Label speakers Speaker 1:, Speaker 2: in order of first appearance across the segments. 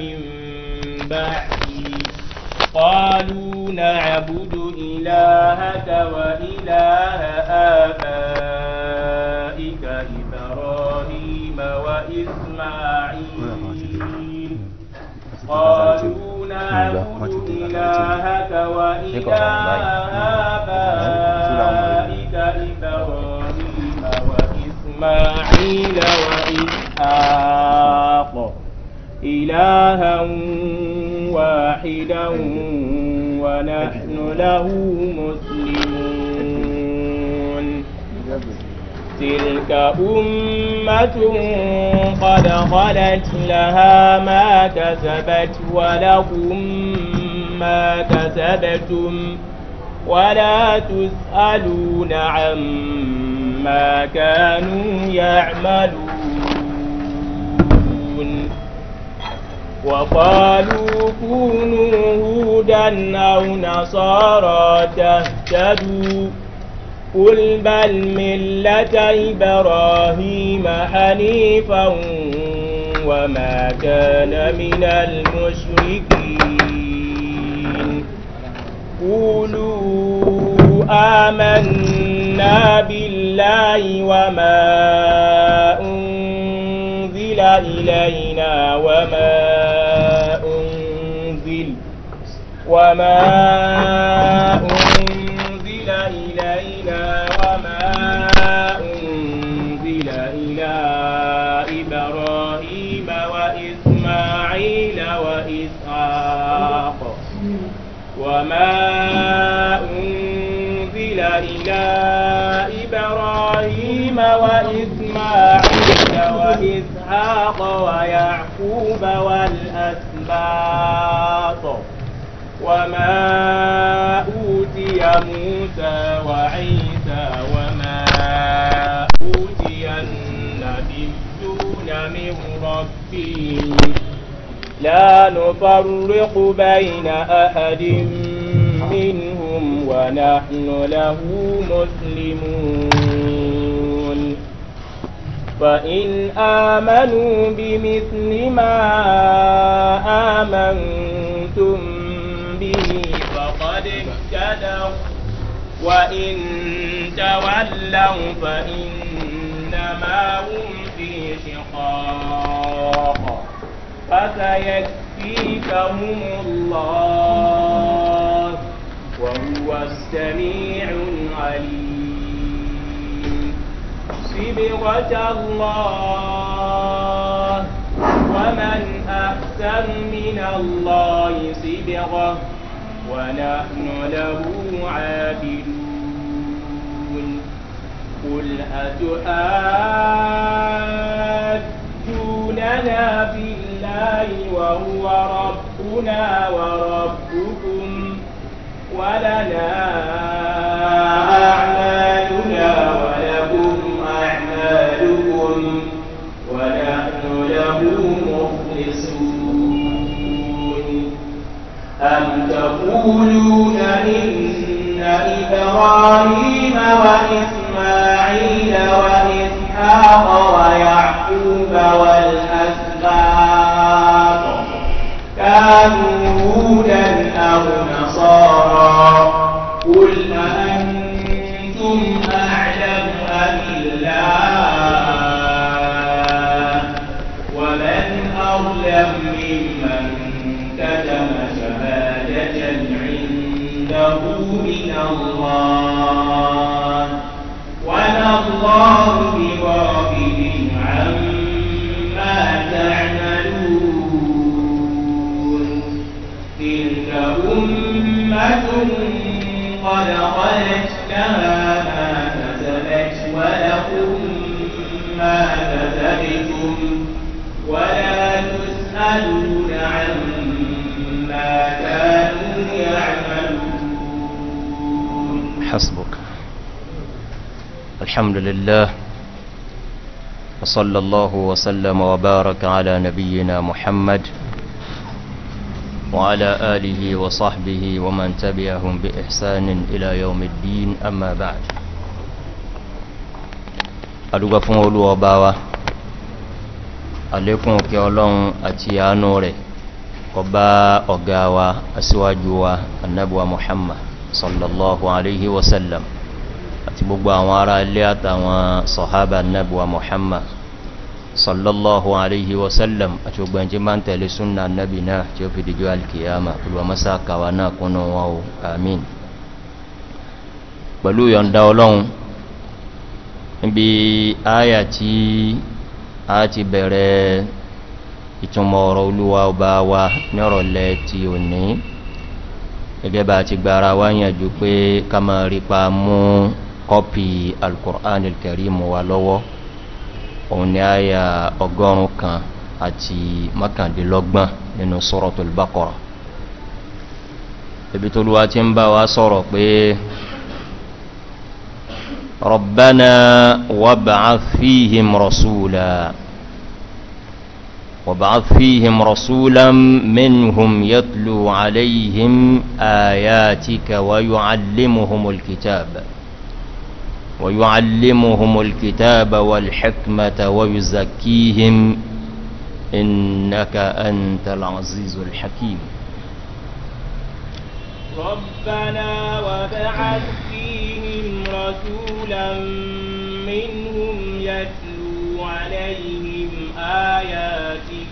Speaker 1: من بعدي قالوا نعبد إلهك وإله آبائك إبراهيم وإسماعيل قالوا نعبد إلهك وإله آبائك إبراهيم وإسماعيل وإسحاق إلها واحدا ونحن له مسلمون تلك أمة قد خلت لها ما كسبت ولكم ما كسبتم ولا تسألون عما كانوا يعملون وقالوا كونوا هودا أو نصارى تهتدوا قل بل ملة إبراهيم حنيفا وما كان من المشركين قولوا آمنا بالله وما أنزل إلينا وما وما أنزل إلينا وما أنزل إلى إبراهيم وإسماعيل وإسحاق وما أنزل إلى إبراهيم وإسماعيل وإسحاق ويعقوب والأسباط وما أوتي موسى وعيسى وما أوتي النبيون من ربهم لا نفرق بين أحد منهم ونحن له مسلمون فإن آمنوا بمثل ما آمنتم اهتدوا وإن تولوا فإنما هم في شقاق فسيكفيكهم الله وهو السميع العليم صبغة الله ومن أحسن من الله صبغة ونحن له عابدون قل أتؤدوننا بالله وهو ربنا وربكم ولنا أعمالنا ولكم أعمالكم ونحن له مخلصون أم تقولون إن إبراهيم وإسماعيل وإسحاق ويعقوب والأسباط كانوا هودا أو
Speaker 2: الحمد لله وصلى الله وسلم وبارك على نبينا محمد وعلى آله وصحبه ومن تبعهم بإحسان إلى يوم الدين أما بعد أدوغا فون وباوا عليكم كيولون أتيانوري وباء وبا أسواجوة النبوة محمد صلى الله عليه وسلم àti gbogbo àwọn ará ilé àtàwọn sọ̀hábà nẹ́bùwa muhammad sallallahu alaihi wasallam àti gbogbo ẹn tí máa ń tẹ̀lé súnnà nẹ́bì náà tí ó fi dìjọ́ alkiyama olùwàmọ́sá kàwà náà kúnnà wọn o amin pẹ̀lú yọ̀nda ọlọ́run níbi áyà gẹ́gẹ́ bá ti gbára wáyànjú pé ká máa rípa mú kọ́pì alkùránì kẹrìmù wa lọ́wọ́ òun ni a yà ọgọ́rùn kan àti mọ́kàndínlọ́gbọ̀n nínú sọ́rọ̀ tó lùbákọ̀rọ̀ ibi tó lùwá tí ń bá wa sọ́rọ̀ pé rọ̀bánà wàbàáfíhìm rọ̀súlà وبعثهم رسولا منهم يتلو عليهم آياتك ويعلمهم الكتاب ويعلمهم الكتاب والحكمة ويزكيهم إنك أنت العزيز الحكيم
Speaker 1: ربنا وابعث فيهم رسولا منهم يتلو عليهم آياتك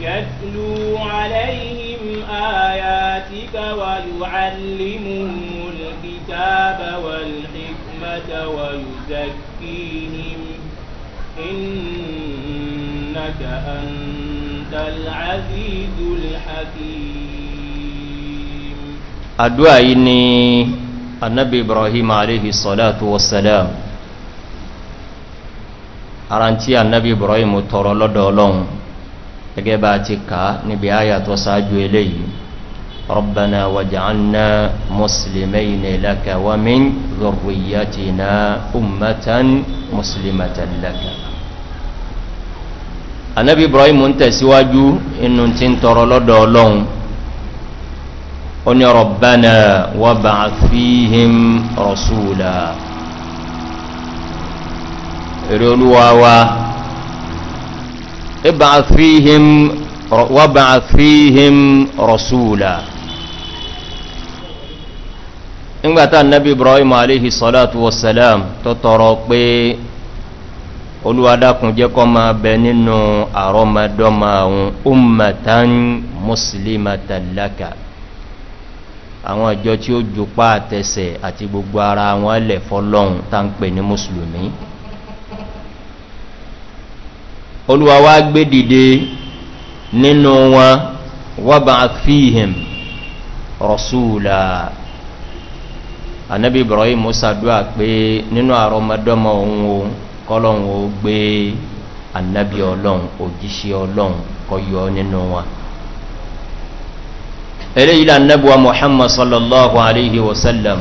Speaker 1: يتلو عليهم آياتك ويعلمهم الكتاب والحكمة الجنة ويزكيهم إنك أنت العزيز الحكيم
Speaker 2: أدعى إني النبي إبراهيم عليه الصلاة والسلام أرانتي النبي إبراهيم ترى لدى لون gẹ́gẹ́ bá ti kà níbi ayàtọ̀ sáájú eléyìí ربنا واجعلنا مسلمين لك ومن ذريتنا أمة مسلمة لك النبي إبراهيم أنت سواجو إن تنتر لدولون أن ربنا وابعث فيهم رسولا رلوا ابعث فيهم وابعث فيهم رسولا nígbàtà nabi ibrahim aléhì sọ́látù wasalam tó tọrọ pé olúwadákun jẹ́ kọ́ máa bẹ nínú àrọmọdọ́mà àwọn ummatan muslimatallaka àwọn ìjọ tí ó jùpá àtẹsẹ̀ àti gbogbo ara wọn lẹ̀ fọ́lọ́un tá ń pè ní musulmi olúwa wá nínú wọn wọ́bà fíhìm rọ̀súùlàá anabi ibrahim sàdúà pé nínú àrọmọdọ́mọ ohun o kọ́lọ̀hun o gbé anabi ọlọ́run òjíṣẹ́ ọlọ́run kọyọ nínú wa eléyìí lànàbíwa muhammad sallallahu alayhi wa sallam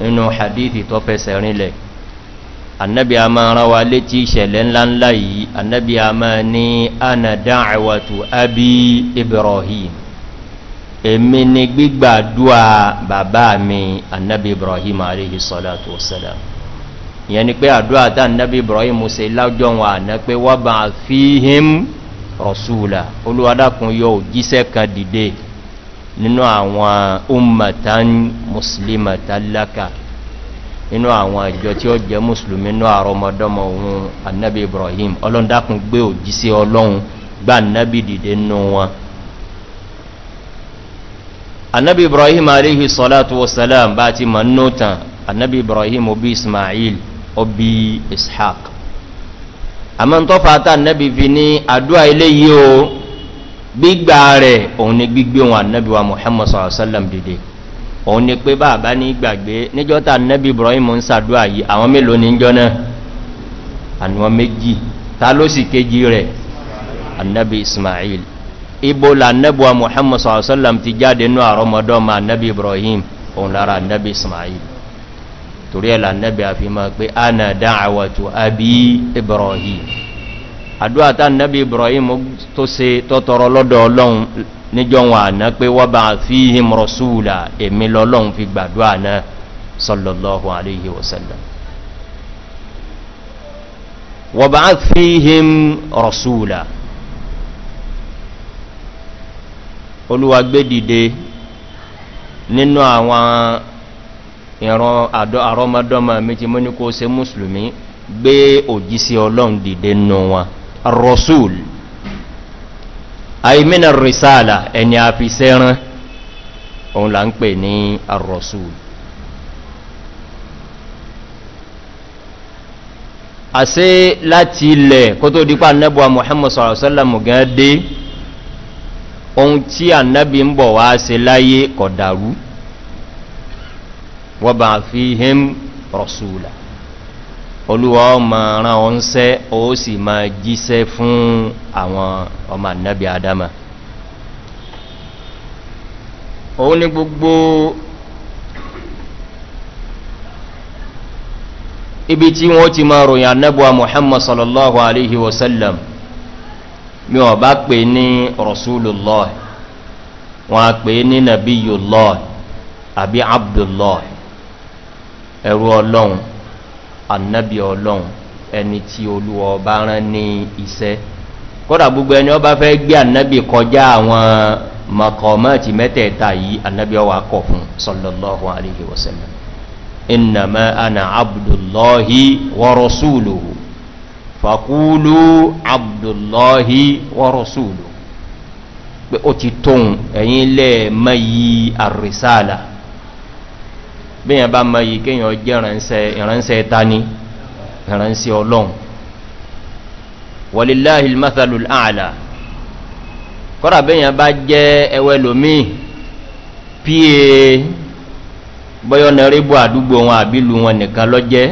Speaker 2: nínú hadithi tó fẹsẹ̀ rinlẹ̀ annabi a máa rán wa létí ìṣẹ̀lẹ̀ ńláńlá yìí annabi a máa ní ana dáàwàtú abi ibrahim èmi ni gbígbàdúwà bàbá mi annabi ibrahim alayhi salatu to ìyẹn ni pé àdúwà tá annabi ibrahim se lájọ́ wọn àná pé wọ́n bá fíhìm rọ̀súùlà olúwadákun yóò jíṣẹ́ kan dìde nínú àwọn ummatan muslimatan laka nínú àwọn ìjọ tí ó jẹ́ musulmi nínú àrọmọdọ́mọ ohun annabi ibrahim ọlọ́ndákun gbé òjíṣẹ́ ọlọ́run gbá annabi dìde nínú wọn annabi ibrahim alayhi salatu wasalam bá ti ma nótan annabi ibrahim obi ismail obi ishaq a ma ń tọ́fà tá annabi fi ní àdúwà ilé yìí o gbígbà rẹ̀ òun ni gbígbé wọn annabi wa muhammad sallam dìde òun ni pé bàbá ní gbàgbé níjọ́ta annabi ibrahim ń sàdúwà yìí àwọn mélòó ní jọ́nà àwọn méjì ta ló sì kéjì rẹ̀ annabi ismail ibola annabuwa muhammad sallam ti jáde ní àrọmọdọ́ ma annabi ibrahim òun lára annabi ismail torí ẹ̀lá annabi a fi ma pé ana dáàwàtò abi ibrahim àdúwàtà annabi ibrahim tó se tọ́tọrọ lọ́dọ̀ ọlọ́run níjọ wọn àná pé wọ́n bá fi him rọ̀súùlà èmi lọ́lọ́run fi gbàdúwà náà sallallahu alayhi olúwa gbé dìde nínú àwọn ìran àrọmọdọ́mọ mi ti mọ́ ní kó se mùsùlùmí gbé òjísí ọlọ́run dìde nù wọn rasul àìmìnà risala ẹni àfisẹ́ran òun là ń pè ní rasul àṣẹ láti ilẹ̀ kó tó dípa nẹ́bọ̀ muhammadu sallallahu alaihi wasallam gan dé ohun tí annabi ń bọ̀ wá se láyé kọ̀dàrú wọ́n bá fi him rọ̀súlà olúwa ọmọ ran ọ ń sẹ́ ó sì ma jíṣẹ́ fún àwọn ọmọ annabi adama òun ni gbogbo ibi tí wọ́n ti ma ròyìn annabuwa muhammad sallallahu alaihi wasallam bí wọ́n bá pè ní rasulullah wọ́n a pè ní nabiyullah àbí abdullah ẹrú ọlọ́run annabi ọlọ́run ẹni tí olúwọ bá rán ní iṣẹ́ kódà gbogbo ẹni ọba fẹ́ gbé annabi kọjá àwọn makọmọ́tí mẹ́tẹ̀ẹ̀ta yìí annabi ọwà kọ̀ fún sallallahu alaihi wasallam innama ana abdullahi wa rasuluhu fàkúlù abdullahi wọ́rọ̀sùlù pé ó ti tóun ẹ̀yìn ilẹ̀ mayi àrísàlà bíyàn bá mayi kíyàn jẹ́ ìrànṣẹ́ tani ìrànṣẹ́ ọlọ́run wàlìláhì mathalu àlà kọ́rà bíyàn bá jẹ́ ẹwẹ́ lómi pa bọ́yọ̀ nẹ́rẹ́bù àdúgbò wọn àbílù wọn nìkan lọ́jẹ́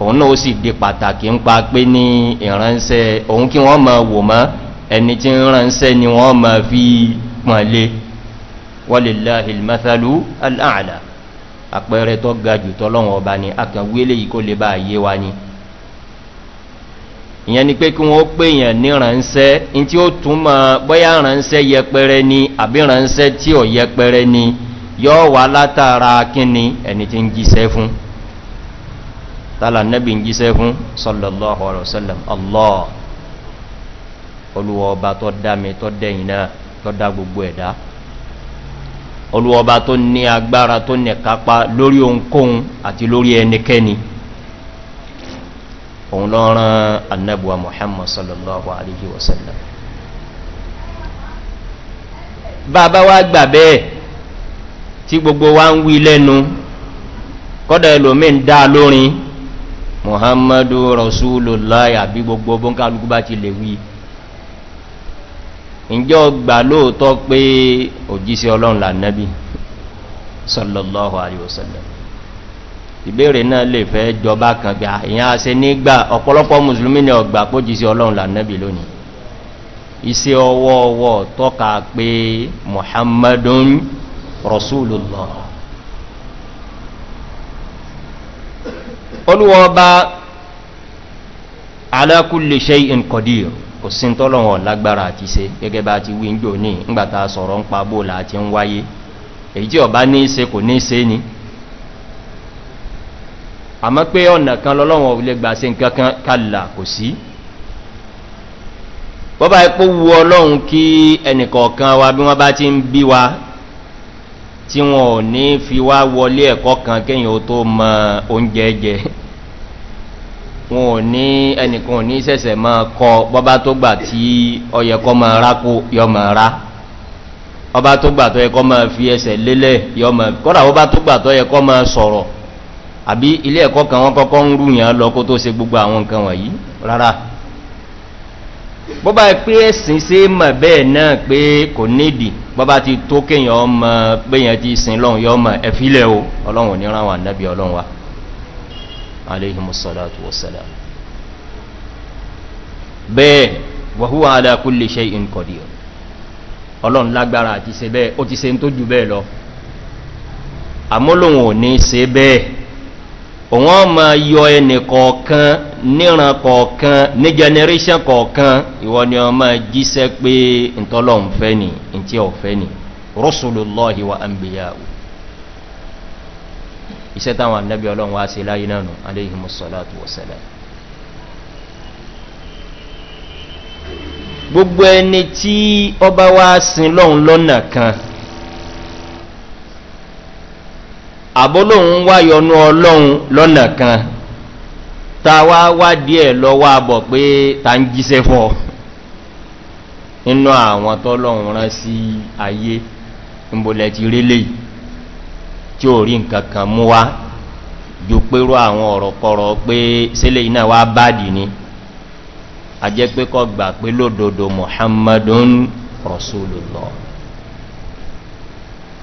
Speaker 2: òun náà sì di pàtàkì ń pa pé ní ìránṣẹ́ òun kí wọ́n mọ̀ wò mọ́ ẹni tí ń ránṣẹ́ ni wọ́n mọ̀ fi pọ̀nlé wọ́lèlá ìlmẹ́sàlú aláàlá àpẹẹrẹ tó ga jù tọ́lọ́wọ̀n ọba ni akàwílé yìí kó lè bá ayé wa ni ìyẹn ni pé kí wọ́n pèèyàn ní ránṣẹ́ in tí ó túnmọ̀ bóyá ránṣẹ́ yẹpẹrẹ ni àbí ránṣẹ́ tí ò yẹpẹrẹ ni yọ́ wà látara kíni ẹni tí ń jíṣẹ́ fún tààlà nẹ́bì ń jíṣẹ́ fún sallallahu alaihi wasallam allah olúwọba tó dá mi tó dẹ̀yìn náà tó dá gbogbo ẹ̀dá olúwọba tó ní agbára tó ní kápá lórí ohunkóhun àti lórí ẹnikẹ́ni òun lọ́rán bàbá wa gbà tí gbogbo wa ń wí lẹ́nu kọ́dọ̀ ẹlòmí ń dá lórin muhammadu rasulullah àbí gbogbo bọ́nkálukú bá ti lè wí ìjọ gbà lóòtọ́ pé òjísí ọlọ́run lànẹ́bí sallallahu alayhi wasallam ìbéèrè náà lè fẹ́ jọba kan gbà ìyàn àṣẹ nígbà ọ̀pọ̀lọpọ̀ musulmi ni ọgbà pójísí ọlọ́run lànẹ́bí lónìí iṣẹ́ ọwọ́ ọwọ́ tọ́ka pé muhammadun rasulullah olúwọ́ ọba alákùnlé ṣe ìkọ̀dír kò sí tọ́lọ̀wọ̀ lágbára àti ṣe gẹ́gẹ́ bá ti wí ń jò ní ìgbàta sọ̀rọ̀ ń pa bóòlà ọba ní ṣe kò ní ṣe ni àmọ́ pé ọ̀nà kan lọ́lọ́wọ̀n ilé gbà sí nǹkan kàlà kò sí bọ́bá ipò wu ọlọ́run kí ẹnìkọ̀ọ̀kan wa bí wọ́n bá ti tí wọn ò ní fi wá wọlé ẹ̀kọ́ kan kíyàn ó tó mọ oúnjẹ jẹ wọn ò ní ẹnìkan ò ní sẹ̀sẹ̀ mọ́ kọ bọ́bá tó gbà tí ọyẹ̀kọ́ mọ́ rákó yọ mọ́ rá ọba tó gbà tó ẹkọ́ mọ́ fi ẹsẹ̀ lélẹ̀ yọ mọ́ kọ́dà ọba tó gbà tó ẹkọ́ mọ́ sọ̀rọ̀ àbí ilé ẹ̀kọ́ kan wọ́n kọ́kọ́ ń rúyàn lọ kó tó se gbogbo àwọn nǹkan wọ̀nyí rárá bọ́bá pé ẹ̀sìn sí mọ̀ bẹ́ẹ̀ náà pé kò nídìí bọ́bá ti tó kéyàn ọmọ gbéyàn ti sin lọ́hun yọ ọmọ ẹ̀fílẹ̀ o ọlọ́run ní ránwà nẹ́bí ọlọ́run wa aléhìmọ̀sọ́látù wọ́sẹ̀lá bẹ́ẹ̀ wọ̀húwà alákúlé ṣe ìǹkọ̀dí ọlọ́run lágbára àti se bẹ́ẹ̀ ó ti òun ma yọ ẹnì kọ̀ọ̀kan níran kọ̀ọ̀kan ní generation kọ̀ọ̀kan ìwọ ni ọmọ jíṣẹ́ pé ìtọ́lọ̀ ń fẹ́ ni ìtí ni rọ́sùlùlọ́hì wa àmbìyàwó iṣẹ́ táwọn annabi ọlọ́run wá sí láyé náà aléhìmọ̀sọ́látù gbogbo ọba àbólóhun wá yọnú ọlọ́run lọ́nà kan ta wá wá díẹ̀ lọ wá bọ̀ pé ta ń jíṣẹ́ fọ́ nínú àwọn tọ́lọ́run rán sí ayé ìbòlẹ̀ ti rélé tí ò rí nǹkan kan mú wá jù pérú àwọn ọ̀rọ̀ kọrọ̀ pé sílé iná wá báàdì ni a jẹ́ pé kọ gbà pé lódòdó muhammadun rasulullah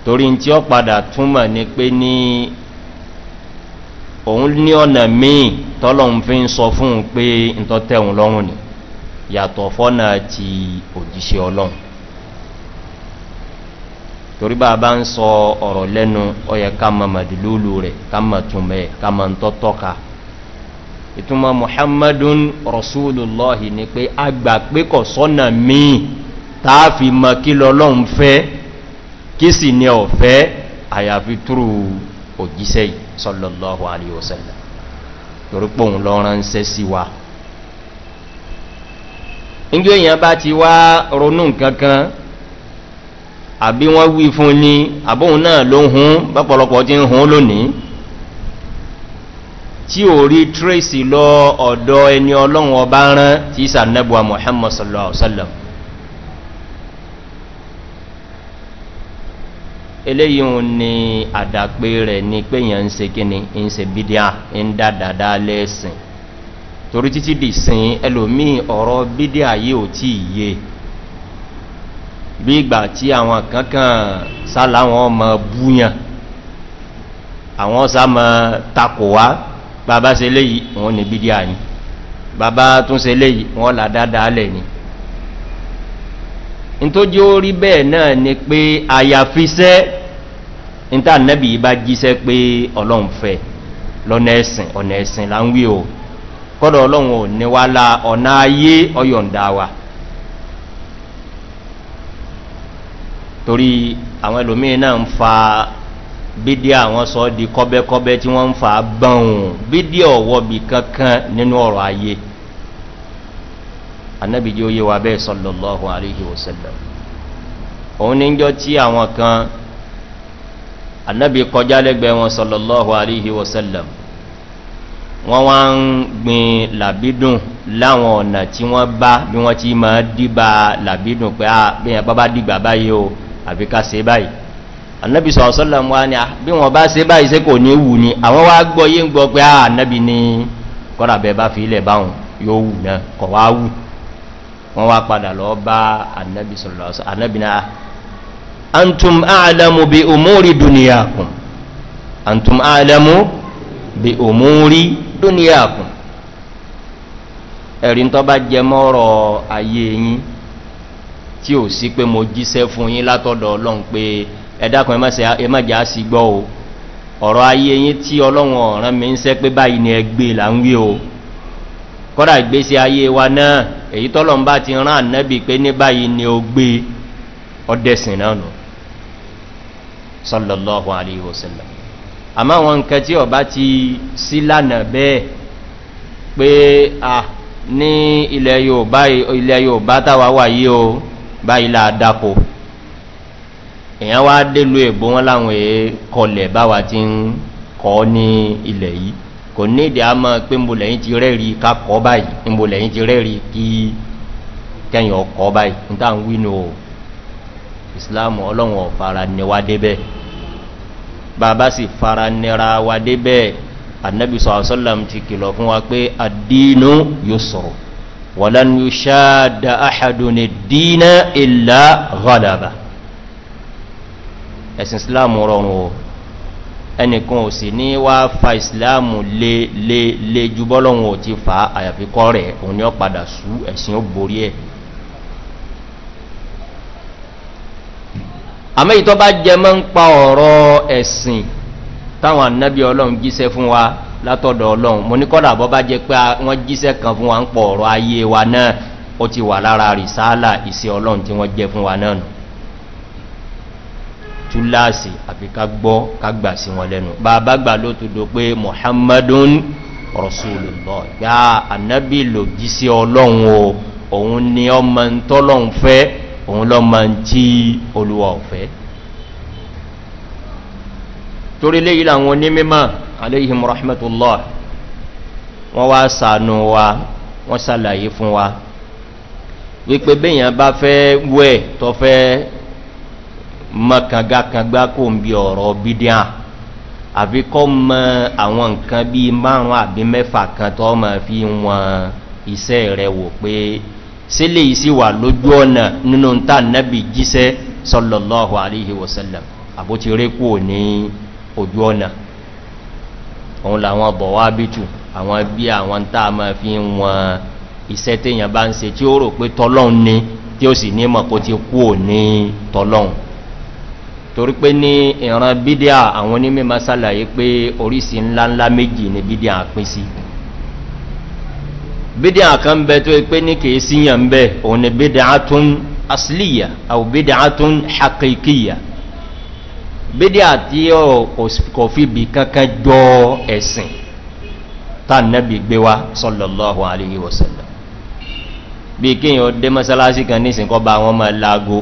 Speaker 2: torí tí ó padà túnmà ní pé ní òun ní ọ̀nà míì tọ́lọ̀un fi ń sọ fún un pé ìtọ́ tẹ́hùn lọ́rùn ni yàtọ̀ fọ́nà ti òjíṣẹ́ ọlọ́run torí bá bá ń sọ ọ̀rọ̀ lẹ́nu ọyẹ ká ma màdìlúlù rẹ̀ ká muhammadun rasulullahi ni pé agbà pé kọ̀ sọ́nà míì mọ̀ kí lọ́lọ́run kí sì ní ọ̀fẹ́ àyàfi túrù òjíṣẹ́ sallallahu alaihi wasallam torípòun lọ ránṣẹ́ sí wa nígbé èyàn bá ti wá ronú nkankan àbí wọ́n wí fún ní àbóhun náà ló hún bọ́pọ̀lọpọ̀ tí ń hún lónìí tí ò rí tracy lọ ọ̀dọ̀ ẹni ọlọ́run ọba rán tí sànẹ́bùwa Muhammad sallallahu alaihi wasallam eléyìí òun ni àdàpé rẹ̀ ni pé yàn ń se kíni ń se bídíà ń dádàdá lẹ́ẹ̀sìn torí títí dì sin ẹlòmí ọ̀rọ̀ bídíà yí tí yé bí ìgbà tí àwọn kankan sáláwọn ọmọ búyàn àwọn sáàmà takò wá bàbá se léyìí wọ́n ni bídíà ni bàbá tún se léyìí wọ́n là dáadáa lẹ́ ntójí ó rí bẹ́ẹ̀ náà ni pé àyàfisẹ́ níta nẹ́bì yìí bá jíṣẹ́ pé ọlọ́run fẹ́ lọ́nà ẹ̀sìn ọ̀nà ẹ̀sìn là ń wí o kọ́dọ̀ ọlọ́run ò ọ̀nà ayé ọyọ̀ǹda torí àwọn ẹlòmíín náà ń fa bídí àwọn sọ di kọ́bẹ́kọ́bẹ́ tí wọ́n ń fa bọ́n bídí ọ̀wọ́bì kankan nínú ọ̀rọ̀ ayé. No annabi jí ó yé wa bẹ́ẹ̀ sallallahu alaihi wasallam òun ní jọ tí àwọn kan annabi kọjá lẹ́gbẹ̀ẹ́ wọn sallallahu alaihi wasallam wọ́n wá ń gbin làbídùn láwọn ọ̀nà tí wọ́n bá bí wọ́n ti máa dìbà làbídùn pé a ah, bí i bá dìgbà báyìí o àfi ká ṣe báyìí annabi sọ̀sọ́lọ̀ wá ní ah, bí wọ́n bá ṣe báyìí ṣe kò ní wù ní àwọn wá gbọ́ yí ń gbọ́ pé a ah, annabi ní kọ́rabẹ̀ bá fi ilẹ̀ báhùn yóò wù náà kọ̀ wá wù wọ́n wá padà lọ bá annabi sallallahu alaihi wasallam annabi náà ah, antum a'lamu bi umuri duniyakum antum a'lamu bi umuri duniyakum ẹ̀rin tó bá jẹ mọ́rọ̀ ayé yín tí ò sí pé mo jíṣẹ́ fún yín látọ̀dọ̀ ọlọ́run pé ẹ̀dàkùn ẹmọ́jà sí gbọ́ ọ̀rọ̀ ayé yín tí ọlọ́run ọ̀ràn mi ń sẹ́ pé báyìí ni ẹgbẹ́ là ń wí kọ́dà ìgbésí ayé wa náà èyí tọ́lọ̀ ń bá ti rán ànẹ́bì pé ní báyìí ni ó gbé ọdẹ́sìn náà nù sallallahu alayhi wasallam a máa wọn nǹkan tí ọba ti sí lánà bẹ́ẹ̀ pé à ní ilẹ̀ yóòbá tàwà wà yí o báyìí láàdápò èyàn wá délú ègbó wọn láwọn èé kọlẹ̀ báwa ti ń kọ́ ní ilẹ̀ yìí kò ní ìdí a máa pé mbòlẹ̀yìn ti rẹ́rí kakọ́ báyìí mbòlẹ̀yìn ti rẹ́rí kí kẹyìn ọkọ̀ báyìí ní tàà ń wínú o islam ọlọ́run ọ̀fara níwá débẹ̀ bàbá sì fara nira wa débẹ̀ annabi sọ̀rọ̀sọ́làm ti kìlọ̀ fún wa pé àdínú yóò sọ̀rọ̀ wọ̀lán ṣáàdà áhàdùn ìdínà ìlà gọ́làbà ẹ̀sìn islam rọrùn o ẹnìkan ò sì ní wá fa ìsìláàmù lè lè lè jubọ́lọ́wọ́n ò ti fa àyàfikọ́ rẹ̀ òun ni ó padà sú ẹ̀sìn ó borí ẹ̀ àmẹ́ ìtọ́ bá jẹ mọ́ ń pa ọ̀rọ̀ ẹ̀sìn táwọn annabi ọlọ́run jíṣẹ́ fún wa látọ̀dọ̀ ọlọ́run mo ní kọ́dà bọ́ bá jẹ pé wọ́n jíṣẹ́ kan fún wa ń pọ̀ ọ̀rọ̀ ayé wa náà ó ti wà lára rìsáàlà ìsẹ́ ọlọ́run tí wọ́n jẹ fún wa náà nù túláàsì àfi ká gbọ́ ká gbà sí wọn lẹ́nu bàbá gbà ló tó do pé muhammadun rasulullah gba anabi lòdì sí ọlọ́run o òun ni ọmọ ń tọ́lọ́run fẹ́ òun lọ́mọ ń tí olúwa ọ̀fẹ́ torí lè yìí làwọn onímọ̀ aléhìm rahmatullah wọ́n wá sànú wa wọ́n sàlàyé fún wa wípé bẹ́yàn bá fẹ́ wẹ́ tọ́fẹ́ mọ́kàngákàngbá kò ń bí ọ̀rọ̀ bídíà àfi kọ́ mọ́ àwọn nǹkan bí márùn-ún àbí mẹ́fà kan tọ́ ma fi wọn iṣẹ́ rẹ̀ wò pé sílé isi wà lójú ọ̀nà nínú ta nẹ́bì jíṣẹ́ sallallahu alaihi wasallam àbútí rékò ní ojú ọ̀nà òun làwọn bọ̀ wá bítù àwọn bí àwọn tá a máa fi wọn iṣẹ́ tèèyàn bá ń se tí ó rò pé tọ́lọ́un ni tí ó sì ní mọ̀ kó ti kú ò ní tọ́lọ́un torí pé ní ìran bídíà àwọn onímẹ́ masala yí pé orísi ńláńlá méjì ni bídíà pín sí bídíà kan bẹ tó pé ní kìí síyàn bẹ òun ni bídíà tún asliya àwọn bídíà tún hakikiya bídíà tí kò fi bí kankan jọ ẹ̀sìn tá nẹ́bí gbé wá sallallahu alayhi wasallam bí kíyàn dé masalasi kan nísìnkọ́ bá wọn ma láago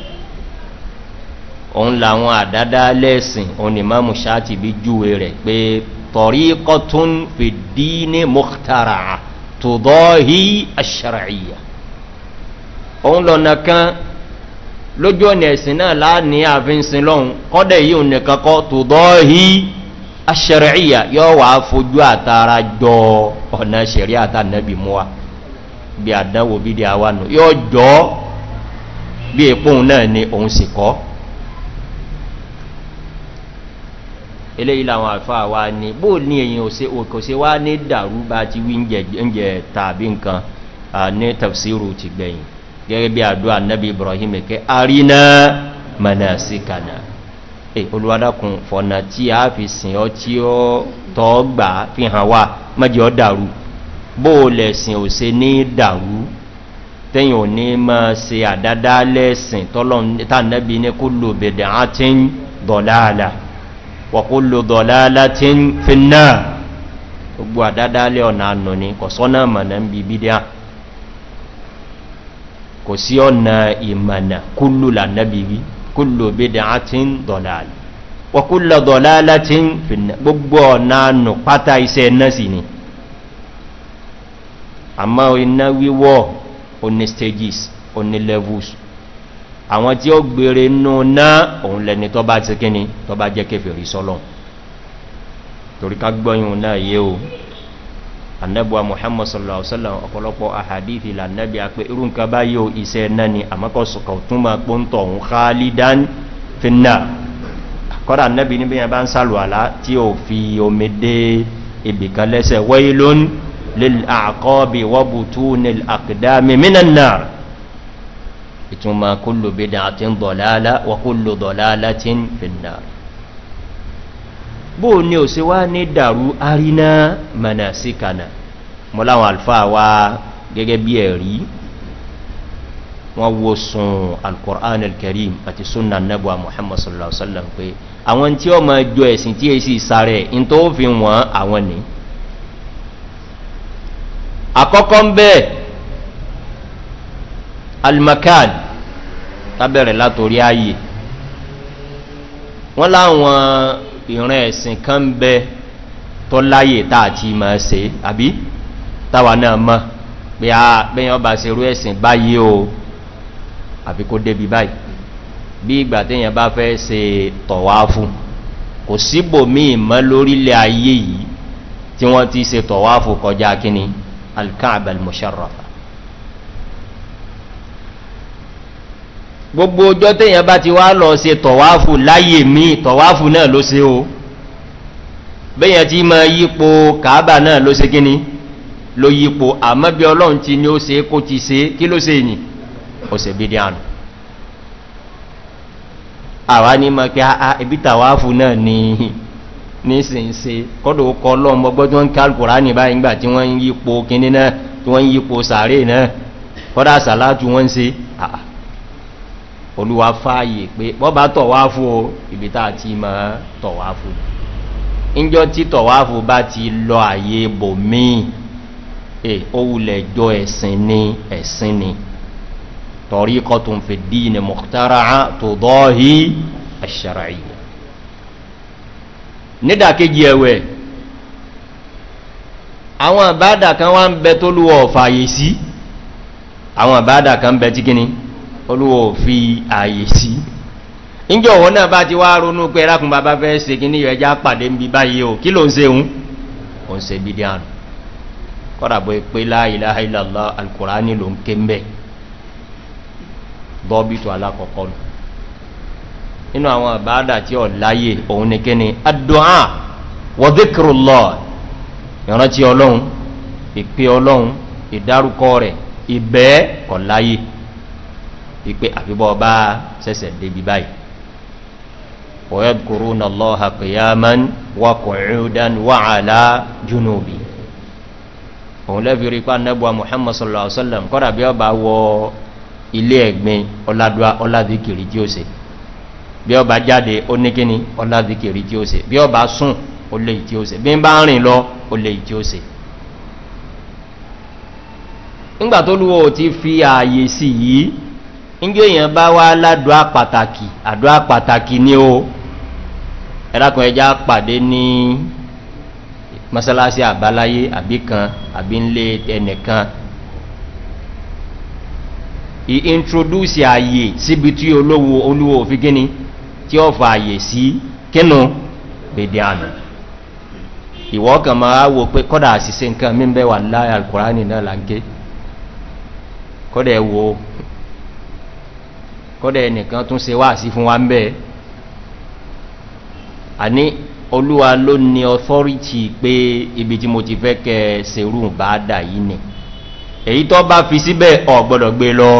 Speaker 2: òun làwọn àdádá lẹ́ẹ̀sìn òun ni máa mú ṣáàtì bí júwe rẹ̀ pé tọ̀rí kọtún fi dí ní mọ́kítàrà tó dọ́hí aṣàràyà òun lọ́nà kan lójú ọ̀nà ẹ̀sìn náà láàní àfihàn lọ́hun kọ́dẹ̀ yìí òun nìkan kọ́ tó dọ́hí aṣàràyà yóò wà fojú àtàrà jọ ọ̀nà ṣẹ̀rí àtànẹ́bì mọ́wàá bí àdánwò bí àwa nù yóò jọ bí èpóhùn náà ni òun sì kọ́ eléyìí làwọn àfáà wa ní bó ní èyàn òkò sí wá ní dàrú bá ti wí oúnjẹ tàbí nǹkan ní tafsiru ti gbẹ̀yìn gẹ́gẹ́ bí àdúrà nẹ́bí ibrahim kẹ́ àríná manasikana e olùwádàkùn fọ̀nà tí a fi sìn ọ tí ó tọ́ gbà fi hàn wá mẹ́jì ọ dàrú bó lẹ̀sìn ò se ní dàrú tẹ́yìn ò ní mọ́ se àdádá lẹ́sìn tọ́lọ́ tánẹ́bí ní kó lò bèdè á ti ń dọ̀láàlá wàkúlò dọ̀lálá tí ń fi náà gbogbo àdádálẹ̀ ọ̀nà ànà ní kò sọ́nà mọ̀nà ń bí bídá kò sí ọ̀nà ìmọ̀nà kúlù lànàbìrí kúlù bídá tí ń dọ̀lálá wàkúlò dọ̀lálá tí ń fi náà gbogbo ọ̀nà ànà pátá iṣẹ́ náà sì ni àmá iná wíwọ́ oní stages àwọn tí ó gbèrè nù náà òun lẹni tó bá ti kíni tó bá jẹ́ kéfèrí sọ́lọ̀ torí ká gbọ́yìn náà yé o annabuwa muhammad sallallahu alaihi wasallam ọ̀pọ̀lọpọ̀ ahadithi lannabi a pé irun ka bá yíò iṣẹ́ náà ni àmọ́kọ̀sùkọ̀ tún ma pọ́ntọ̀ ìtumọ̀ kúlù bídá àti ń dọ̀lálá wà kúlù dọ̀lálá tí ń fìdá bóò ní ò sí wá ní dàrú àríná mẹ́nà sí kànà mọ́ láwọn alfáà wá gẹ́gẹ́ bí ẹ̀rí wọ́n wo sun alkùrán alkarim àti sunna nabuwa muhammad sallallahu alaihi pé àwọn tí ó ma jọ ẹ̀sìn tí èsì sáré in tó fi wọn àwọn ni àkọ́kọ́ bẹ́ẹ̀ almakan tábẹ̀rẹ̀ látorí ayé wọ́n láwọn ìran ẹ̀sìn kan ń bẹ tọ́ láyé táà ti máa ṣe àbí táwà náà mọ́ pé a bẹ́yàn bá ṣe rú ẹ̀sìn báyé o àfi kó débi báyìí bí ìgbà tẹ́yàn bá fẹ́ ṣe tọ̀wá fún kò síbò míì mọ́ lórílẹ̀ ayé yìí tí wọ́n ti ṣe tọ̀wá fún kọjá kíni alkaab al-musharrafa gbogbo ọjọ́ tèyàn bá ti wá lọ se tọ̀wáfù láyè mí tọ̀wáfù náà ló se o bẹ́yàn tí ma yípo kàábà náà ló se gíní ló yípo àmọ́ bí ọlọ́run ti ní ó se kó ti se kí ló se yìn ó se bí díànù àwá ní ma kí a ibi tàwáfù náà ni nísìnse kọ́dọ̀ ó kọ ọlọ́run gbọ́gbọ́ tí wọ́n ń kálùkùrá ní olúwa fàáyè pé bọ́bá tọ̀wáfú o ibi tàà ti mọ́ tọ̀wáfú ìjọ tí tọ̀wáfú bá ti lọ àyè bò míì e owulẹ̀ jọ ẹ̀sìn ni ẹ̀sìn ni tọ̀rí kọtùn fi dí ni mọ̀tara tó dọ́ọ̀hí àṣàràyè nídàkejì ẹ̀wẹ̀ àwọn àbádà kan wá ń bẹ tó lúwọ̀ fàyè sí àwọn àbádà kan bẹ tí kíní olúwọ̀ fi ààyè sí ìjọ òun náà bá ti wá ronú pé rákùn bàbá fẹ́ ṣe kí ní ẹjá pàdé ń bí báyìí o kí ló ń se òun o ń se bí dí àrùn kọ́dàbọ̀ pé láìláìlàlá alkùránì ló ń ké mẹ́ bọ́bítù ìrántí ọlọ́run ìpé ọlọ́run ìdárúkọ rẹ̀ ìbẹ́ kọ̀ Ikpe àfibọ́ bá débi báyìí ọ̀yẹ́bùkúrú na lọ́ha kìyàmán wakọ̀ọ̀dán wà àlá òun lẹ́fì rí pa muhammad sallallahu alaihi wasallam kọ́dà bí ọba wọ ilé ẹ̀gbin ọládùá ọládìkìrì tí ó se bí ọba jáde ó ní kíní ọládìkìrì tí ó se bí ọba sùn ó lè tí ó se bí bá rìn lọ ó lè tí ó se ńgbà tó nígbé èèyàn bá wá ládùá pàtàkì àdùá pàtàkì ni o ẹ̀rákùn ẹja pàdé ní masalasi àbáláyé àbí kan àbí nlé ẹnìkan i introduce ààyè síbi tí olówó olúwo òfin gíní tí ó fa ààyè sí kínú bèdè àmì ìwọ́ kan máa wo pé kọ́dà àṣìṣe nǹkan mímbẹ̀wà láàrín alkùnrin náà láńké kọ́dà ẹ̀wọ̀ kọ́dẹ̀ ẹnìkan tún se wá sí fún wa ń bẹ́ẹ̀ àní olúwa ló ní ọ̀thọ́rítì pé ibi tí mo ti fẹ́ kẹ serú bá dà yìí ni èyí tó bá fi síbẹ̀ ọ̀gbọ́dọ̀ gbé lọ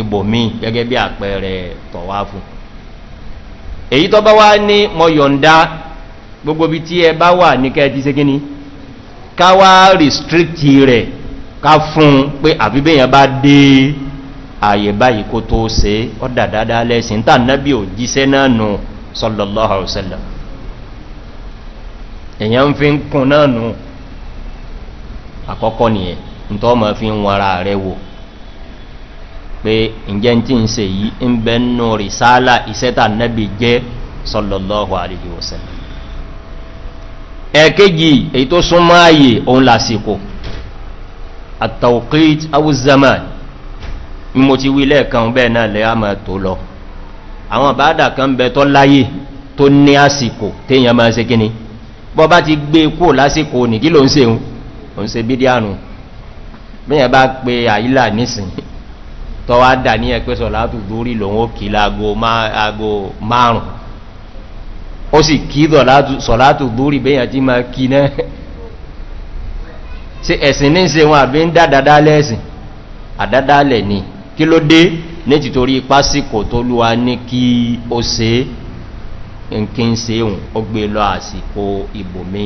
Speaker 2: ibòmí gẹ́gẹ́ bí àpẹẹrẹ tọ̀wá fún èyí tó bá wá ní mọ̀yọ̀ndá gbogbo bí tí ẹ bá wà ní kẹ́ ti sé ká wá restricti rẹ̀ ká fún pé àfibẹ̀yàn bá dé ààyè báyìí kó tó ṣe ọ́dà dáadáa lẹ́sìn tàà nábí ò jíṣẹ́ náà nù sallallahu alaihi èyàn ń fi ń kún náà nù àkọ́kọ́ tó ma fi ń wara rẹ̀ wò pé ǹjẹ́ tí ń se yìí ń bẹ nù rìsálà ìsẹ́ta nẹ́bì jẹ́ sallallahu alaihi wasallam ẹ̀kẹ́jì bí mo ti wí lẹ́ẹ̀kan bẹ́ẹ̀ náà lẹ́ àmà tó lọ àwọn bàádà kan bẹ tọ́ láyé tó ní àsìkò téèyàn máa ṣe kíni bọ́ bá ti gbé e kó lásìkò ní kí ló ń seun ò ń se bídí àrùn bíyàn bá pe àyílà nísìn tọ́ wá dà ní ẹ̀pẹ́ sọ látù dórí lòun ó kí láago márùn ó sì kí sọ látù bíyàn tí máa kí náà sí ẹ̀sìn ní se wọn àbí ń dádádá lẹ́ẹ̀sìn àdádálẹ̀ ni kí ló dé ní títorí pásíkò tó lúwa ní kí ó se nkí ń se ohun ó gbé lọ àsìkò ìbòmí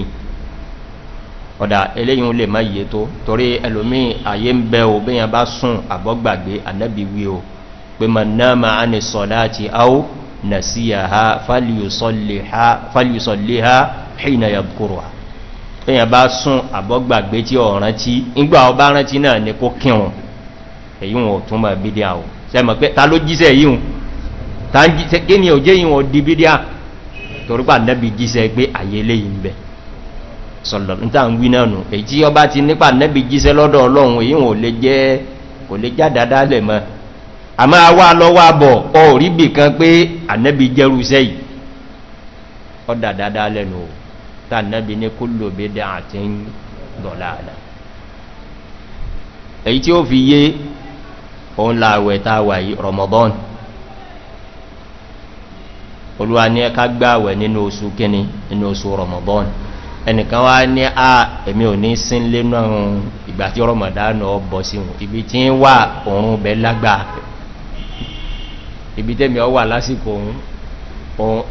Speaker 2: ọ̀dà eléyìn lè má yìí tó torí ẹlòmí ayé ń bẹ́ obìnrin bá sùn àbọ́gbàgbé o pé ma náà ma a ní sọ̀dá àti áó nà sí àhá fàlìsọ̀lẹ̀ ha hìnà yàbùkúrò èyàn bá sún àbọ́gbàgbé tí ọ̀rántí ìgbà rántí náà ní kó kírùn èyí wọn ò túnmọ̀ bídíà o sẹ́mọ̀ pé ta ló jíṣẹ́ yíhun ta ń jíṣẹ́ kí ni ò jẹ́ yíhun ọdí bídíà torípa nẹ́bi jíṣẹ́ pé àyè léyìn bẹ̀ sọ̀lọ̀ níta ń wí náà nù èyí tí ọba ti nípa nẹ́bi jíṣẹ́ lọ́dọ̀ ọlọ́run èyí wọn ò lè jẹ́ kò lè já dáadáa lẹ̀ mọ́ àmọ́ àwa lọ́wọ́ àbọ̀ ọ rí bì kan pé ànẹ́bi jẹ́rú iṣẹ́ yìí ọ dà dáadáa lẹ́nu o tá ànẹ́bi ní kó lòbí dáa àti ń dọ̀la àlà èyí tí ó fi yé òun láàwẹ̀ táwà yìí ramadan olúwa ní ẹka gbáwẹ̀ nínú oṣù kíni nínú oṣù ramadan ẹnìkan wá ní à èmi ò ní sín lé náà ìgbà tí ramadan bọ̀ sí wọn ibi tí ń wà òun bẹ lágbà ibi tẹ́mi ọ wà lásìkò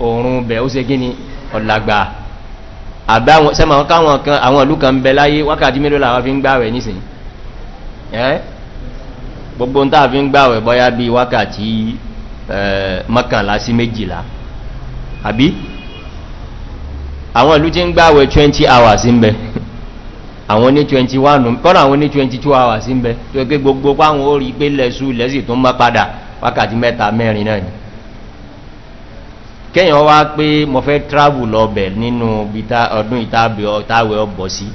Speaker 2: òun bẹ ó se kíni ọ̀làgbà àbáwọn sẹ́mọ̀ káwọn kan àwọn ìlú kan bẹ láyé wákàtí mélòó làwọn fi ń gbáwẹ̀ nísìnyí gbogbo ń tàà fi ń gbàwẹ̀ bọ́yá bí wákàtí mọ́kànlá sí méjìlá àbí àwọn ìlú tí ń gbàwẹ̀ 20 hours ń bẹ àwọn ní 21 kọ́nà àwọn ní 22 hours ń bẹ tó pé gbogbo páwọn ó rí pé lẹ́sù lẹ́sì tó mọ́ padà wákàtí mẹ́ta mẹ́rin náà ni kẹ́yàn wá pé mọ̀fẹ́ travel lọ bẹ̀ nínú ọdún ìtàwẹ̀ ọbọ̀ sí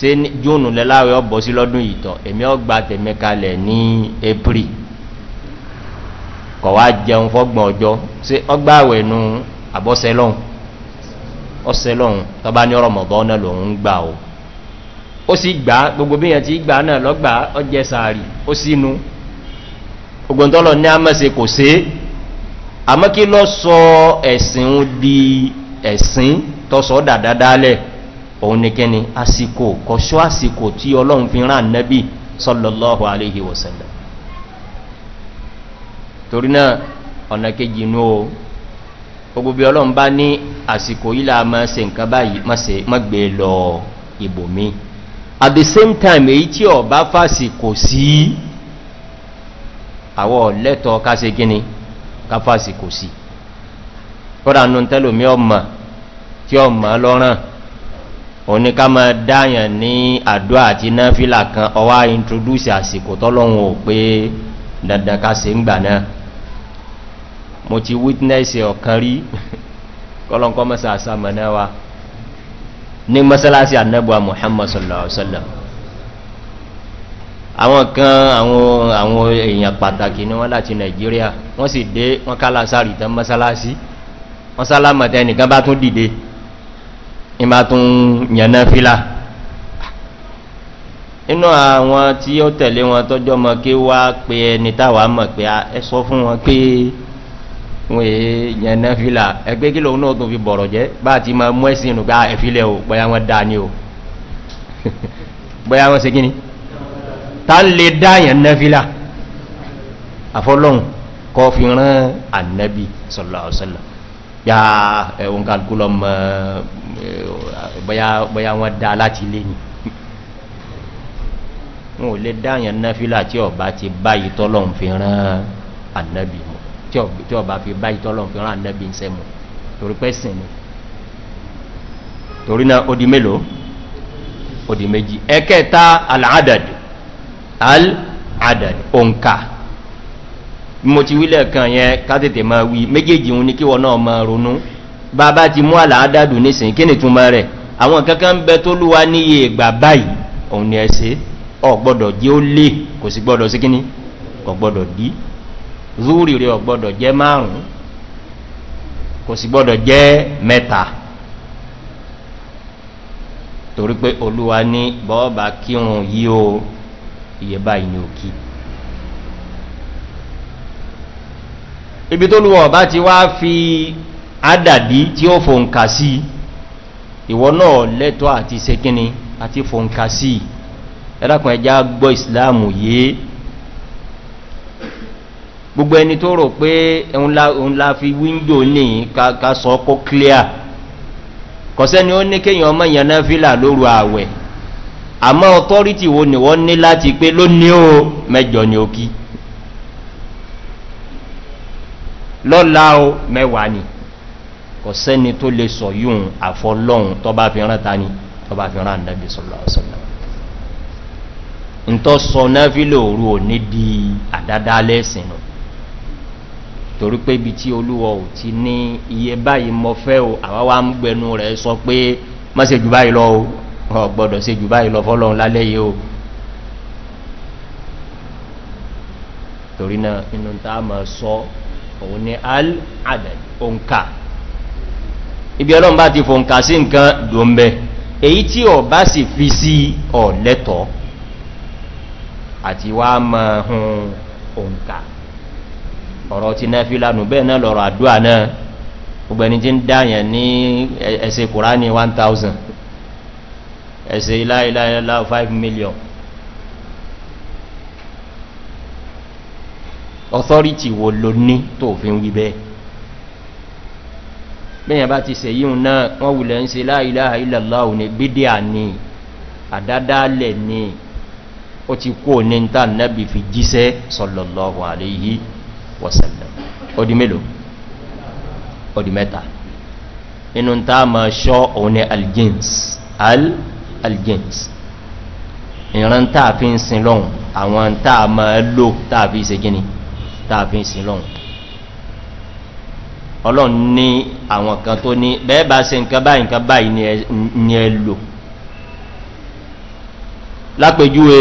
Speaker 2: se júnù lẹ́láwẹ́ ọbọ̀ sí lọ́dún ìtọ̀ èmi ọgbà tẹ̀mẹ́kalẹ̀ ní april kọ̀wá jẹun fọ́gbọ̀n ọjọ́ sí ọgbà àwẹ̀nú àbọ́sẹ́lọ́hun ọsẹ́lọ́hun tọba ní ọ̀rọ̀ mọ̀bọ́ náà lòun gbà o ó sì gbà gbogbo bí yẹn ti gbà náà lọ́gbà ọjẹ́ sàárì ó sínú ogbòntọ́lọ̀ ní àmọ́sẹ̀ kò sí àmọ́kí lọ́ sọ ẹ̀sìn di ẹ̀sìn tọ́sọ́ dàdádálẹ̀ òun ni gẹ́ni asiko kọ̀ṣọ́ àsìkò tí ọlọ́run fi rán nẹ́bí sọ́lọ́lọ́hù aléhì wọ̀sẹ̀lẹ̀ torí náà ọ̀nà kejì inú o gbogbo ọlọ́run bá ní àsìkò ma se nǹkan báyìí se gbé e lọ ìbò at the same time èyí tí ọba fásìkò sí àwọ̀ lẹ́tọ̀ọ́ ká se gíní ká fásìkò sí kọ́dà nù tẹ́lòmí ọmọ tí ọmọ lọ́rán òní ká mọ̀ dáyàn ní àdúwà àti náà fílà kan ọwá introduce àsìkò tọ́lọ́run ò pé dandan ká se ń gbà náà mo ti witness ọ̀kan rí kọlọ́nkọ́ mọ́sá àsámọ̀ náà wa ní mọ́sálásí annabuwa muhammad sallallahu alaihi wasallam àwọn kan àwọn èèyàn pàtàkì ní wọ́n láti nigeria wọ́n sì dé wọ́n kálásárì tán mọ́sálásí wọ́n sálámọ̀tẹ́ ìmá tún yànná fílá inú àwọn tí ó tẹ̀lé wọn tọ́jọ́ mọ́ kí wá pé ẹni táwà mọ̀ pé ẹ sọ fún wọn pé wọ́n èé yànná fílá ẹgbẹ́ kí lòun náà tó fi bọ̀rọ̀ jẹ́ bá ti ma mú ẹ̀sìn inú gbá ẹ̀fílẹ̀ o bọ́yá wọn dá ní o bọ́yá wọn se gíní ta ń lè dá yànná fílá àfọ́lọ́hun kọ́ fi rán ànẹ́bí sọ̀lọ̀ ọ̀sọ̀lọ̀ ẹ̀wọ̀n kálukú lọ mọ́ bọ́yá wọ́n dá láti lé ní wọn ò lè dáyàn náfílà tí ọba ti báyìí tọ́lọ̀n fi rán ànábì mọ̀ tí ọba fi báyìí tọ́lọ̀n fi rán ànábì ń sẹ́mọ̀ torí pẹ́ sìn ni torí náà ó di mélòó ó di méjì ẹkẹta aláàdàdì aláàdàdì òǹkà mo ti wílẹ̀ kan yẹn ká tètè máa wí méjèèjì òun ni kí wọn náà máa ronú bàbá ti mú àlàádádù nísìn kí ni túnmọ́ rẹ̀ àwọn kankan ń bẹ tó lúwa níye ìgbà báyìí òun ni ẹ̀ṣẹ́ ọ̀gbọ́dọ̀ jẹ́ ó lè kò sí gbọ́dọ̀ sí kíní ọ̀gbọ́dọ̀ dí zúrì rẹ̀ ọ̀gbọ́dọ̀ jẹ́ márùn-ún kò sí gbọ́dọ̀ jẹ́ mẹ́ta torí pé olúwa ní bọ́ọ̀bà kírun yí o iye báyìí ni òkì ibi tó lúwa ọ̀bá ti wá fi adàdí tí ó fòǹkà sí ìwọ náà lẹ́tọ́ àti sekíní àti fòǹkà sí ẹlákùn ẹjá gbọ́ ìsìláàmù yìí gbogbo ẹni tó rò pé ẹun la fi wíńdò ní ká sọ kó clear kọ̀sẹ́ni ó ní kéyàn ọmọ ìyànná fílà lóru ààwẹ̀ àmọ́ authority wo ni wọ́n ní láti pé ló ní o mẹ́jọ ni ó lọ́la o mẹ́wàá ni. Lo, kò sẹ́ni tó lè sọ yóò àfọlọ́hun tó bá fi rán tani tó bá fi rán nàbí sọ́lọ́sọ́lọ́ ntọ́ sọ náfílẹ̀ òru ò ní di àdádá lẹ́sìn nù torí pé ibi tí olúwọ ò ti ní iye báyìí mọ́ fẹ́ o àwa wa ń gbẹnu rẹ̀ sọ pé má se jù báyìí lọ o gbọ́dọ̀ se jù báyìí lọ fọ́lọ́hun lálẹ́ yìí o torí náà inú tá a máa sọ òun ni al-adad onka ibi ọlọ́run bá ti fòǹkà sí nǹkan dòmbẹ̀ èyí tí ọ bá sì fi sí ọ̀lẹ́tọ̀ àti wá mọ̀ hun òǹkà ọ̀rọ̀ tí náà fi lánù bẹ́ẹ̀ náà lọ̀rọ̀ àdúà náà ọgbẹ̀ni tí ń dáyàn ní ẹsẹ̀ kùránì 1000 ẹsẹ̀ iláìláìlá 5 million authority wo lo ní tó fi ń wí bẹ́ẹ̀ bẹ́yàn bá ti sẹ̀ yíò náà wọ́n wùlẹ̀ ń se láìláà ìlàláà ní bídíà ní àdádálẹ̀ ní ó ti kú ní ta nábi fi jíṣẹ́ sọ̀lọ̀lọ́wọ̀ àríyí wọ̀sẹ̀lẹ̀ ọdí mélòó ọdí mẹ́ta inú ta ma ṣọ́ òun ta fi ń sin lọ́hun ọlọ́run ní àwọn kan tó ní bẹ́ẹ̀ bá se nǹkan báyìí nǹkan báyìí ni ẹ lò lápèjúwe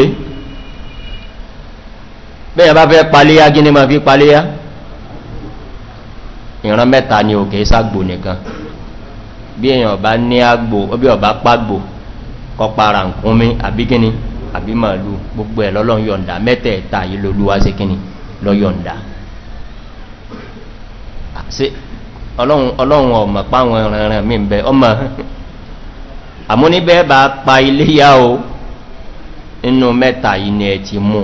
Speaker 2: bẹ́ẹ̀ bá fẹ́ paléyá gíní ma fi paléyá ìran mẹ́ta ni òkè ságbò nìkan bí èyàn bá ní àgbò bí ọba pàgbò kọpara nkúnmí àbí gíní àbí màálù gbogbo ẹ̀ lọ́lọ́n yọ̀ǹda mẹ́tẹ̀ẹ̀ta yìí lolúwa sí gíní lọ́yọ̀ǹda ọlọ́run ọmọ páwọn ìrìnrìn mi bẹ ọmọ àmúnibẹ́ bá pa iléyà o inú mẹ́ta yìí ni ti mú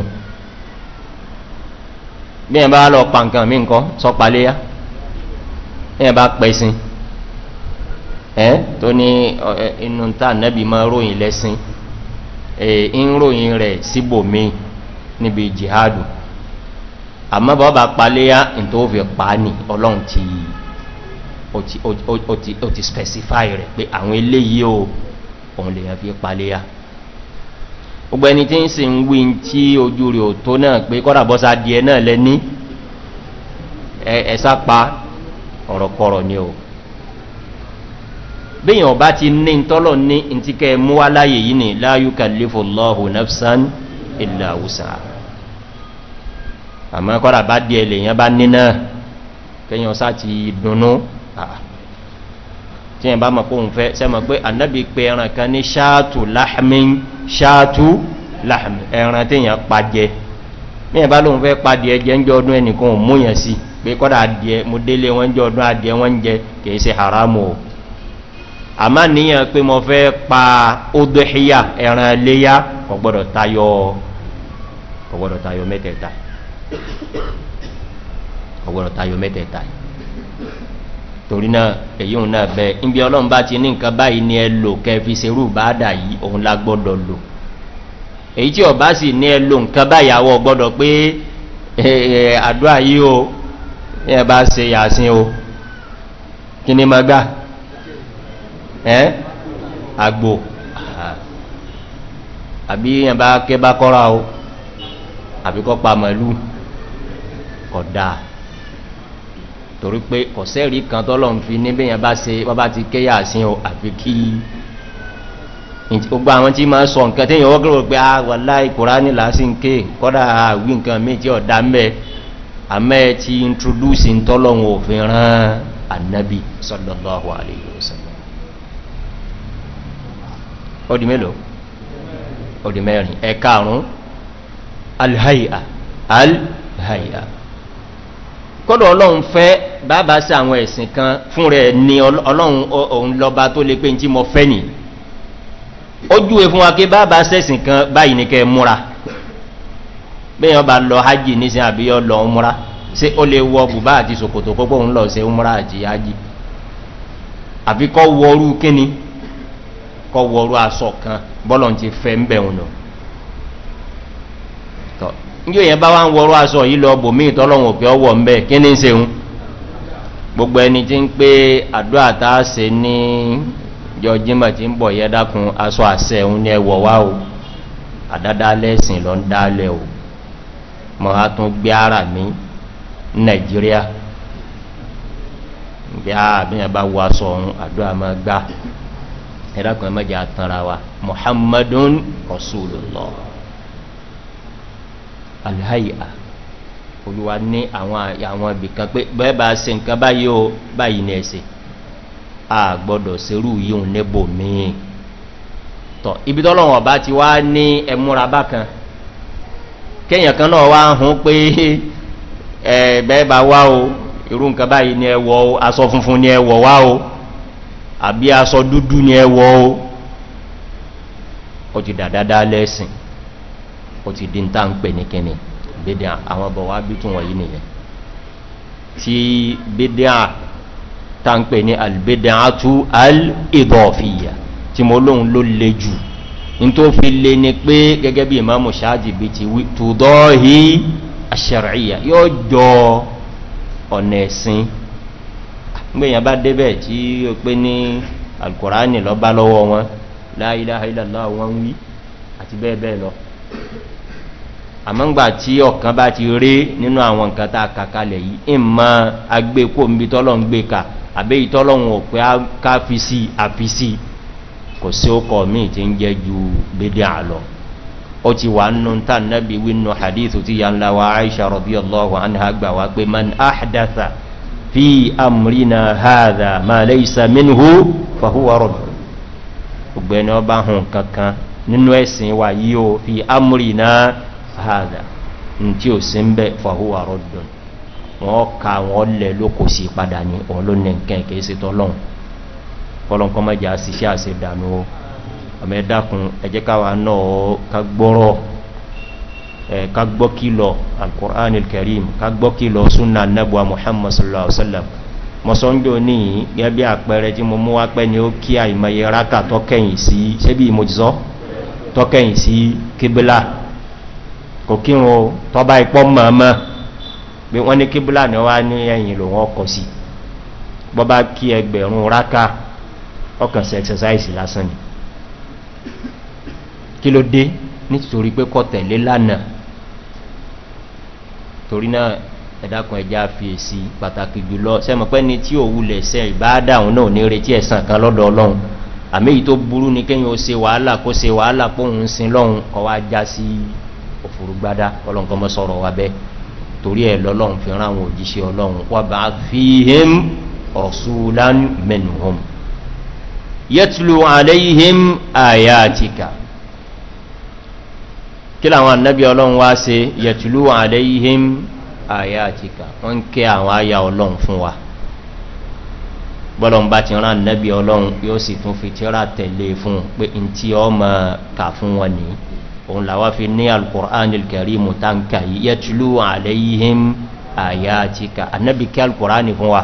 Speaker 2: bí bá lọ pa nǹkan mi nǹkan sọpa léyà bí bá pẹ̀sìn ẹ́ tó ní inú ta nẹ́bí ròyìn lẹ́sìn ń ròyìn rẹ̀ síbòmí níbi jihadu o ti specify rẹ̀ pé àwọn eléyìí o òun lè yàn fi paléyà gbogbo ẹni tí ń sì ń wí tí ojú rẹ̀ ò tó náà pé kọ́dà bọ́sá díẹ̀ náà lẹ́ní ẹ̀ẹ́sá pa ọ̀rọ̀kọ̀rọ̀ ni o bíyàn ọba ti ní tọ́lọ̀ ní ti kẹ mú wá láyé yìí ni láyúkà lífòlọ́hù nafsan ìlàwùsà àmọ́ kọ́dà bá díẹ̀ lèyàn bá ní náà kẹyàn sá ti dunnú Ah. tí yẹn bá mọ̀ kó ń fẹ́ sẹ́mọ̀ pé annabi pé ẹran kan ní ṣáàtù láhmin ṣáàtù láhmin ẹran tí yẹn pàjẹ́ ní ẹ̀bá lóun fẹ́ pàdìẹ jẹ́ ń jọ ọdún ẹnìkan ò múyàn sí pé kọ́dà adìẹ mo délé wọn jọ ọdún adìẹ wọn jẹ kìí sí haramu o àmá níyàn pé mo fẹ́ pa ódóhíyà ẹran léyà kọ̀gbọ́dọ̀ tayọ mẹ́tẹ̀ẹ̀ta torí náà èyí òun náà bẹ ibi ọlọ́run bá ti ní nǹkan báyìí ní ẹlò kẹfì serú báadà yìí òun la gbọ́dọ̀ lò èyí tí ọba sì ní ẹlò nǹkan báyìí àwọ̀ gbọ́dọ̀ pé àdúrà yìí o ní ẹba se yàsín o kí ni magbá ẹ́ àgbò àbí ẹba kẹbá kọ́ra o àbíkọ́pa mọ̀lú kọ̀dáa torí pé kọ̀sẹ́rí kan tọ́lọ̀ ń fi níbẹ̀ yẹn bá se bọ́bá ti kéyà sí o àfi kí gbogbo àwọn tí máa sọ nǹkan tẹ́yìn ọgọ́rọ̀ pé ah, a wà láì kòrá ní lásìnké kọ́dà àwí nǹkan méjì ọ̀dá mẹ́ àmẹ́ ti introduce ń tọ́lọ̀un òfin rán annabi sallallahu alayhi wa sallam ọdí mélòó ọdí mẹ́rin ẹ̀karùn-ún alhaiya alhaiya kọ́dọ̀ ọlọ́run fẹ́ bàbá sí àwọn ẹ̀sìn kan fún rẹ̀ ni ọlọ́run òun lọba tó lè pé tí mọ fẹ́ nì ojú e fún wa kí bàbá sẹ́sìn kan báyìí ní kẹ múra bẹ́yàn bá lọ hajj nísìn àbí yọ lọ múra sí ó lè wọ bùbá àti sokoto kókó òun lọ sí múra àti hajj àfi kọ́ wọrú kíni kọ́ wọrú aṣọ kan bọ́lọ̀ ti fẹ́ ń bẹ̀rùn níjọ́ yẹn bá wá ń wọrọ aṣọ yìí lọ bòmí ìtọ́lọ́wọ̀n òkè ọwọ́ ń bẹ kí ní gbogbo ẹni tí ń pé a ṣe ní tí ń bọ̀ yẹ dákun aṣọ àṣẹ o lẹ́sìn lọ ń dálẹ̀ o á tún gbé ara nàìjíríà bí àbíyàn bá wọ alhai'a olúwa ní àwọn ibìkan pé bẹ́ẹ̀bà se nǹkan báyìí o báyìí ní ẹ̀sẹ̀ a gbọ́dọ̀ serú yíò níbò míì tọ̀ ibi tọ́lọ̀wọ̀n bá ti wá ní ẹmúra bákan kéèyàn kan náà wá hún pé bẹ́ẹ̀bà wá o irú nǹkan báyìí ní ẹwọ o aṣọ funfun ní ẹwọ wá o àbí aṣọ dúdú ní ẹwọ o ó ti dàdádá lẹ́sìn ó ti dín tá ń pè ní kíni bídí àwọn ọbọ̀ wá bí tún wọ̀nyí nìyẹn tí bídí à tá ń pè ní albídí àtú al-idọ̀fìyà tí mo lóhun ló le jù ní tó fi le ni pé gẹ́gẹ́ bí ìmáàmù ṣáàjì bí ti wí tùdọ́hí àṣẹ̀rẹ̀yà yóò jọ ọ̀nà ẹ̀sìn gbèyàn bá débẹ̀ tí ó pé ní alkùránì lọ bá lọ́wọ́ wọn láìláhàílàláwọ́ wọn wí àti bẹ́ẹ̀ bẹ́ẹ̀ lọ àmọ́ngbà tí ọ̀kan bá ti rí nínú àwọn nǹkan kàkalẹ̀ yìí in ma ń bí ka àbẹ́ ìtọ́lọ̀un òpẹ́ fi sí sí kò sí ókọ̀ míì ń jẹ́ ju bédé àlọ́ ó ti wà wínú hadith wa aisha rọ̀bí ọlọ́wọ̀ anhagba wa pé man ahdatha fi amrina hadha ma laysa minhu fahuwa rọ̀bí ọba kankan nínú ẹ̀sìn wa yíò fi amrina hadha hada ntí ò sí ń bẹ́ fàhúwà rọ́dùn wọ́n ka wọ́n lẹ̀ ló kò sí padà ní òun ló ní nǹkan kìí sí tọ́lọ́hun kọlọ́nkọ́ mẹ́jà síṣẹ́ àṣẹdànù o ọmọ ẹ̀dàkùn ẹjẹ́ káwa náà ká gbọ́rọ̀ ká gbọ́ kìlọ̀ alkùránì kẹrìm ká muhammad sallallahu alaihi wasallam mọ̀sánjò ní gẹ́bí àpẹẹrẹ tí mo mú wá pẹ́ ni ó kí àìmọye rákà tọ́kẹ̀yìn sí ṣébí ìmọ̀jìsọ́ tọ́kẹ̀yìn sí kibla kò kírun tọba ipọ́ mọ̀ọ́mọ́ bí wọ́n ní kíbúlà ní wá ní ẹ̀yìn lò wọ́n kọ̀ sí bọ́bá kí ẹgbẹ̀rún ráká ọkàn sí exercise lásán ni kí ló dé nítorí pé kọ tẹ̀lé lánà torí náà ẹ̀dàkùn ẹja fi èsì pàtàkì jùlọ sẹ́mọ̀ pẹ́ ni tí òwú lẹ̀ sẹ́ ìbáadà òun náà ní retí ẹ̀sàn kan lọ́dọ̀ ọlọ́run àmì èyí tó burú ni kéyìn ó se wàhálà kó se wàhálà póhun sin lọ́run kọ já sí forugbádá ọlọ́nkọ́ mọ́ sọ̀rọ̀ wa bẹ́ torí ẹ̀ lọ́lọ́run fi rán àwọn òjíṣẹ́ ọlọ́run wà bá fi him ọ̀sùlán mẹ́nuhun yẹtùlù àlẹ́yìn àyà àtìkà kí làwọn annabi ọlọ́run wá se yẹtùlù àlẹ́yìn àyà wọ́n kẹ́ àwọn àyà ọlọ́run fún wa gbọ́lọ̀n bá ti rán annabi ọlọ́run yóò sì tún fi tíra tẹ̀lé e fún pé in tí ọ mọ̀ kà fún wọn nìí òun làwá fi ní alkùránì kẹrìmù táǹkà yẹtulú àlẹ́yìn àyà àti ká anábì kí alkùránì fún wa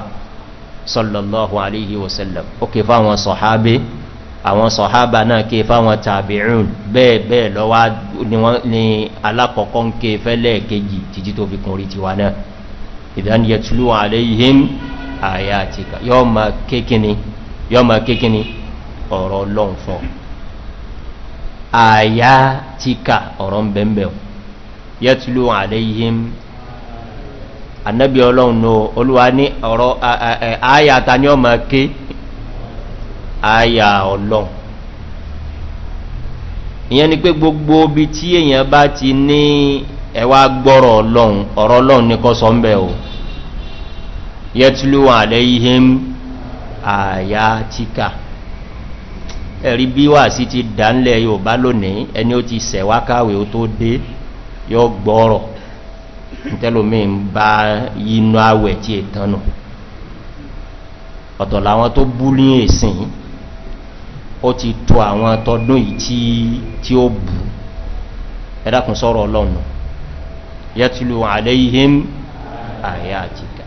Speaker 2: sallallahu alayhi wa sallam ó kè fáwọn sọ̀hábé àwọn sọ̀hábà náà kè fáwọn tàbíùn bẹ́ẹ̀ bẹ́ẹ̀ lọ́wọ́ ni alákọ̀ọ́kọ́ ń kè fẹ́lẹ̀ kejì títí tó fi kùnrin tiwa náà ìdán yẹtulú àyá chika ọ̀rọ̀ ń bẹ̀m̀bẹ̀ yẹ́tùlú àdéyìn annabi ọlọ́run ní olúwa ní ọ̀rọ̀ àyà ní ọmọ ké àyà ọlọ́run ìyẹn ni pé gbogbo bí tí èyàn bá ti ní ẹwà gbọ́rọ̀ ọlọ́run ọ̀rọ̀ ọlọ́run ní kọ́ o ẹ̀rí bí wà sí ti dánlẹ̀ yóò bá lónìí ẹni ó ti sẹ̀wákàwé ó tó dé yóò gbọ́ọ̀rọ̀ tẹ́lómi ń bá yínú àwẹ̀ tí ètànà ọ̀tọ̀ làwọn tó bú ní èsìn ó ti tó àwọn tọdún yìí tí ó bù ẹ̀dàkùn sọ́rọ̀ ọlọ́nà yẹtùlù àlẹ́yìn àyà àtìkà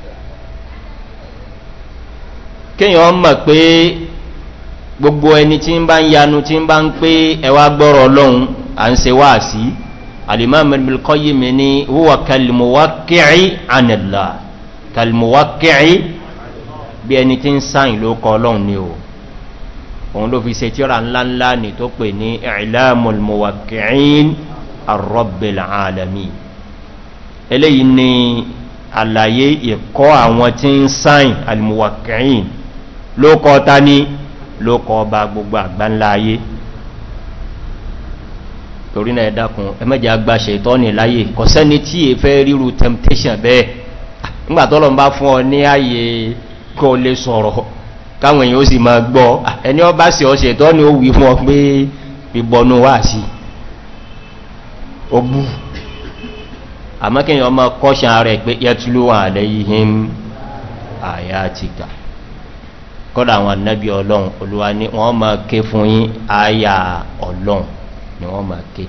Speaker 2: kéèyàn mọ̀ pé gbogbo ẹni tí ń bá ń yanu tí ń bá ń pé ẹwà gbọ́rọ̀ lọ́hun à ń se wáà sí alimami bilkoyi mi ni wúwa kalmuwaki'i anila kalmuwaki'i bí ẹni tí ń sáyìn ló kọ lọ́hun ni o òun ló fi se tíra ńláńlá ni tó pè ní ló kọ ọba gbogbo àgbánlá ayé torí náà ẹ̀dàkùn ẹmẹ́jẹ́ agbáṣẹ ìtọ́ni láyé kọ̀ sẹ́ni tí è fẹ́ ríru temptation bẹ́ẹ̀ nígbàtọ́lọ̀ bá fún ọ ní ààyè kọ́ lè sọ̀rọ̀ káwọn èèyàn ó sì máa gbọ́ ẹni ọ sì ọ ṣètọ́ ni ó wí fún ọ pé ìbọnú wà sí ogbú àmọ́kẹ́yàn ọmọ kọ́ṣà rẹ̀ pé yẹtulúwà lẹ́yìn àyà ti kọ́dà àwọn anábí ọlọ́run olúwa ní wọ́n ma ké fún yí àyà ọlọ́run ni wọ́n ma ké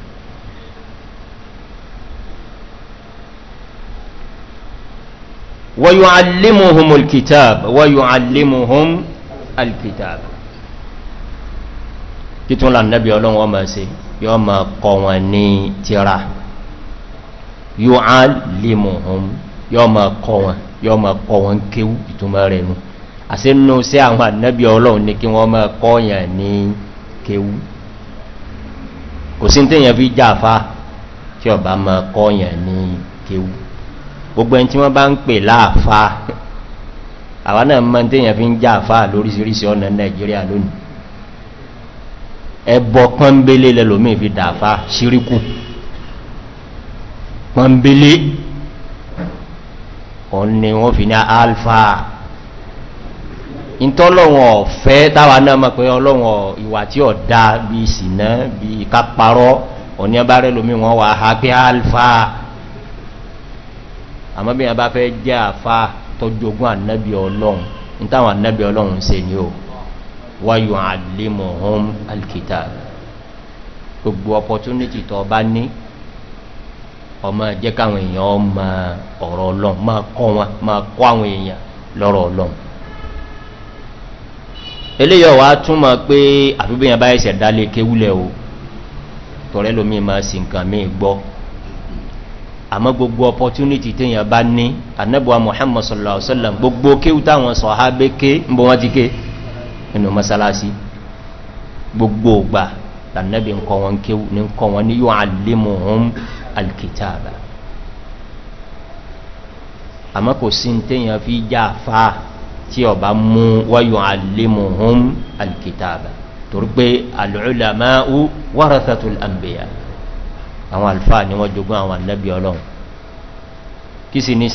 Speaker 2: wọ́yún alimuhum alkitab wọ́yún alimuhum alkitab títún lànàbí ọlọ́run wọ́n ma se yọ́ ma kọ wọn ní tíra yọ́ ma yọ́ ma kọ wọn kéwú ìtumọ̀ rẹ̀ nù àsínú sí àwọn ànábí ọlọ́run ní kí wọ́n mọ́ kọ́yàn ní kéwú kò sí tẹ́yàn fi jáfá tí ọba mọ́ kọ́yàn ní kéwú gbogbo ẹni tí wọ́n bá ń pè láàfá àwọn náà mọ́ tẹ́yàn fi ń jáfá lóríṣiríṣi ọ̀nà nàìjíríà lónìí ẹbọ pọ́nbélé ìtọ́lọ́wọ̀n ọ̀fẹ́ táwà náà mọ̀ pé ọlọ́wọ̀n ìwà tí ọ̀ dá bí ìsìná bí káparọ́ òní ọba rẹ̀ lómi wọn wà á pé alfa àmọ́ bí wọn bá fẹ́ jẹ́ àfa tọ́jú opportunity tó ọba ní ọmọ jẹ́ káwọn èèyàn ọmọ ọ̀rọ̀ ọlọ́run máa kọ́ àwọn èèyàn lọ́rọ̀ ọlọ́run eléyọ̀ wá túnmọ̀ pé àfibíyàn bá ẹsẹ̀ dálé kéwúlẹ̀ o tọ̀rẹ́ lómi ma sì nǹkan mí gbọ́ àmọ́ gbogbo opportunity tí èyàn bá ní anẹ́bùwa muhammad sallallahu alaihi wasallam gbogbo kéwú táwọn sọ̀há bẹ́ ké ń bọ́ wọ́n ti ké inú masalasi gbogbo ògbà lànẹ́bì ń kọ́ wọn kéwú ní kọ́ wọn yóò alẹ́mù ohun alkitaba àmọ́ kò sí ní téèyàn fi já tí ọba mú wáyọ̀ alìmọ̀hún alkitaba torí pé alùlámáú wárátàtul àmbèyà àwọn alfáà ni wọ́n jogún àwọn annabi ọlọ́run kí sì ní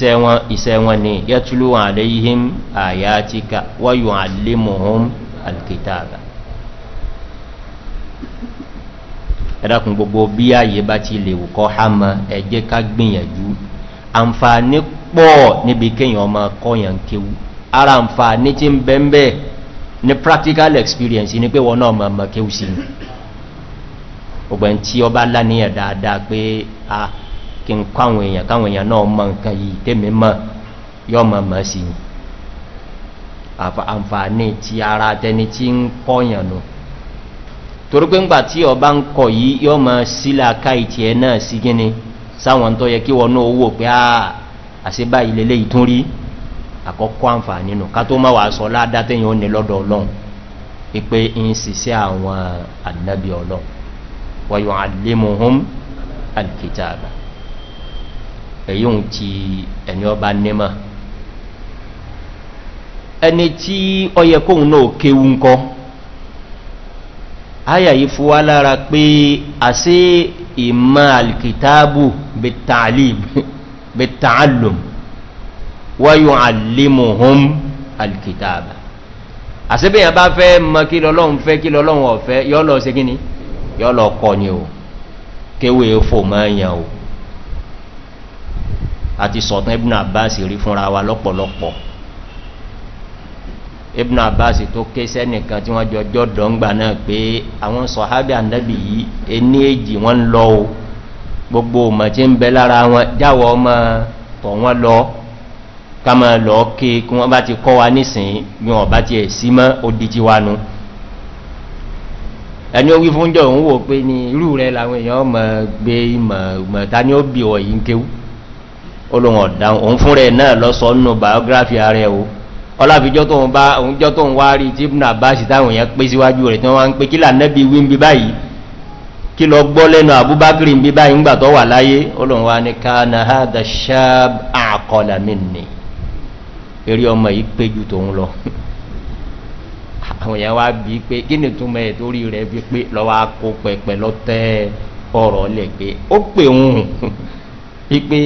Speaker 2: iṣẹ́ wọn ni yẹ́túlúwọ̀n aléyìn àyàtíkà wáyọ̀ alìmọ̀hún alkitaba ẹ̀dàkùn gbogbo bí ayé bá ti lè wùkọ́ hama ẹjẹ́ ká gbìyànjú àǹfààní pọ̀ níbi kéèyàn ọmọ kọ́yàn kéwú ara ń fa ní tí ń bẹ́m̀bẹ́ ní practical experience ni pé wọ́n náà mọ̀ mọ̀ kéwù sí ni ọgbẹ̀ tí ọba láníyàn dáadáa pé a kí n kọ́ àwọn èèyàn káwọn èèyàn náà mọ̀ nǹkan yìí tèmi mọ̀ yọ mọ̀ mọ̀ sí ni àǹfààní ti ara tẹni tí ń kọ́yàn nù torí pé ńgbà tí ọba ń kọ̀ yìí yọ mọ̀ sílá káìtì ẹ̀ náà sí gíní sáwọn tó yẹ kí wọnú owó pé a àṣíbá ilẹ̀lẹ́ ìtún àkọ́kọ́ àǹfààní nù ká tó má wà sọ ládátẹ́yìn ó ní lọ́dọ̀ ọlọ́run ipé in sisẹ́ àwọn annabi ọlọ́run wọ́yọ̀ alimuhun alkitaba èyí ń ti ẹni ọba nímọ̀ ẹni tí ọyẹ kóhun náà kéwú ń kọ́ yìí fún wa lára pé àṣẹ ìmọ̀ alkitabu bẹ̀tàlùm wáyọ̀ alìmọ̀hún alkitaba àṣẹ́bẹ̀yàn bá fẹ́ mọ kí lọ́lọ́run fẹ́ kí lọ́lọ́run ọ̀fẹ́ yọ́lọ ṣe gíní yọ́lọ kọ ni o kéwé fò mọ́yàn o àti sọ̀tán ibn abbas rí fúnra wa lọ́pọ̀lọpọ̀ ibn abbas tó ké sẹ́nìkan tí wọ́n jọ jọ́dọ̀ ń náà pé àwọn sọ̀hábì àndábì yìí ení èjì wọ́n ń lọ o gbogbo ọmọ tí ń bẹ lára wọn jáwọ́ ọmọ tọ̀ wọ́n lọ́ọ́ ká máa lọ ké kí wọ́n bá ti kọ́ wa nísìn bí wọ́n bá ti ẹ̀ sí mọ́ odi ti wa nu ẹni ó wí fún jọ òun wò pé ní irú rẹ làwọn èèyàn mọ̀ gbé ìmọ̀ ìmọ̀ ta ni ó bì ọ̀ yìí ń kéwú olóhùn ọ̀dáhùn òun fún rẹ̀ náà lọ sọ nù biography ààrẹ o ọláfijọ́ tó ń bá òunjọ́ tó ń wá rí tí ibùnà bá sì táwọn èèyàn pé síwájú rẹ̀ tí wọ́n wá ń pé kí lànẹ́bí wí ń bí báyìí kí lọ gbọ́ lẹ́nu àbúbákìrì ń bí báyìí ń gbà tó wà láyé olóhùn wa ní ká na ha àkọlà mi nìí eré ọmọ yìí pé jù tóun lọ àwọn èèyàn wá bí i pé kí ni tó mẹ́ torí rẹ̀ bí pé lọ́wọ́ kó pẹ̀pẹ̀ lọ́tẹ́ ọ̀rọ̀ lẹ̀ pé ó pè òun pípé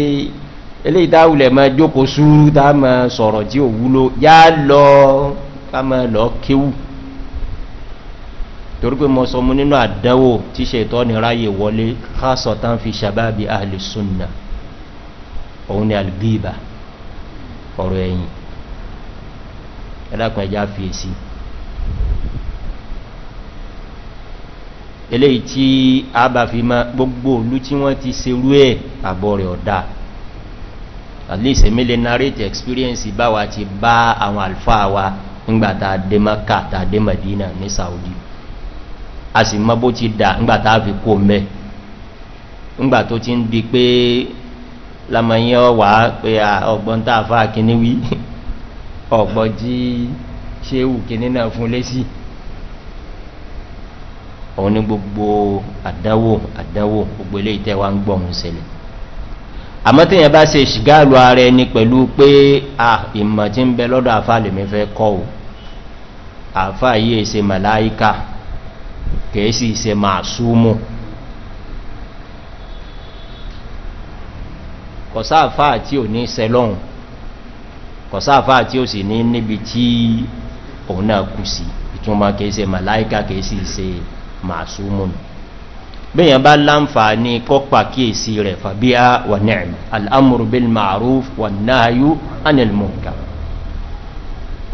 Speaker 2: ilé ìdáhùlẹ̀ mọ́ jókòó súúrú tá mọ́ sọ̀rọ̀ tí ò wúlò yá lọ ká mọ́ lọ kéwù torí pé mọ́ sọmú nínú àdánwò tí ṣe ìtọ́ ni ráyè wọlé kásọ̀ fi ṣàbábi ahìlì súnnà òun ni àlùbíbà ọ̀rọ̀ ẹ̀yìn ẹ̀dàkùn ẹja fèsì eléyìí tí a bá fi ma gbogbo olú tí wọ́n ti serú ẹ̀ àbọ̀ rẹ̀ ọ̀dá at least emile narrate experience báwa ti bá àwọn alfáà wa ngbàtà dẹ́mọ́kà tàdé madina ní saudi a sì mọ́ bó ti dà ngbàtà fi kó mẹ́ ngbàtó ti ń bi pé lamọ́yẹ́ wà pé ọgbọ́n tàà fáà kíníwí ọ̀gbọ̀jí ṣéwù kìíní náà fún lésì òun ní gbogbo àdánwò àdánwò gbogbo ilé ìtẹ́wà ń gbọ̀hún sẹlẹ̀ àmọ́ tí yẹn bá se ṣìgáàlù ara ẹni pẹ̀lú pé à ìmọ̀ tí ń bẹ lọ́dọ̀ àfà lèmi fẹ́ kọ́ ò àfà yí èsè màláíkà kèésì ìsè máa súnmù kọ̀sáàfà tí ò ní sẹlọ́hùn kọ̀sáàfà tí ó sì ní níbi tí òun náà kù sí ìtúnmọ́ kìí se màláíkà kìí sì se màásùmùnù bẹ́yàn bá láǹfààní kọ́pà kíèsí rẹ̀ fàbíà wà nẹ́ẹ̀mù al'amuru bil wà náàyú anilmunka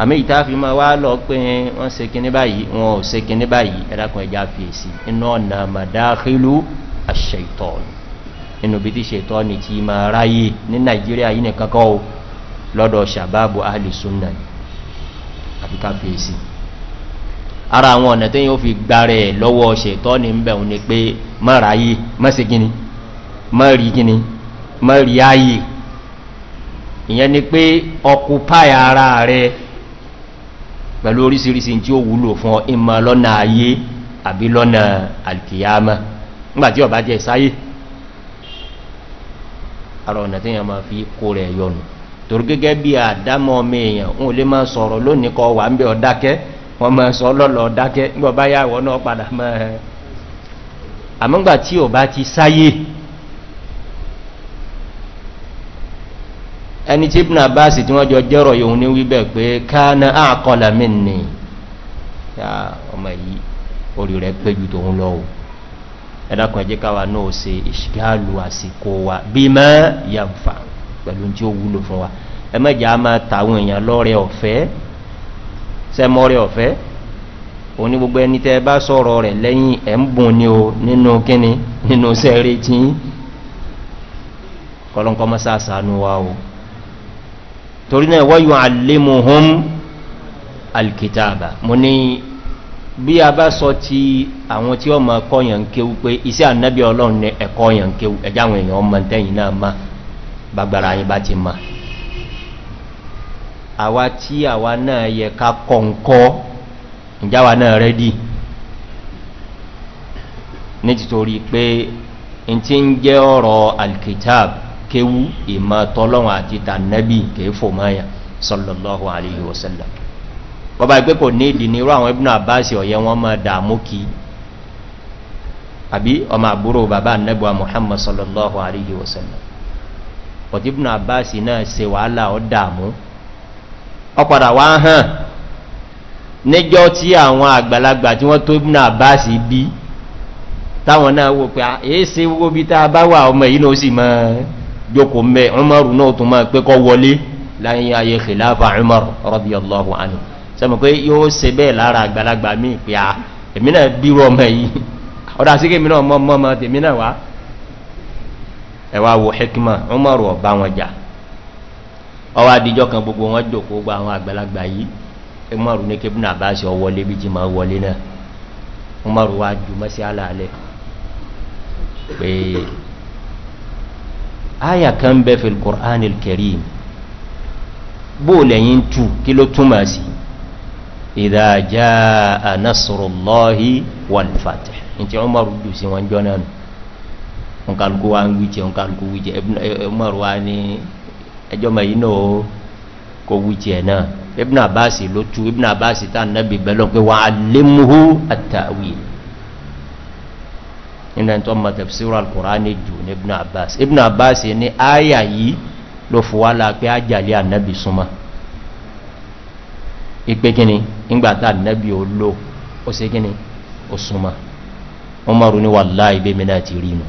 Speaker 2: àmì ìtàfi ma wá lọ pé wọ́n se kí báyìí wọ́n ò se kí báyìí ẹ̀dàkùn ẹja fèsì iná ọ̀nà madáhílú àṣẹ̀tọ̀ọ̀nù inú bí ti ṣètọ́ni ti ma ráyé ní nàìjíríà yìí nìkankọ́ lọ́dọ̀ sàbábù alìsúnnà àti ara àwọn ọ̀nà tí yóò fi gbárẹ̀ lọ́wọ́ ṣètọ́ ní ń bẹ̀rún ni pé mọ́ra ayé mọ́sí gíní mọ́rí gíní mọ́rí ayé ìyẹn ni pé ọkùpáì ara rẹ pẹ̀lú orísìírísì tí ó wúlò fún ìmọ̀ lọ́nà ayé àbí lọ́nà alkiyama nígbàtí ọba jẹ́ sáyé ara ọ̀nà tí torí gẹ́gẹ́ bí àdámọ́ ọmọ èèyàn wọn ò lè máa sọ̀rọ̀ lónìí kọ wà ń bẹ́ ọ̀dákẹ́ wọ́n máa sọ lọ́lọ́ ọ̀dákẹ́ gbọ́ bá yà wọ́n náà padà mọ́ ẹ tí ò bá ti sáyé ẹni tí ibùnà bá sì tí wọ́n jọ jẹ́rọ̀ yóò ní wíbẹ̀ pé káàná àkọlà mi nì ya ọmọ yìí orí rẹ̀ lọ o ẹ̀dàkùn káwa náà ṣe pẹ̀lú tí ó wúlò fún wa ẹmẹ́jà a máa tàwọn èèyàn lọ́rẹ ọ̀fẹ́ sẹ́mọ́rẹ̀ ọ̀fẹ́ òní gbogbo ẹni tẹ́ bá sọ̀rọ̀ rẹ̀ lẹ́yìn ẹ̀ ń bùn o nínú kíni nínú sẹ́rẹ̀ tí wa o torí náà ní bí a ti àwọn tí ọmọ pé iṣẹ́ ọlọ́run ní yàn ẹjáwọn èèyàn ọmọ tẹ́yìn gbagbara yìí bá ti ma àwa tí àwa náà yẹ ká kọ̀ǹkọ́ ìjáwa náà rẹ́dì ní títorí pé in ti ń jẹ́ ọ̀rọ̀ alkitab kéwú ìmọ̀ tọ́lọ́wọ̀n àti tànẹ́bì kéfò mọ́yà sallallahu alayhi bọ́bá ìpé kò ní ìdí ní àwọn ibùn àbáṣì ọ̀yẹ́ wọn mọ́ dàmú kí àbí muhammad ọ̀tíbùnà àbáàsì náà se wàhálà ọ̀dàmú ọ̀padà wá hàn níjọ́ tí àwọn àgbàlagbà tí wọ́n tó ìbùnà àbáàsì bí táwọn náà wò pé èése wó bí tá a bá wà ọmọ yìí náà sì mọ́ jókòó mẹ́ ọmọrù náà tó máa pé kọ́ wọlé láyé ayé kìláfà ọmọrù rọ́bì ọlọ́hu àná sọmọ pé yóò se bẹ́ẹ̀ lára àgbàlagbà míì pé à èmi náà bí wọ́n ọmọ yìí ọ̀dà sí kémi náà mọ́ ọmọ tèmi náà wá ẹwà wo hekima umaru ọba wọn jà ọwọ́ adijọ́ kan gbogbo wọn jòkó gba àwọn àgbàlagbà yìí umaru ní kébùnà bá ṣe ọwọlé bí jí máa wọlé náà umaru wá ju mọ́sí aláàlẹ́ pé áyà kan ń bẹ́ fil qur'an kẹrì bóòlẹ̀yìn tù kí ló túnmà sí ìdájá anásùrùlọ́hí wàlfàtẹ̀ ní ti umaru jù sí wọn jọ náà òǹkàlùkù eh, eh, wa ń wíjẹ òǹkàlùkù wíjẹ ẹmọ́rù wa ní ẹjọ́ mọ̀ yínà ó kò wíjẹ náà ibn abbas ló tú ibn abbas tá nẹ́bí bẹ́lọ́ pé wà á lé múhú àtàwì nínú ẹni tó mọ̀ tẹ̀síwò alkùránì jù ní ibn abbas ibn abbas ní àyà yìí ló fò wá la pé ájàlẹ̀ ànẹ́bí súnmọ́ ìpé kíni ìgbàtà ànẹ́bí ó lò ó sì kíni ó súnmọ́ wọ́n mọ̀rún ní wà láì bẹ́ẹ̀ mìíràn ti rí nù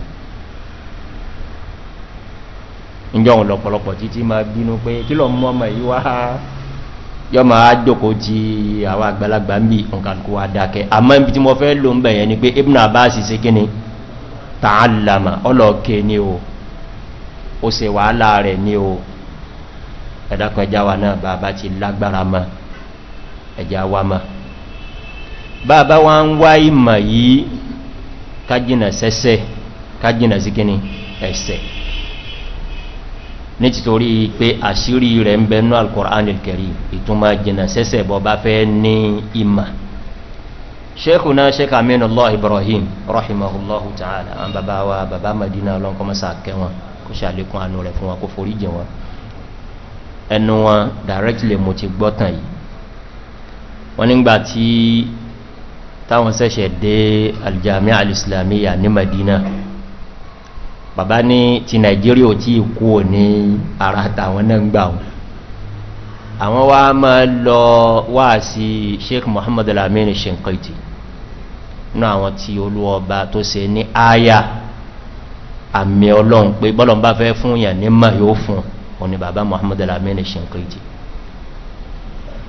Speaker 2: ìjọ òun lọ̀pọ̀lọpọ̀ títí ma bínú pe kí lọ mọ́ ọmọ yí wá yọ ma á jòkó ti àwọn àgbàlagbà ń bí ọkànkú wa dákẹ́ àmọ́ ibi tí mo fẹ́ lò ń bẹ̀yẹ ni pé ibùn abbas sí kíni tààlàmà ọlọ́ọ̀kẹ́ ni o ó se wàhálà rẹ̀ ni o ẹ̀dàkùn ẹja wa náà bàbá ti lágbára ma ẹja wa ma bàbá wa ń wá ìmọ̀ yìí kájìnà sẹ́sẹ́ kájìnà sí kíni ẹ̀sẹ̀ nítorí pé àṣírí rẹ̀ ń bẹnú alkùnrin alkẹ̀rí ìtumọ̀ jìnà sẹ́sẹ̀ bọ́ bá fẹ́ ní ìmà ṣekùnà ṣekà mínúlọ́ ibrahim rahimahullahu ta'ala àwọn bàbá wa bàbá madina ọlọ́nkọmọ́sà kẹwọn kò ṣàlékún àánú rẹ̀ fún wọn kò forí jẹ wọn ẹnu wọn directly mo ti gbọ́tàn yìí wọ́n nígbà tí táwọn sẹ́ṣẹ̀ dé aljami al ní madina bàbá ní ti nàìjíríà tí ikú ò ní ara tàwọn náà gbà wọn àwọn wá ma lọ wá sí sheikh mohamed alamini shinkaiti ní àwọn tí olúọba tó se ní aya àmì ọlọ́run pé bọ́lọ̀ bá fẹ́ fún yà ní mọ̀ yóò fún òní bàbá mohamed alamini shinkaiti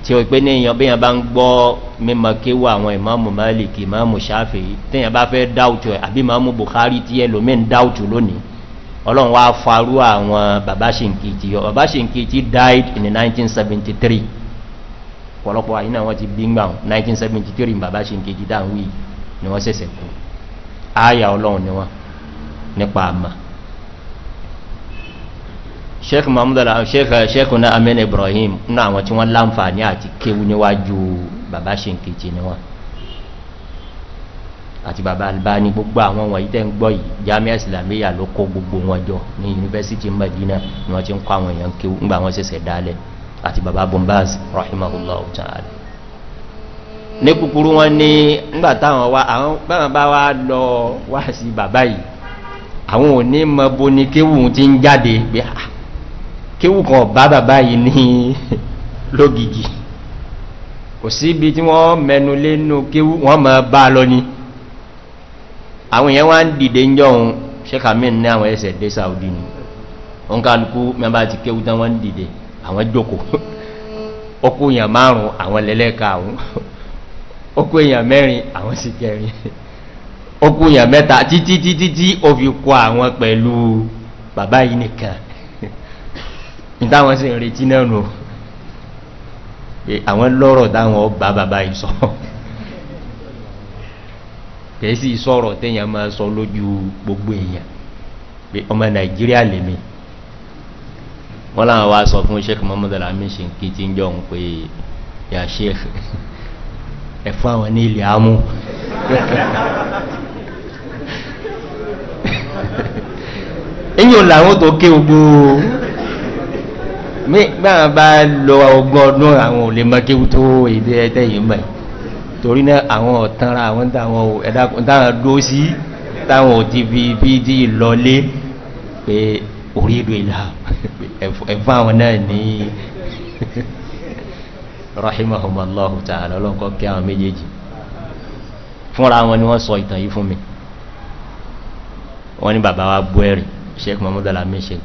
Speaker 2: tí ó pé ní èyàn bí yàn bá ń gbọ́ mímọ̀ kí wà àwọn ìmáàmù máàlìkì ìmáàmù sáfì tíyàn bá fẹ́ dáùtù ẹ̀ àbí ìmáàmù buhari tí ẹlòmí ń dáùtù lónìí ọlọ́run wá farú àwọn bàbá ṣìǹkìtì bàbá ṣìǹkìtì died in 1973 pọ̀lọpọ̀ àyínà wọ́n ti 1973 bàbá ṣìǹkìtì dáhùn wí ni wọ́n sẹ̀sẹ̀ kú ááyà ọlọ́run ni wọ́n nípa àmà sheikh mahmud uh, sheikh uh, sheikh na amin ibrahim nínú àwọn tí wọ́n láǹfààní àti kéwu níwájú bàbá ṣèǹkejì ni wọ́n àti bàbá albani gbogbo àwọn wọ̀nyí tẹ́ ń gbọ́ yìí jamiu islamiyya ló kó gbogbo wọn jọ ní yunifásitì madina ni wọ́n ti ń kọ́ àwọn èèyàn kéwu ńgbà wọ́n ṣẹ̀ṣẹ̀ dálẹ̀ àti bàbá bombaz rahimahullah ta'ala ní kúkúrú wọn ní ńgbà táwọn wa àwọn báwọn bá wá lọ wá sí bàbá yìí àwọn ò ní mọ bo ni kéwu ti ń jáde gbé ah kéwù kan bá bàbá yìí ní lógìgì kò sí ibi tí wọ́n mẹnu lé nú kéwù wọ́n mọ̀ bá lọ ní àwọn èèyàn wá dìde ń jọun sẹ́kàmín ní àwọn ẹsẹ̀ dé saudi ni wọ́n ká nukú mẹ́bà ti kéwù tán wọ́n dìde àwọn jòkó ọkú èèyàn márùn-ún àwọn lẹ́lẹ́ka àwọn ọkú èèyàn mẹ́rin àwọn sì kẹrin ọkú èèyàn mẹ́ta títí títí tí ó fi kọ àwọn pẹ̀lú bàbá yìí nìkan ìdáwọn sí ìrètí náà nù àwọn lọ́rọ̀ dáwọn ọba bàbá ìsọ́ kẹ̀ẹ́sì sọ́rọ̀ tẹ́yàn máa sọ lójú gbogbo èèyàn pé ọmọ nàìjíríà lèmi wọ́n láwọn wá sọ fún sheik mohamed alamishi kí tí ń jọun pé ya sheik ẹ̀fún àwọn ní ilẹ̀ amú èyí ò làwọn tó ké gbogbo gbáà bá lọ ọgbọ́n ọdún àwọn olè mọ́kéwú tó èdè ẹ̀tẹ́ yìí mẹ́ torí náà àwọn ọ̀tanra àwọn táwọn dó sí táwọn ò ti bí dí lọlé pé orí ìlà ẹ̀fún àwọn náà ní rahimahumallahu ta'ala ọlọ́nkọ́ kí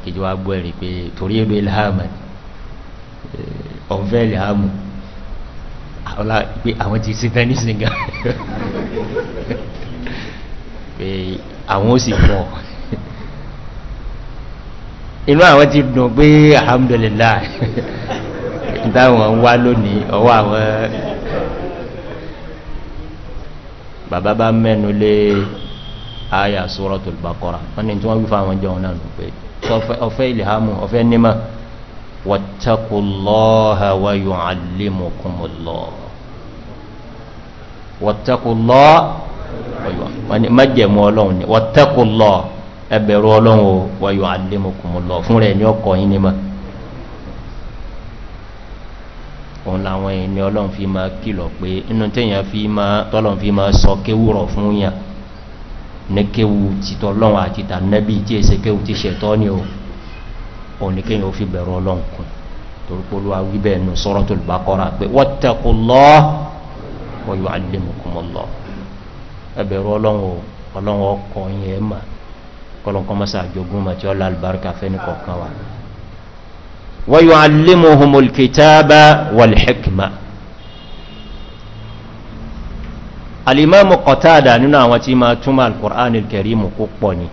Speaker 2: kejì wa bú ẹ̀rì pé torí èdè ìlà ọ̀fẹ́ ìhàmù ọlá pé àwọn ti sí tẹ́ní síngá pé àwọn ó sì pọ̀ inú àwọn ti dùn pé alhamdulillah ìtàwọn wá lónìí ọwọ́ àwọn bàbá bá mẹ́nu lé àyà suratul baqara wọ́n ni tí wọ́n wí fáwọn jọun náà pé ọfẹ́ ìlẹ̀hámù ọfẹ́ nímọ̀ واتقوا الله ويعلمكم الله واتقوا الله májẹ̀mú ọlọ́run ni واتقوا الله ẹbẹ̀rù ọlọ́run o ويعلمكم الله fún rẹ̀ ní ọkọ̀ yìí ni ma òun làwọn ẹni ọlọ́run fi máa kìlọ̀ pé inú tẹ́yàn fi máa tọ́lọ́run fi máa sọ kéwúrọ̀ fún yàn ní kéwú títọ́lọ́run àti tànẹ́bí tí èsè kéwú ti ṣẹ̀tọ́ ni o òníkéyàn ó fi bẹ̀rù ọlọ́run kùn torípolú awíbẹ̀ nù sọ́rọ́ tó lùbá kọ́ra pé wọ́n tẹ̀kù lọ wọ́n yóò alẹ́mùkùnmọ́ lọ ẹbẹ̀rù ọlọ́run ọlọ́run ọkọ̀ yẹn ẹ̀ mà kọ́lọ́nkọ́ mọ́sá àjogún mà tí ó la àlùbáríkà fẹ́ni kọ̀ọ̀kan wa. wọ́n yóò alẹ́mùkùnmọ́ kìtàbà wàlẹ́hẹ́kìmá. alimami kọ́tàdà nínú àwọn tí máa túmọ̀ alukur'an kẹrìmù kó pọ̀ ni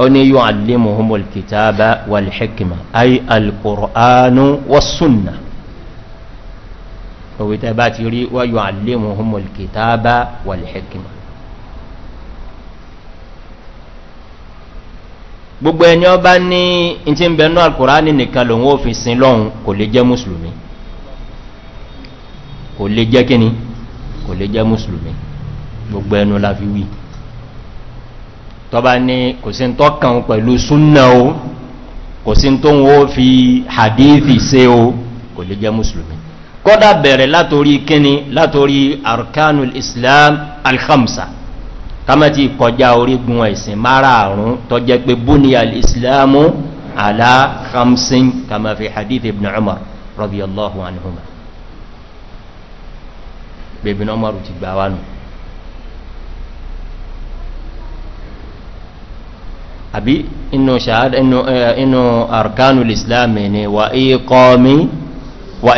Speaker 2: oni yóò alimu humul kitaba wal hikima ay alkur'anu wasunna òwe tẹ́ bá ti rí wá yóò alimu humul kitaba wal hikima gbogbo ẹni ọba ní ìtí ń bẹnu alkur'ani nìkan lòun ó fi sin lọ́hun kò lè jẹ́ musulmi kò lè jẹ́ kíni kò lè jẹ́ musulmi gbogbo ẹnu la fi wí tọba ní kò sí tó kàn pẹ̀lú súnà o kò sí tó wọ́n fi hadithi se o kò lè jẹ́ musulmi kọ́dá bẹ̀rẹ̀ látorí kíni látorí arkanul islam alhamsa kamati kọjá orígun ẹ̀sìn márààrún tó jẹ́ pé bóni al'islamu ala khamsin kama fi hadith ibn umar radiyallahu anhu ma bẹ̀bẹ̀ umar ti gbà wánu àbí inú ṣàhádà inú eh, arkanu islami ni wa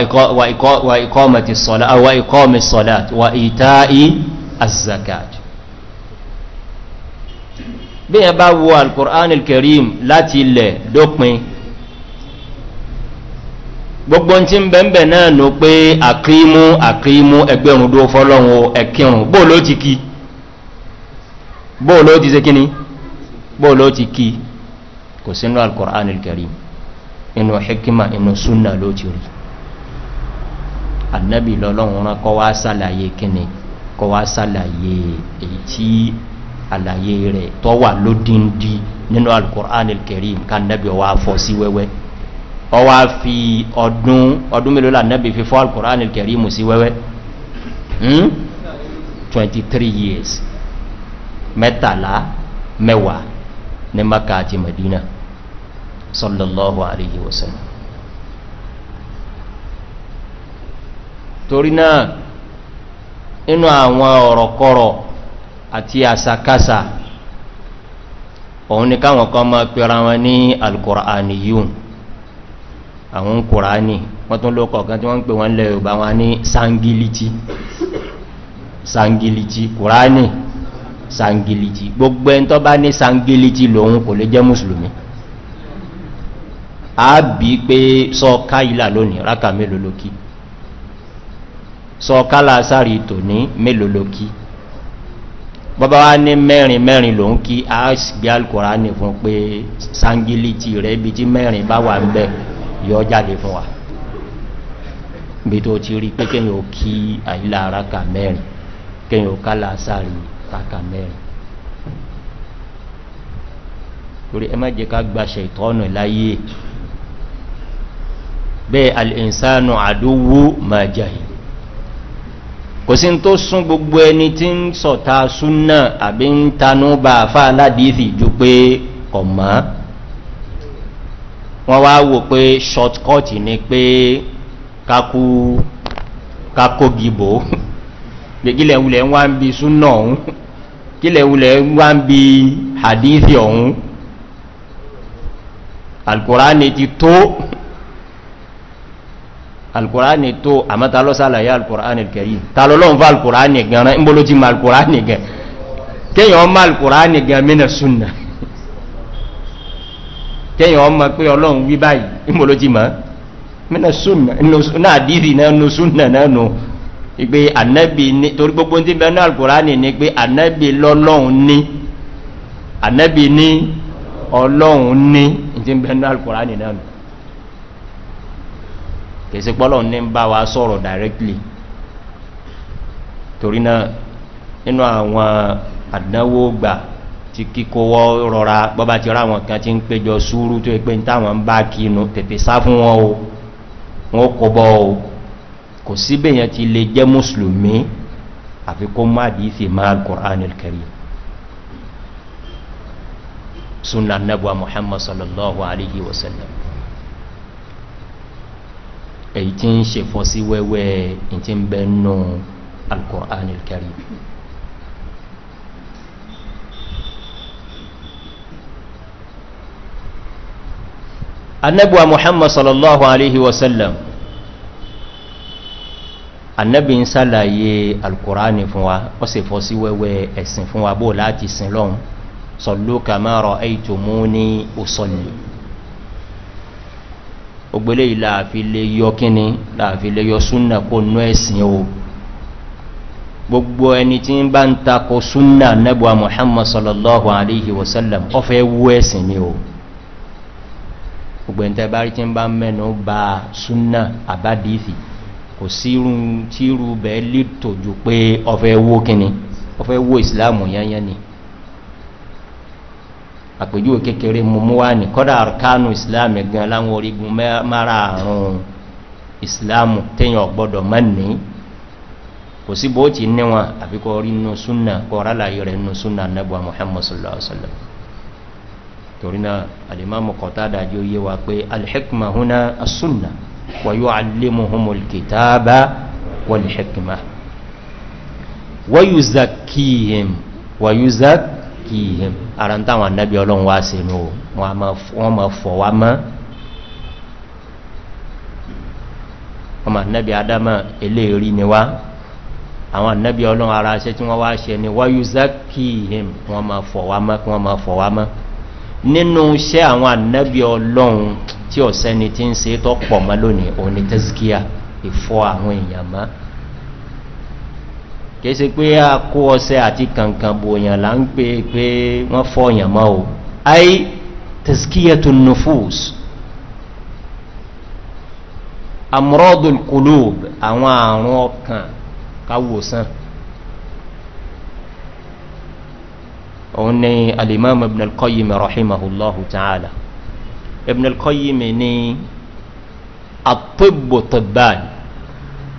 Speaker 2: ikọ́mọ̀tí sọ́lá wa ikọ́mọ̀ sọ́lá wa ìtaí ah, azakat bí yẹn bá wo alkùrán alkarim láti ilẹ̀ dópin gbogbo tí ń bẹ̀m̀bẹ̀ náà nù pé àkímú àkímú ẹgbẹ̀rún dó fọ́lọ́wọ́ ẹ̀kírùn bóò ti kí bóò ti se kíní bóòlò ti kí kò sínú alkùnrin alkari inú hikima inú suna ló ti rí annabi lọ́lọ́run rán kọ́ wá sàlàyé kíni kọ́ wá sàlàyé èyí tí àlàyé rẹ̀ tọ́ wà lódíndí nínú alkùnrin alkari ká annabi ọwá fọ́ sí wẹ́wẹ́ ọwá fi ọdún ọdún mélòó lànàbì fi fọ́ alkùnrin alkari mú sí wẹ́wẹ́ 23 hmm? years mẹ́tàlá mẹ́wàá ní maka àti madina sallallahu alayhi wa sallam torí náà inú àwọn ọ̀rọ̀kọ́rọ̀ àti àsàkásà òun ni káwọn kan máa pẹ̀ra wọn ní alkùránì yíò àwọn kùránì wọ́n tún ló kọ̀ọ̀kan tí wọ́n ń pè wọ́n lẹ́yìn ọba wọn ní sangiliti kùránì sangiliti gbogbo ẹn tó bá ní sangiliti lòun kò lè jẹ́ mùsùlùmí a bí pé sọ́ọ̀ká ìlà lónìí rákà mélòó lókí sọ́ọ̀ká lásàrí tò ní mélòó lókí bọ́bá wá ní mẹ́rin mẹ́rin lòun kí a gbé alkùnrà ní fún pé sangiliti rẹ̀ ibi tí mẹ́rin bá wà ń bẹ̀ yọ jáde fún wa bí tó ti rí pé kẹ́yìn ò kí àìlà rákà mẹ́rin kẹ́yìn ò ká lásàrí kàkà mẹ́rin torí ẹ má jẹ́ ká gbaṣẹ́ ìtọ́nà láyé bẹ́ẹ̀ al'insanu àdówó ma jẹ́ kò sí tó sún gbogbo ẹni tí ń sọ̀ta súnà àbí ń tanú bá fà ládìífì ju pé ọ̀má wọ́n wá wò pé shortcut ni pé kakú gìbò gbẹ̀gílẹ̀ wulẹ̀ wá ń bí súnà ọ̀hún kílẹ̀ wulẹ̀ wá ń bi hadithi ọ̀hún alkùránì ti tó alkùránì tó àmọ́ta lọ́sàlàyé alkùránì kẹrì tàlọ́lọ́n fún alkùránì gan rán ìbóló ti ma alkùránì gan kéyàn ọmọ alkùránì gan mẹ́nà súnà kéyàn ọmọ pé ọlọ́run wí báyìí ìbóló ti ma mẹ́nà súnà ìgbé ànẹ́bì ní torí gbogbo tí bẹ̀rẹ̀ náà alkùránì ní pé ànẹ́bì lọ́lọ́un ní ànẹ́bì ní ọlọ́un ní tí bẹ̀rẹ̀ náà alkùránì náà nù kèsì pọ́lọ̀ ní bá wa sọ̀rọ̀ directly torí náà nínú àwọn àdánwò gbà ti kíkówọ́ rọra bọ́bá ti ráwọn kan ti ń péjọ súúrú tó ẹgbẹ́ táwọn bá kí tètè sá fún wọn o wọn kò bọ́ o kò síbẹ̀ yẹn ti lè jẹ́ mùsùlùmí àfi kó má dìí fi máa alkùnrin alkari sunna nabuwa muhammad sallallahu alayhi wa sallam èyí tí ń ṣe fọ́ sí wẹ́wẹ́ ìtí ń bẹ́ nù alkùnrin alkari annabuwa muhammad sallallahu alayhi wa sallam annabi ń sàlàyé alkùránì fún wa ó sì fọ́ sí wẹ́wẹ́ ẹ̀sìn fún wa bó láti sin lọ́hun sọ̀lú kàmọ́rọ̀ ẹ̀tò mú ní òsọ̀lù ògbélé ìlàáfi lè yọ kíni láàfi lè yọ súnà kó nú ẹ̀sìn o gbogbo ẹni tí ń bá ń takò súnà nẹ́bùwa muhammad sallallahu alaihi wasallam ọ fẹ́ wú ẹ̀sìn ni o ògbẹ̀ntẹ́ bá rí tí ń bá mẹ́nu bá súnà àbádìífì kò sírun tí irú bẹ̀ lè tòjú pé ọfẹ́ wó kíni ọfẹ́ wó ìsìláàmù yányán ni àpèjúwe kékeré mọ̀mọ́ wá ní kọ́dà arkanu ìsìláàmù gan láwọn orígun mara àrùn ìsìláàmù tẹ́yàn ọgbọ́dọ̀ mọ́ ní kò sí bó ti níwọn àfikọ́ orí inú súnà kọ́ra láyé rẹ̀ inú súnà nẹ́bọ̀ muhammad sallallahu alaihi wasallam torí náà alìmọ́ mọ̀kọ̀tà dájú yé wa pé alhikma huna as-sunnah ويعلمهم الكتاب والحكمة ويزكيهم ويزكيهم أرانتا والنبي الله واسنو وما فوما ọmọ ànábì adama eléèrí ni wá àwọn ànábì ọlọ́run ara ṣe tí wọ́n wá ṣe ni wọ́n yúzákì him wọ́n ma fọ̀wá mọ́ nínú iṣẹ́ àwọn ànábì ọlọ́run tí ọ̀sẹ́ni ti ń se tọ́ pọ̀ mọ́ lónìí òní tẹ́síkíà ìfọ́ àwọn èèyàn mọ́ kìí se pé a kó ọsẹ àti kankan bò èèyàn là ń pè pé wọ́n fọ́ èèyàn mọ́ o ayé tẹ́síkíà tó nufus amúrọ́dùn kùlùb àwọn àrùn ọkàn káwòsàn òun ni alimami ibn al-qayyim rahimahullahu ta'ala ibn al-qayyim ni atibu tibban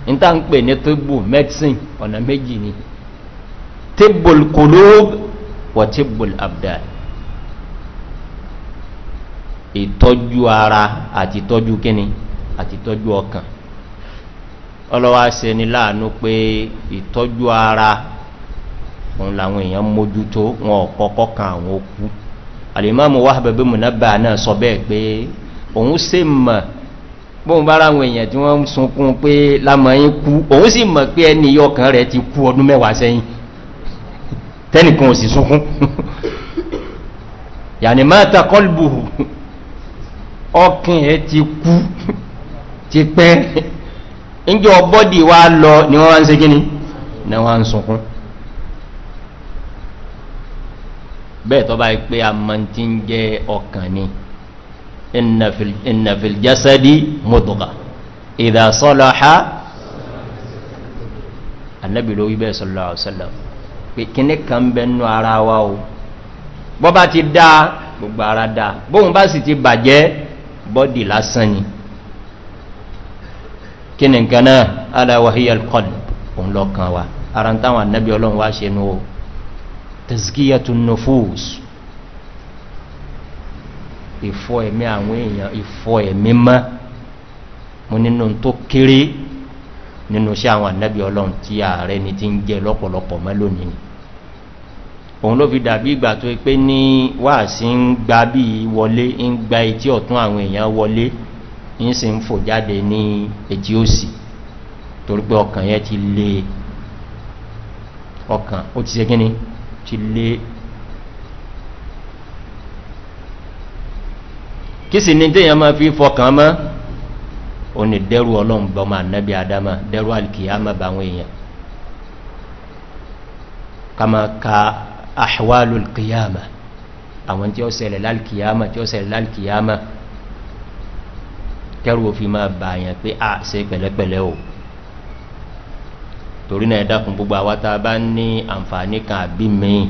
Speaker 2: n ta n pè ní tibu medicine ọ̀nà méjì ni tibu kulub wa tibu abdal ìtọ́jú ara àti ìtọ́jú kíni àti ìtọ́jú ọkàn ọlọ́wà se ni láàánú ara òun làwọn èèyàn mójútó wọn ọ̀kọ́kọ́ kan àwọn okú alìmọ́mù wá bẹ̀bẹ̀ mùnábà náà sọ bẹ́ẹ̀ pé òun sì mọ̀ bóun bá ráwọn èèyàn tí wọ́n sunkún pé lámọ̀yín kú òun sì mọ̀ pé ẹni ọkàn rẹ̀ ti kú ọdún mẹ́wàá sẹ́yìn tẹ́nìkan ò sì sunkún yàní máa ta kọlbù ọkàn ẹ ti kú ti pẹ́ ń bọ́dì wá lọ ni wọ́n wá ń se kíni ni wọ́n wá ń sunkún bẹ́ẹ̀ tọ́ bá pé a mọ́ tí ń jẹ́ ọkàn ni ìnàfil jásádí mọ́tọ̀gá ìdásọ́lọ́ha annabi ló wí bẹ́ẹ̀ sọ́lọ́ ọ̀sọ́lọ́ pé kíní kan bẹnu ara wa o bọ́ bá ti dá gbogbo ara dá bóhun bá sì ti bàjẹ́ bọ́dì lásán ni kíní nǹkan náà aláwọ̀ hiyar kọlù òun lọ́kàn wa ara táwọn annabi ọlọ́run wá ṣe nú o tẹ̀síkíyàtù nufus ifo ẹ̀mí àwọn èèyàn ìfọ́ ẹ̀mí mọ́ mo nínú tó kéré nínú sí àwọn ànábì ọlọ́run tí ààrẹ ni ti ń jẹ lọ́pọ̀lọpọ̀ mọ́ lónìí òun ló fi dàbí ìgbà tó pé ní wáàsí ń gba bí wọlé ń gba etí ọ̀tún àwọn èèyàn wọlé ń sì ń fò jáde ní etí òsì torí pé ọkàn yẹn ti le ọkàn ó ti ṣe kíni ti lé kí sì ní téèyàn máa fi fọkàn mọ́ òní dẹ́rù ọlọ́run bọ́mọ ànábì adama dẹ́rù alkiyama báwọn èèyàn kama ka ahwalu alkiyama àwọn tí ó sẹlẹ̀ lálkiyama tí ó sẹlẹ̀ lálkiyama kẹrù òfin máa bàyàn pé a ṣe pẹ̀lẹ́pẹ̀lẹ́ o torí náà ẹ̀dàkùn gbogbo àwátá bá ní àǹfààní kan àbí mìí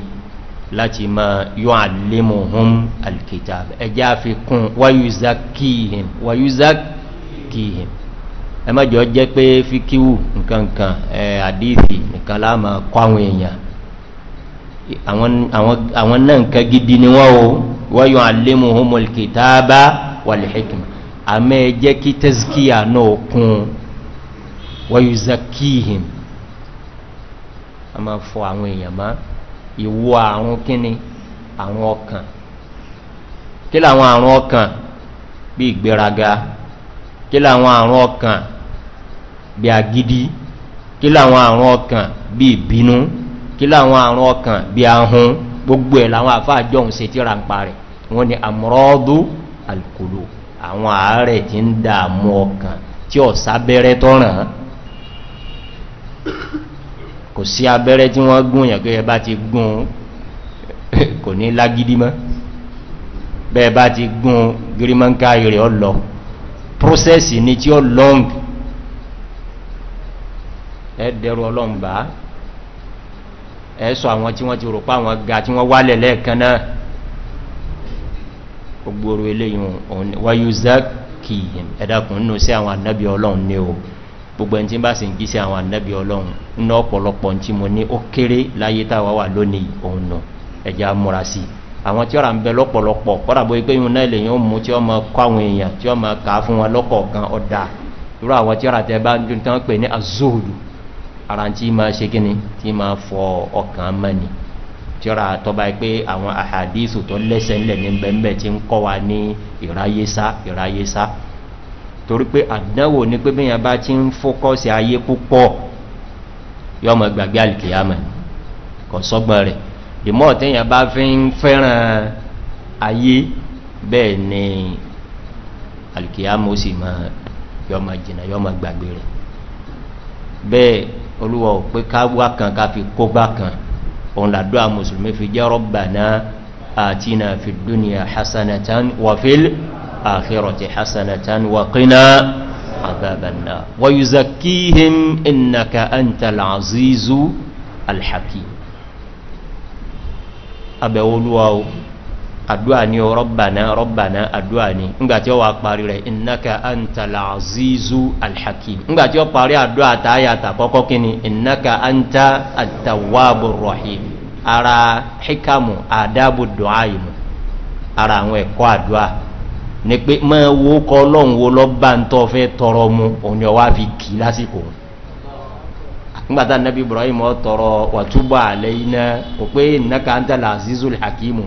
Speaker 2: láti ma yọ́ àlémù hún alkita ẹjá fi kún wáyúzákìhìn wáyúzákìhìn ẹ mọ́jọ jẹ́ pé fíkíwù nkankan àdíìtì nìkan láàmà kọ́ àwọn èèyàn àwọn náà nǹkan gidi ni wọ́n o wáyọ̀ àlémù hún alkita bá wàlẹ̀hẹ́kìmọ̀ àmẹ́ jẹ́ kí tẹ́síkíyà náà kún wáyúzákìhìn a máa fọ àwọn èèyàn má ìwò àrùn kíni àwọn ọkàn kí làwọn àrùn ọkàn bí ìgbéraga kí làwọn àrùn ọkàn bí agidi kí làwọn àrùn ọkàn bí ìbínú kí làwọn àrùn ọkàn bí ahun gbogbo ẹ̀ làwọn àfáà jọun se tí ránpa rẹ̀ wọ́n ni àmúrọ́dú alkùlù àwọn ààrẹ tí ń dààmú ọkàn tí ọ̀sábẹ́rẹ́ tọ́ràn kò sí abẹ́rẹ́ tí wọ́n gún yàn pé bá ti gún kò ní lágídí mọ́ bẹ́ẹ̀ bá ti gún gírímọ́nká rẹ̀ ọ lọ ni tí ó long ẹ̀dẹ̀rù ọlọ́mbà ẹ̀ẹ́sọ àwọn tí wọ́n ti rò pa àwọn ga tí wọ́n wálẹ̀ lẹ́ẹ̀kan náà gbogbo orí eléyìn wáyú ẹ̀dàkùn nínú sí àwọn annabi ọlọ́run ní o gbogbo ẹni tí bá sì ń jí sí àwọn ànábì ọlọ́run ní ọ̀pọ̀lọpọ̀ tí mo ní ó kéré láyé táwa wà lónìí òun nù ẹ̀já múra sí i àwọn tí ọ̀rà ń bẹ lọ́pọ̀lọpọ̀ kọ́dà bó pé yún náà lèyìn ó mú tí ó mọ kọ́ àwọn èèyàn tí ó mọ kà á fún wọn lọ́kọ̀ọ̀kan ọ̀dà irú àwọn tí ọ̀rà tẹ bá dún tán pè ní azóòlù ara tí máa ṣe kíni tí máa fọ ọkàn mẹ́ni tí ọ̀rà tọ́ba pé àwọn àhàdíìsù tó lẹ́sẹ̀ ńlẹ̀ ní bẹ́ẹ̀ tí ń kọ́ wa ní ìráyésá ìráyésá torí pé àdánwò ní pé bíyàn bá ti ń fókọ́sì ayé púpọ̀ yọmọ gbàgbé alìkìyàmọ̀ kọ̀ sọ́gbọ́n rẹ̀ dìmọ́ tẹ́yàn bá fi ń fẹ́ràn ayé bẹ́ẹ̀ ni alìkìyàmọ̀ ó sì mọ́ yọmọ jìnà yọmọ gbàgbé rẹ̀ bẹ́ẹ̀ olúwa ò pé káwá kan ká fi kógbá kan òun làdó àwọn mùsùlùmí fi jẹ́ rọ́bà náà àti náà fi dúnìyà hasanatan wàfíìlì الآخرة حسنة وقنا عذاب النار ويزكيهم إنك أنت العزيز الحكيم أبولوا أدواني ربنا ربنا أدواني نغاتي وأقباري إنك أنت العزيز الحكيم نغاتي وأقباري أدوا تايا تاكوكيني إنك أنت التواب الرحيم أرى حكم آداب الدعاء أرى أنوي قوى ní pé mọ́ owó kọ ọlọ́run wo lọ bá ń tọ́ fẹ́ tọrọ mu òun ni ọwá fi kì lásìkò nígbàtà nẹ́bí ibrahim tọrọ wàtúbà alẹ́ iná kò pé ìnáka ń tẹ́lá azizul hakimu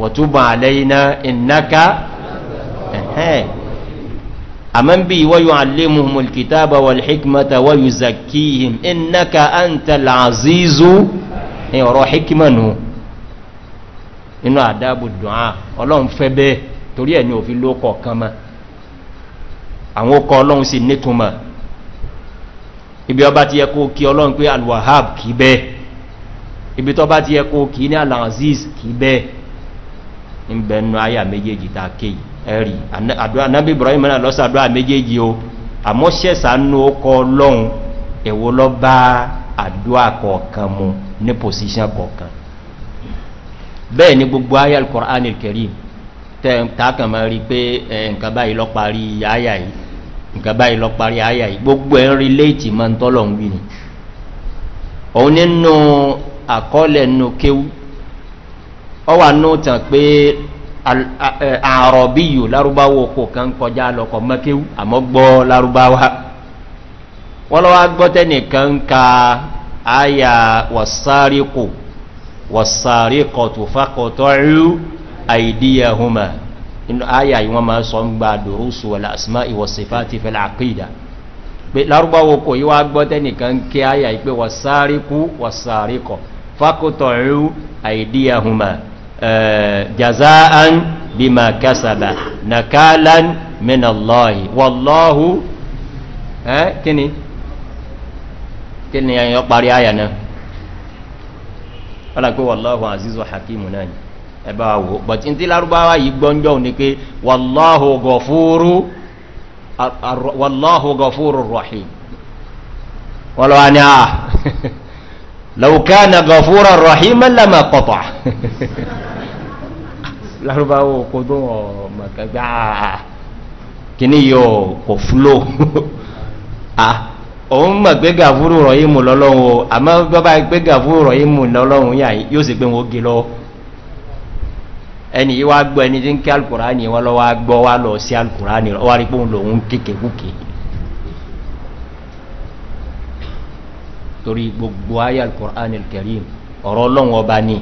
Speaker 2: wàtúbà alẹ́ iná ìnáka ẹ̀hẹ́n àmọ́n bí wọ́yọ̀ alẹ́muhumul kìtàbà wal hikmata wọ́yọ̀ zakihim ìnáka ń tẹ́lá azizu ọ̀rọ̀ hikmanu inú àdábùdùn torí ẹ̀ ní òfin ló kọ̀ kan mọ́ àwọn okọ̀ ọlọ́run sì nítumọ̀ ibi ọba ti yẹ kó kí ọlọ́run pé alwahab kì bẹ́ẹ̀ ibi tó bá ti yẹ kó kì ní alaziz kì bẹ́ẹ̀ ń bẹ nù ayà méjèèjì ta kéyì ẹ̀rì anábì ibrahim náà lọ́sàdọ́ méjèèjì o àmọ́ sẹ́sàánú okọ̀ ọlọ́run èwo lọ bá àdúà kọ̀ọ̀kan mu ní pòsíṣàn kọ̀ọ̀kan bẹ́ẹ̀ ni gbogbo ayà alkọ̀rọ̀ kẹrìm tààkàn máa rí pé nǹkan báyìí lọ́parí àyà yìí nǹkan báyìí lọ́parí àyà yìí gbogbo ẹ̀ ń rí léètì máa ń tọ́lọ̀ ń wí ni òun nínú àkọọ́lẹ̀ nínú kéwú ọ wà nù tàn pé àrọ̀bí yìí lárúbáwò kò kàn kọjá lọ́kọ̀ mọ́kéwú àmọ́ gbọ́ lárúbáwá wọ́n lọ́wọ́ gbọ́tẹ́ nìkan ka àyà wọ̀sáríkò wọ̀sáríkọ̀ tó fàkọ̀tọ̀ àìdíyàhùmà inú àyà yìí wọ́n máa sọ ń gba dòrúsù wà láàsìmá ìwọ̀sífà ti fẹ́ láàkìdà pé lárúbáwò kò yí wá gbọ́tẹ́nìkan kí àyà yìí pé wàsáríkú wàsáríkọ̀ fákótọ̀rú àìdíyàhùmà jaza'an bí ma kásàbà nakalan minallahi wallahu eh kini kini yan yo pari aya na wala ko wallahu azizu hakimu nani ẹ̀bá wò but in tí lárúbáwá yìí gbọ́njọ́ ní pé wàláhù gọ̀fúrú rọ̀hì wọ́n lọ́wọ́ ni àà lọ́wọ́ká na gọ̀fúrú rọ̀hì mẹ́lẹ́mẹ́ pọ̀pọ̀ lárúbáwá ah, kò tó mọ̀kẹ́gbà kìíní yóò kò fúlò òun mọ̀ pé gàfúrú rọ̀hì mù lọ́lọ́run àmọ́ bọ́bá pé gàfúrú rọ̀hì mù lọ́lọ́run yóò sì pé wọ́n gé lọ́wọ́ ẹni yí wá gbọ́ ẹni tí ń kí alkùránì wọ́n lọ wá gbọ́ wá lọ sí alkùránì wá rí pé òun lòun kéèkéèkúkè torí gbogbo ayé alkùránì kẹrin ọ̀rọ̀ ọlọ́run ọba ni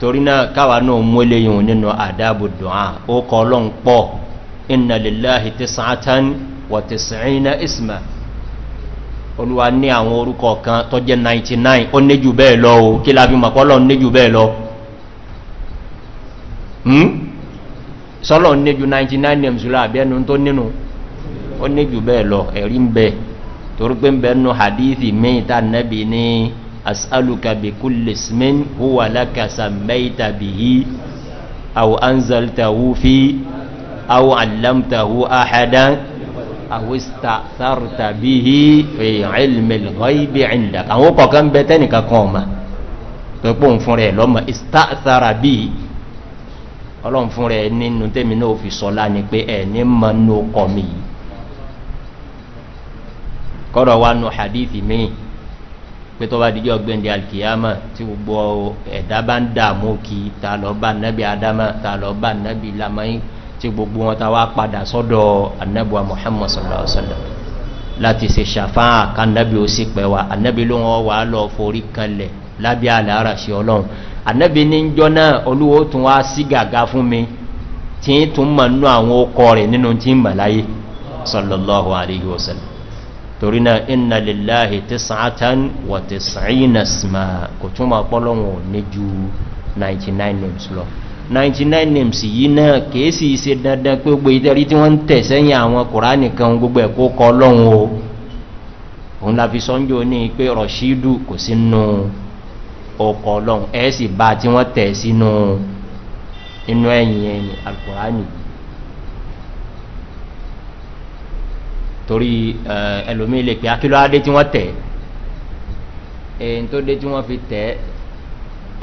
Speaker 2: torí náà káwà náà mú eléyìn nínú àdábò dùnà ní àwọn orúkọ kan tọ́jẹ́ 99 ó néjù bẹ́ẹ̀ lọ o kí láàfin mọ̀pọ́lọ́ néjù bẹ́ẹ̀ lọ Hmm? sọ́lọ̀ níjú 99 names lọ àbẹ́nu tó nínú ó níjú bẹ́ẹ̀ lọ ẹ̀rí ń bẹ torí pé ń bẹ nú hadithi mẹ́ta nẹ́bi ní as'alukabi kulismin huwa lakasa mẹ́ta bihi aw anzaltahu fi aw allamtahu ahadan aw ista'tharta bihi fi ilmi al-ghaibi 'indaka àwọn kọ̀ọ̀kan bẹ tẹ́nìkan kan ọ̀ma tó pọ̀ fún rẹ̀ lọ́mọ ọlọ́run fún rẹ̀ nínú tẹ́mi náà fi sọ́lá ni pé ẹ̀ ní mọ́ ní ọkọ̀ mi yìí kọ́rọ̀ wa nù hadithi míì pé tó bá dijọ́ gbẹ̀ndẹ̀ alkiyama tí gbogbo ẹ̀dá bá ń dààmú kí ta lọ adama ta lọ bá tí gbogbo wọn ta padà sọ́dọ̀ anábìwa muhammad sallallahu alaihi wa sallam láti ṣe ṣàfáà lábí àlàárà sí ọlọ́run ànẹ́bí ní jọ náà olúwo tún wá sí gàgá fún mi tí ń tún mọ̀ nú àwọn ọkọ̀ rẹ̀ nínú tí ń mọ̀láyé sallallahu alayhi wa sallam torí náà iná lèláhì tí sàátán wà tí sàáyínà sìmá kò tún ma pọ́lọ́wọ̀n ní ju 99 names lọ 99 names yìí náà kìí sì dandan pé gbé ìtẹ́rí tí wọ́n ń tẹ̀ sẹ́yìn àwọn kùránì kan gbogbo ẹ̀kọ́ kọ́ lọ́wọ́n òun la fi sọ́njọ́ ní pé rọ̀ṣídù kò sínú ọkọ̀ ọlọ́run ẹ̀ sì bá tí wọ́n tẹ̀ sínú inú ẹ̀yìn ẹni alkùránì torí ẹlòmí ilé pé akílọ́ adé tí wọ́n tẹ̀ èyí tó dé tí wọ́n fi tẹ̀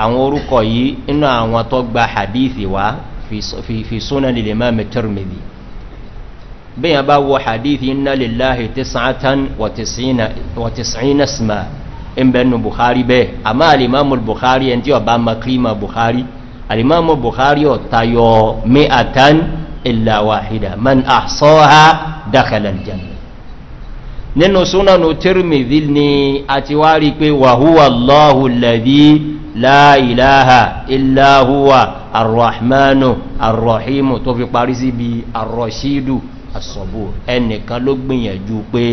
Speaker 2: àwọn orúkọ yìí inú àwọn tó gba hadithi wá fi súnà lè máa mẹ́tẹ́rìmìdì bí yàn bá wọ hadithi iná lè láhì tẹ́sàn-án ẹnbẹ̀nu buhari bẹ́ẹ̀ àmá alìmọ́mù buhari ẹn tí ọ bá ma kírímà buhari alìmọ́mù buhari ọ̀tayọ mẹ́àtán ìlàwàhídà man àṣọ́ha dákàlàjàn nínú súnanù tírmìdì ni a ti wá rí pé wàhúwà lọ́hù lẹ́bí láìláha ìláhúwà arrahmanu arrahimu tó fi parí síbi arrashidu asọ̀bù ẹnìkan ló gbìyànjú pé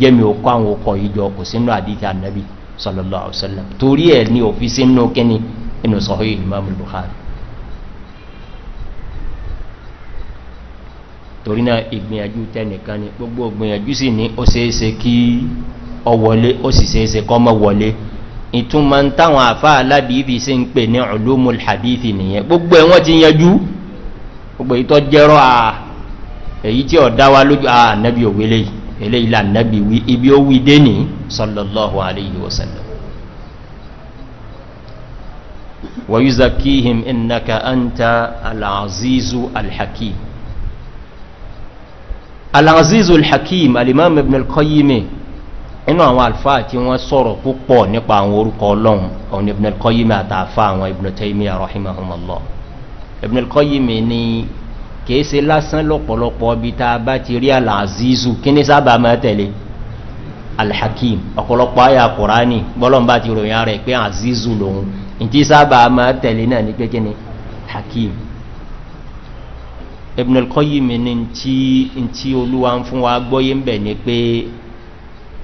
Speaker 2: jẹ́mi ó àwọn ọkọ̀ ìjọ kò sínú àdíkà nàbí sọlọ́lọ́ ọ̀sọ́lọ́ torí ẹ̀ ní òfíìsì nínú kẹ́ni inú sọ̀hó ìmáàmù buhari torí náà ìgbìyànjú tẹnìkan ni gbogbo ìgbìyànjú sì ní ó ṣeéṣe kí ọ wọlé ó sì ṣeéṣe kọ́ mọ́ wọlé ìtumọ̀ ń táwọn àfá aládìíbi sí ń pè ní ọlọ́mùl hadithi nìyẹn gbogbo ẹ̀wọ́n ti yanjú gbogbo ìtọ́jẹ́rọ àà èyí tí ọ̀dáwà lójú àà nẹ́bí òwélé yìí ilé ilé ànábì wí ibi ó wí dé ní sallallahu alayhi wa sallam wa yi zakihim innaka anta al'azizu al-hakim al'azizu al-hakim al'imam ibn al-qayyimi inú àwọn alfáà tí wọ́n sọ̀rọ̀ púpọ̀ nípa àwọn orúkọ ọlọ́run ọ̀nà ibn al-qayyimi àtàfà àwọn ibn taymiyyah rahimahumullah ibn al-qayyimi ni kìí se lásán lọ́pọ̀lọpọ̀ bí ta bá ti rí alàzízù kí ní sábà máa tẹ̀lé alhakim ọ̀pọ̀lọpọ̀ ayà kùránì bọ́lọ̀mbá ti ròyìn rẹ̀ pé àzízù lòun in tí sábà máa tẹ̀lé náà ní pé kí ni hakim ibn al-qayyim ni in tí olúwa ń fún wa gbọ́yé ń bẹ̀ ni pé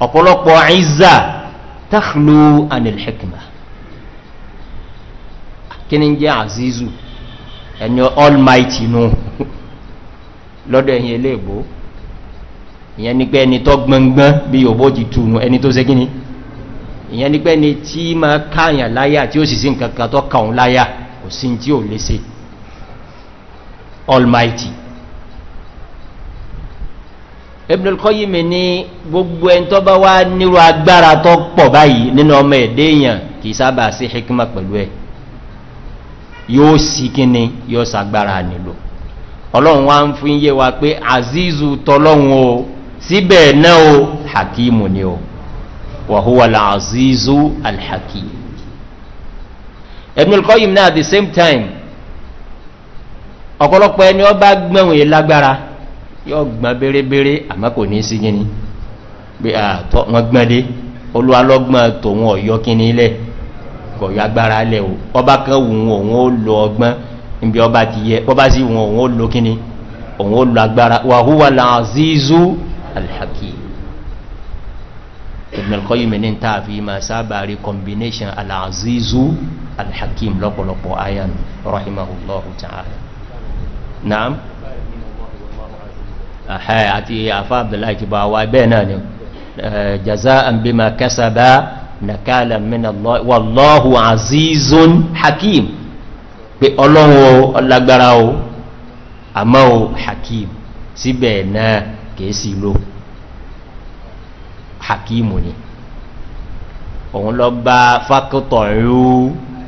Speaker 2: ọ̀pọ̀lọpọ̀ ìzà tàhlú anil kí ni jẹ́ àzízù ẹni almighty nù lọ́dọ̀ ẹ̀yìn ilé ìbò ìyẹn ni pé ẹni tó gbọngbọ́n bí yòbó ti túnú ẹni tó ṣe gíní ìyẹn ni pé ẹni tí ma káàyàn láyà tí ó sì sí nkankan tó kàun láyà kò sí tí ò lè ṣe almighty ibnul kọ́yìmì ní gbogbo ẹni tó bá wá nírú agbára tó pọ̀ báyìí nínú ọmọ ẹ̀dẹ́ èèyàn kì í sábà sí hikima pẹ̀lú ẹ̀ yóò si kíni yóò sàgbára nílò ọlọ́run wá ń fún wa pé azizu tọlọ́run o síbẹ̀ náà o hakimu ni o wàhúwàlá azizu alhakim ẹ̀bùn kọ́yìm na at the same time ọ̀pọ̀lọpọ̀ ẹni ọ bá gbẹ̀wọ̀n lágbára yóò gbọ́n bérebére àmá kò ní sí gíní pé àtọ́ wọn kọ̀ yagbára lẹ̀ o ọba kan wùn òun ó lo ọgbọ́n níbi ọba ti yẹ ọba sí wùn òun ó lo kíní òun ó lo agbára wàhúwà làzízú alhaki ìgbẹ̀lkọ́ yìí mẹ́ni tá a fi máa sábà rí combination alàzízú alhakim lọ́pọ̀lọpọ̀ ayan rahimahullahu ta'ala naam àti àfa abdullahi ti bá wa bẹ́ẹ̀ náà ni jaza an bí ma kẹsàbá nàkàlà mìíràn wàlọ́hù azizun hakim pé ọlọ́run ọlágbára o àmọ́ o hakim síbẹ̀ náà kèésì ló hakim ni òun lọ bá fákútọ̀ rú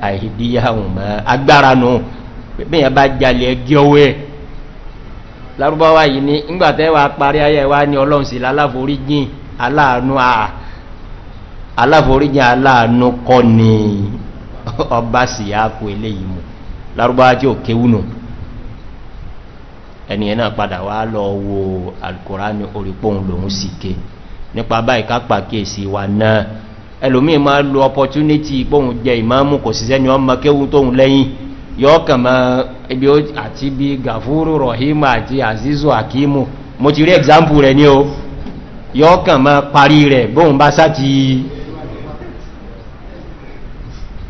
Speaker 2: àìdíyàwó mọ́ agbára nù pẹ̀lú yẹn bá jalè ẹgbẹ́ owó ẹ̀ lárúbáwá yìí ní ńgbàtẹ́ wa parí ayẹ́ wa ní ọlọ́run sí láláforí jìn aláàánú àà aláforíjìn aláàánú kọ́ ni ọba sì yá kó eléyìí mú lárúbáwá tí ó kéwúnù ẹniyàn náà padà wá lọ wo alkùránì orípòhùn lòun sì ké nípa báyìí ká pàkíyèsí wa náà ẹlòmí ma lo opportunity gbóhun jẹ ìmáàmù kò sí sẹ́ni ọmọ kéwú tóhun lẹ́yìn yọ́ọ̀kàn ma ebi àti bí gàfúrú rọ̀hímà àti àzízù àkímù mo ti rí example rẹ̀ ní o yọ́ọ̀kàn ma parí rẹ̀ bóhun bá sá ti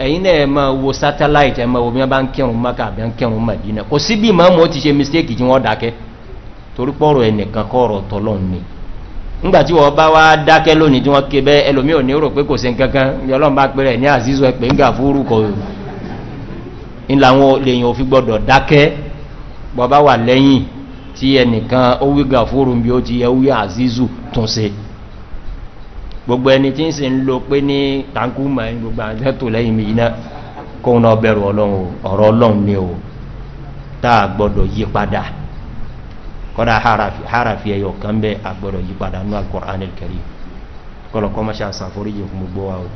Speaker 2: ẹ̀yìn náà ma wo satellite ẹmọ omi ọba ń kírùn maka bí ń madina kò sí bí ma mọ́ ti ṣe mistake jí wọ́n dákẹ́ torí pọ́rọ̀ ẹnìkan kọ́rọ̀ tọ́lọ́n ni ngbàtí wọ́n bá wá dákẹ́ lónìí tí wọ́n ké bẹ́ ẹlòmí ò rò pé kò se nkankan yọlọ́n bá pẹ́rẹ̀ ní àzízọ ẹ̀pẹ́ ń gà ńlá wọn lèyìn gbogbo ẹni tí ń se ń lo pé ní tankú ma ń gbogbo àjẹ́ tó lẹ́yìn mi iná kó ń náà bẹ̀rù ọlọ́run ọ̀rọ̀ ọlọ́run ni o táà gbọ́dọ̀ yí padà kọ́dá harafi ẹyọ kan bẹ́ àgbọ́dọ̀ yí padà ní alkọ̀rán kẹrì kọ́lọ̀kọ́ ma ṣe àsàforíjì fún gbogbo wa o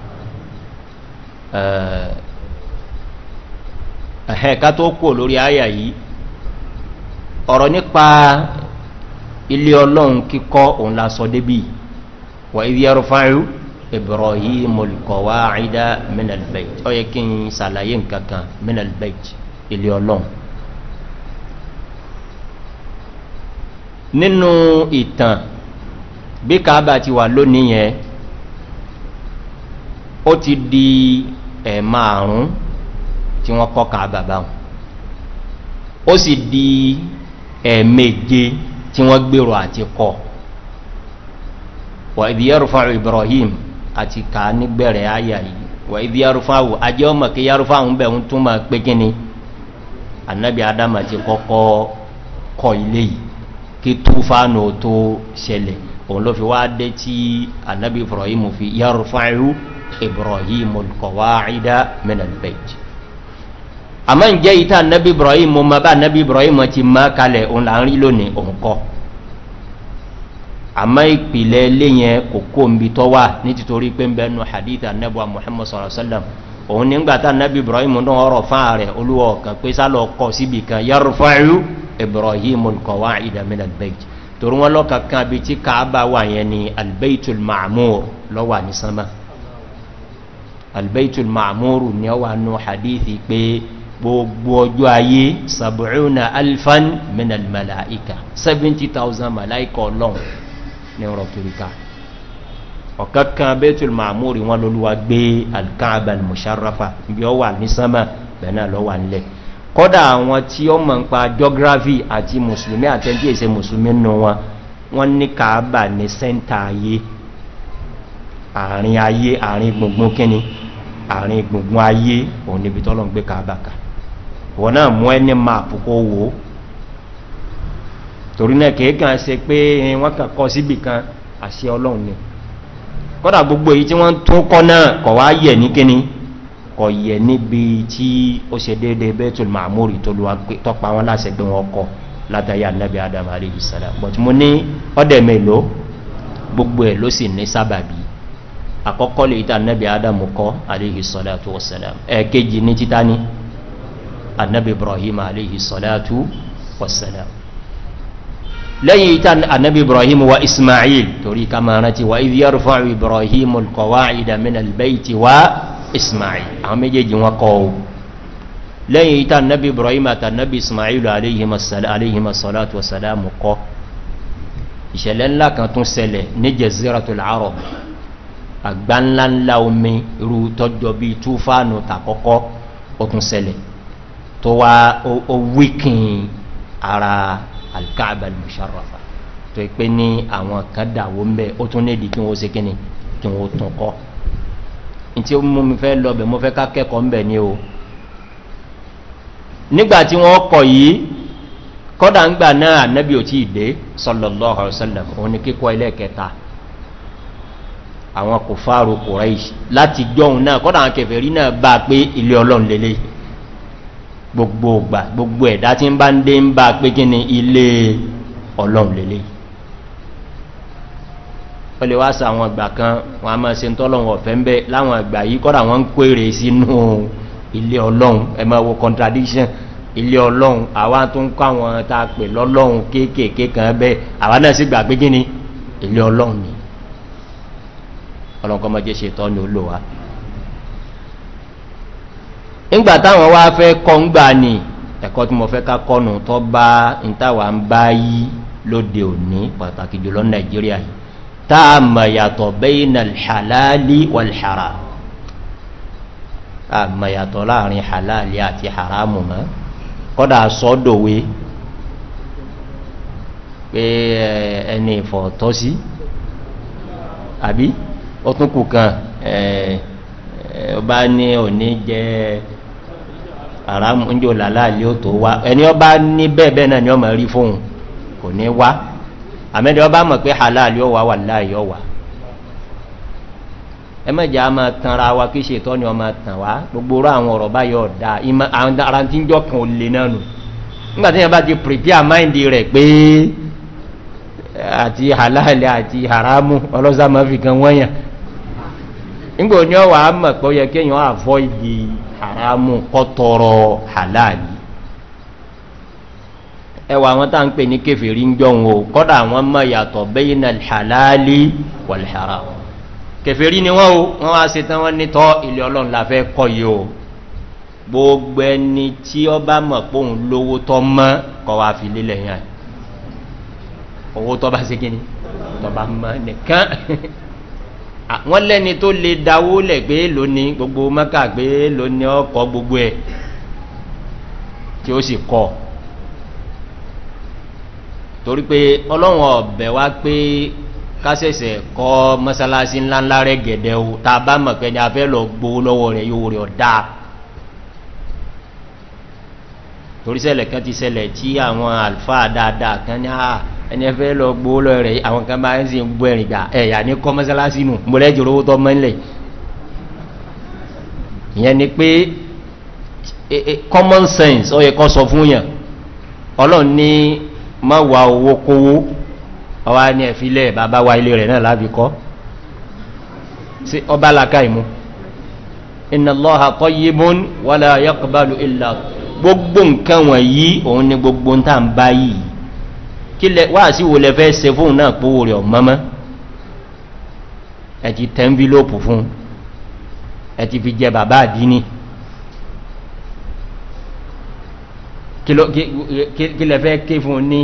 Speaker 2: ẹ̀hẹ́ ká tó kò lórí àyà yìí ọ̀rọ̀ nípa ilé ọlọ́run kíkọ́ òun la sọ débìí wà ibi arúfáàrú ibrahim olùkọ̀wà àìdá minalbait ọ yẹ kí n sàlàyé nkankan minalbait ilé ọlọ́run nínú ìtàn bí kaaba ti wà lónìí yẹn ó ti di ẹ̀ẹ̀mà àrùn tí wọ́n kọ́ kaaba báwọn ó sì di ẹ̀ẹ̀méje tí wọ́n gbèrò àti kọ́ ọ wà ìdíyàrúfàwò ibrahim àti ká nígbẹ̀rẹ̀ àyà yìí wà ìdíyàrúfàwò ajẹ́ ọmọ kí yàrúfàwò ń bẹ̀ ń túnmọ̀ pé kí ni annabi adama ti kọ́kọ́ kọ ilé yìí kí túfánù tó ṣẹlẹ̀ òun ló fi wá dé tí annabi ibrahim fi yàrúfàwò ibrahim kọ̀wáìdá mẹ́nàlbẹ̀jì àmọ́ ń jẹ́ ìta annabi ibrahim mo bá annabi ibrahim ti má kalẹ̀ òun là ń rí lónìí òun kọ́ àmá ìpìlẹ̀ léyẹn kò kó ń bi tọ́ wà ní títorí pé ń bẹ́ nu haditha nebu muhammad sallallahu alaihi wasallam òun nígbà tá nebu ibrahim náà ọ̀rọ̀ fáà rẹ̀ olúwa ọ̀kan pé sálọ kọ síbi kan yarufa'u ibrahim kọwa idamina albeit torí wọn lọ́kàn kan bí tí kaaba wà yẹn ni albeitul ma'amur lọ́wà ní sánmà albeitul ma'amur ni ọwà nu hadithi pé gbogbo ọjọ́ ayé sabu'una alfan min almalaika 70,000 malaika ọlọ́run ní ọ̀rọ̀ kìríkà ọ̀kankan bẹ́tùl ma'amúrí wọn lọ́lúwa gbé alkaaba al-musharrafa ibi ọ wà ní sánmà bẹ̀nà lọ wà nílẹ̀ kọ́dà àwọn tí ó mọ̀ ń pa geography àti musulmi àtẹ́jú èsẹ musulmi nù wọn wọ́n ní kaaba ní sẹ́ntà ayé àárín ayé àárín gbogbo kíni àárín gbogbo ayé òun níbi tọ́lọ̀ ń gbé kaaba ká wọ́n náà mú ẹni máa púpọ̀ wòó torí náà kẹ́ẹ̀kàn se pé wọ́n kàn kọ́ síbì kan àṣẹ ọlọ́run ni kọ́dà gbogbo èyí tí wọ́n tún kọ́ náà kọ̀ wá yẹ̀ ní kíní kọ̀ yẹ̀ níbi tí ó ṣe déédéé bẹ́ẹ̀tùl mahmúrì tó lùwà tọ́pa wọn láṣẹ gbé wọn kọ látàyà nàbí adam alayhi salam but mo ní ọ̀dẹ̀ mélòó gbogbo ẹ̀ ló sì ní sábàbí àkọ́kọ́ lè ta nàbí adam kọ́ alayhi salatu wa salam ẹ̀ẹ́kejì ní títání anabi ibrahim alayhi salatu wa salam lẹ́yìn ìtàn annabi ibrahim wa ismail torí kamara ti wa ibi yarfa ibrahim alkowa idamin albaiti wa ismail àwọn méjèèjì wọn kọ́ o lẹ́yìn ìtàn annabi ibrahim àti annabi ismail aléhìmọ̀sálàtù wasalamu kọ́ ìṣẹ̀lẹ̀ ńlá kan tún sẹlẹ̀ ní jeziratul arab àgbánláńlá omi ara alkaaba al-musharrafa tó ipé ní àwọn kan dàwó ń bẹ́ ó tún nídi kí wọ́n ṣe kíni kí wọ́n tún kọ́ in tí ó mú mi fẹ́ lọ bẹ̀ mo fẹ́ ká kẹ́kọ̀ọ́ ń bẹ̀ ní o nígbàtí wọ́n kọ̀ yìí kọ́dà ń gbà náà nẹ́bí ò tí ìdé sallallahu alaihi wasallam òun ni kíkọ́ ilẹ̀ kẹta àwọn kò fárò rẹ̀ láti gbọ́hun náà kọ́dà àwọn kẹfẹ̀rí náà bá pé ilé ọlọ́run lélẹ́yìí gbogbo ògbà gbogbo ẹ̀dá tí ń bá ń dé ń bá pé kí ni ilé ọlọ́run lélẹ̀ ó lè wá sàwọn ìgbà kan wọn a máa se tọ́lọ̀wọ̀ ọ̀fẹ́ ń bẹ́ láwọn ìgbà yìí kọ́dà wọ́n ń pèrè sínú ilé ọlọ́run ẹmọ wo contradiction ilé ọlọ́run àwa tó ń kọ́ àwọn ta pè lọ́lọ́run kéékèèké kan bẹ́ àwa náà sì gbà pé kí ni ilé ọlọ́run ni ọlọ́run kọ́ mọ́ jẹ́ ṣe tọ́ ni ó lò wá ńgbà táwọn wá fẹ́ kọ́ ń gbà ní ẹ̀kọ́ tí mo fẹ́ ká kọ́nù tọ́ bá ń táwà ń bá yí lóde òní pàtàkì jùlọ nàìjíríà táà mọ̀ yàtọ̀ bẹ́yìn alhàlálí wàlhàrà àmàyàtọ̀ láàrin halali àti haramu mọ́ kọ́dà sọ́dọ̀wé pé ẹni ìfọ̀ọ̀tọ́ sí àbí ó tún kù kan ọba ní òní jẹ́ àràmù ń jò làláàlì ó tó wá ẹni ọba ní bẹ́ẹ̀bẹ́ náà ni ọmọ rí fóun kò ní wá àmẹ́dẹ̀ ọba mọ̀ pé àláàlì ọwà wà láàyè ọwà a máa tan ra wa kí ṣe tọ́ ni ọmọ tàn wá gbogbo rọ àwọn ọ̀rọ̀ báyọ̀ ara tí ń jọ kan ò lè náà nù ti prepare mind rẹ̀ pé àti àláàlì àti haramu ọlọ́sàmọ́fì kan wọ́nyàn nígbò ní á mọ̀ pé ó yẹ kéèyàn haramu kọ́tọrọ halali ẹwà àwọn tá ń pè ní kéfèrí ń jọun o kọ́dà àwọn mọ́ yàtọ̀ bẹ́yìnà halali wàlhara kèfèrí ni wọ́n o wọ́n wá se tán wọ́n nítọ́ ilẹ̀ ọlọ́run la fẹ́ kọ́ yìí o gbogbo ẹni tí ọ bá mọ̀ póhùn lówó tọ́ mọ́ kọ́ wá fi lélẹ̀ yàn owó tọ́ bá se kíni tọ́ bá mọ́ nìkan wọ́n lẹ́ni tó lè dáwó lẹ̀ pé lónìí gbogbo mọ́kà pé lónìí ọkọ̀ gbogbo ẹ̀ tí ó sì kọ́ torí pé ọlọ́run ọ̀bẹ̀ wá pé kásẹ̀sẹ̀ kọ́ mọ́sálásí ńláńlá rẹ̀ gẹ̀dẹ̀ o ta bá mọ̀ pé ní afẹ́ lọ gbowó lọ́wọ́ rẹ̀ yóò rẹ̀ ọ̀dá torí sẹ́lẹ̀ kan ti sẹlẹ̀ tí àwọn àlùfáà dáadáa kan ní àà ẹni ẹfẹ́ lọ gbó lọ rẹ̀ àwọn kan bá ń sì ń gbọ́ ẹ̀rìn gbà ẹ̀yà ní kọ́ mọ́sálásí nù mọ́lẹ́jì rówó tọ́ mọ́lẹ̀ ìyẹn ni pé e, e, common sense ó yẹ kọ́ sọ fún yàn ọlọ́run ní má wà owó kówó ọwá ní ẹ̀fílẹ̀ bàbá wa ilé rẹ̀ náà láfi kọ́ sí ọba làkà ìmú iná lọ́ha tọ́ yí mún wọ́lá yọ́kọ̀bálù ìlà gbogbo nǹkan wọ̀nyí òun ni gbogbo ń tàn báyìí kílẹ̀ wá sí wo lẹ́fẹ́ ṣe fóun náà pówó rẹ̀ mọ́mọ́ ẹ ti tẹ́ńbílòpù fún ẹ ti fi jẹ bàbá àdínì kílẹ̀ fẹ́ ké fún ní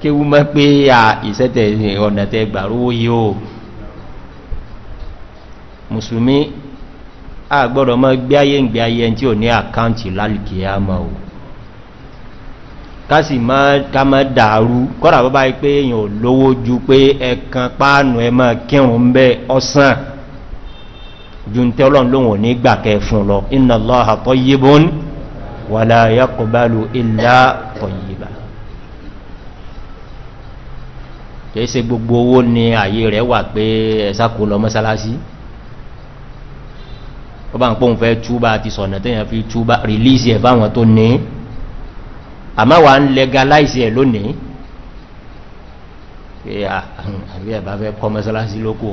Speaker 2: kéwú mọ́ pé à ìṣẹ́tẹ̀ ọ̀nà tẹ gbàrówó yìí o mùsùlùmí àgbọ́dọ̀ mọ́ gbé ayé ń gbé ayé tí ò ní àkáǹtì lálùkìyà mọ́ o kásì ma dàrú kọ́rà bọ́bá pé èyàn ò lówó ju pé ẹkan páànù ẹ máa kírùn ún bẹ́ ọsán ju ń tẹ́ ọlọ́run lóhun ní gbàkẹ́ fún lọ iná lọ àtọ́ yíbọn wà láyé kọbalù ilá ọ̀yíbà kìí se gbogbo owó ni àyè rẹ̀ wà pé ẹ̀sákò lọ mọ́sálásí ọba ń pọ́n fẹ́ túbá àti sọ̀nà tẹ́yàn fi túbá rìlíìsì ẹ̀fáwọn tó ní àmá wà ń legalize ẹ̀ lónìí pé àbí ẹ̀bá fẹ́ kọ́ mọ́sálásí lókò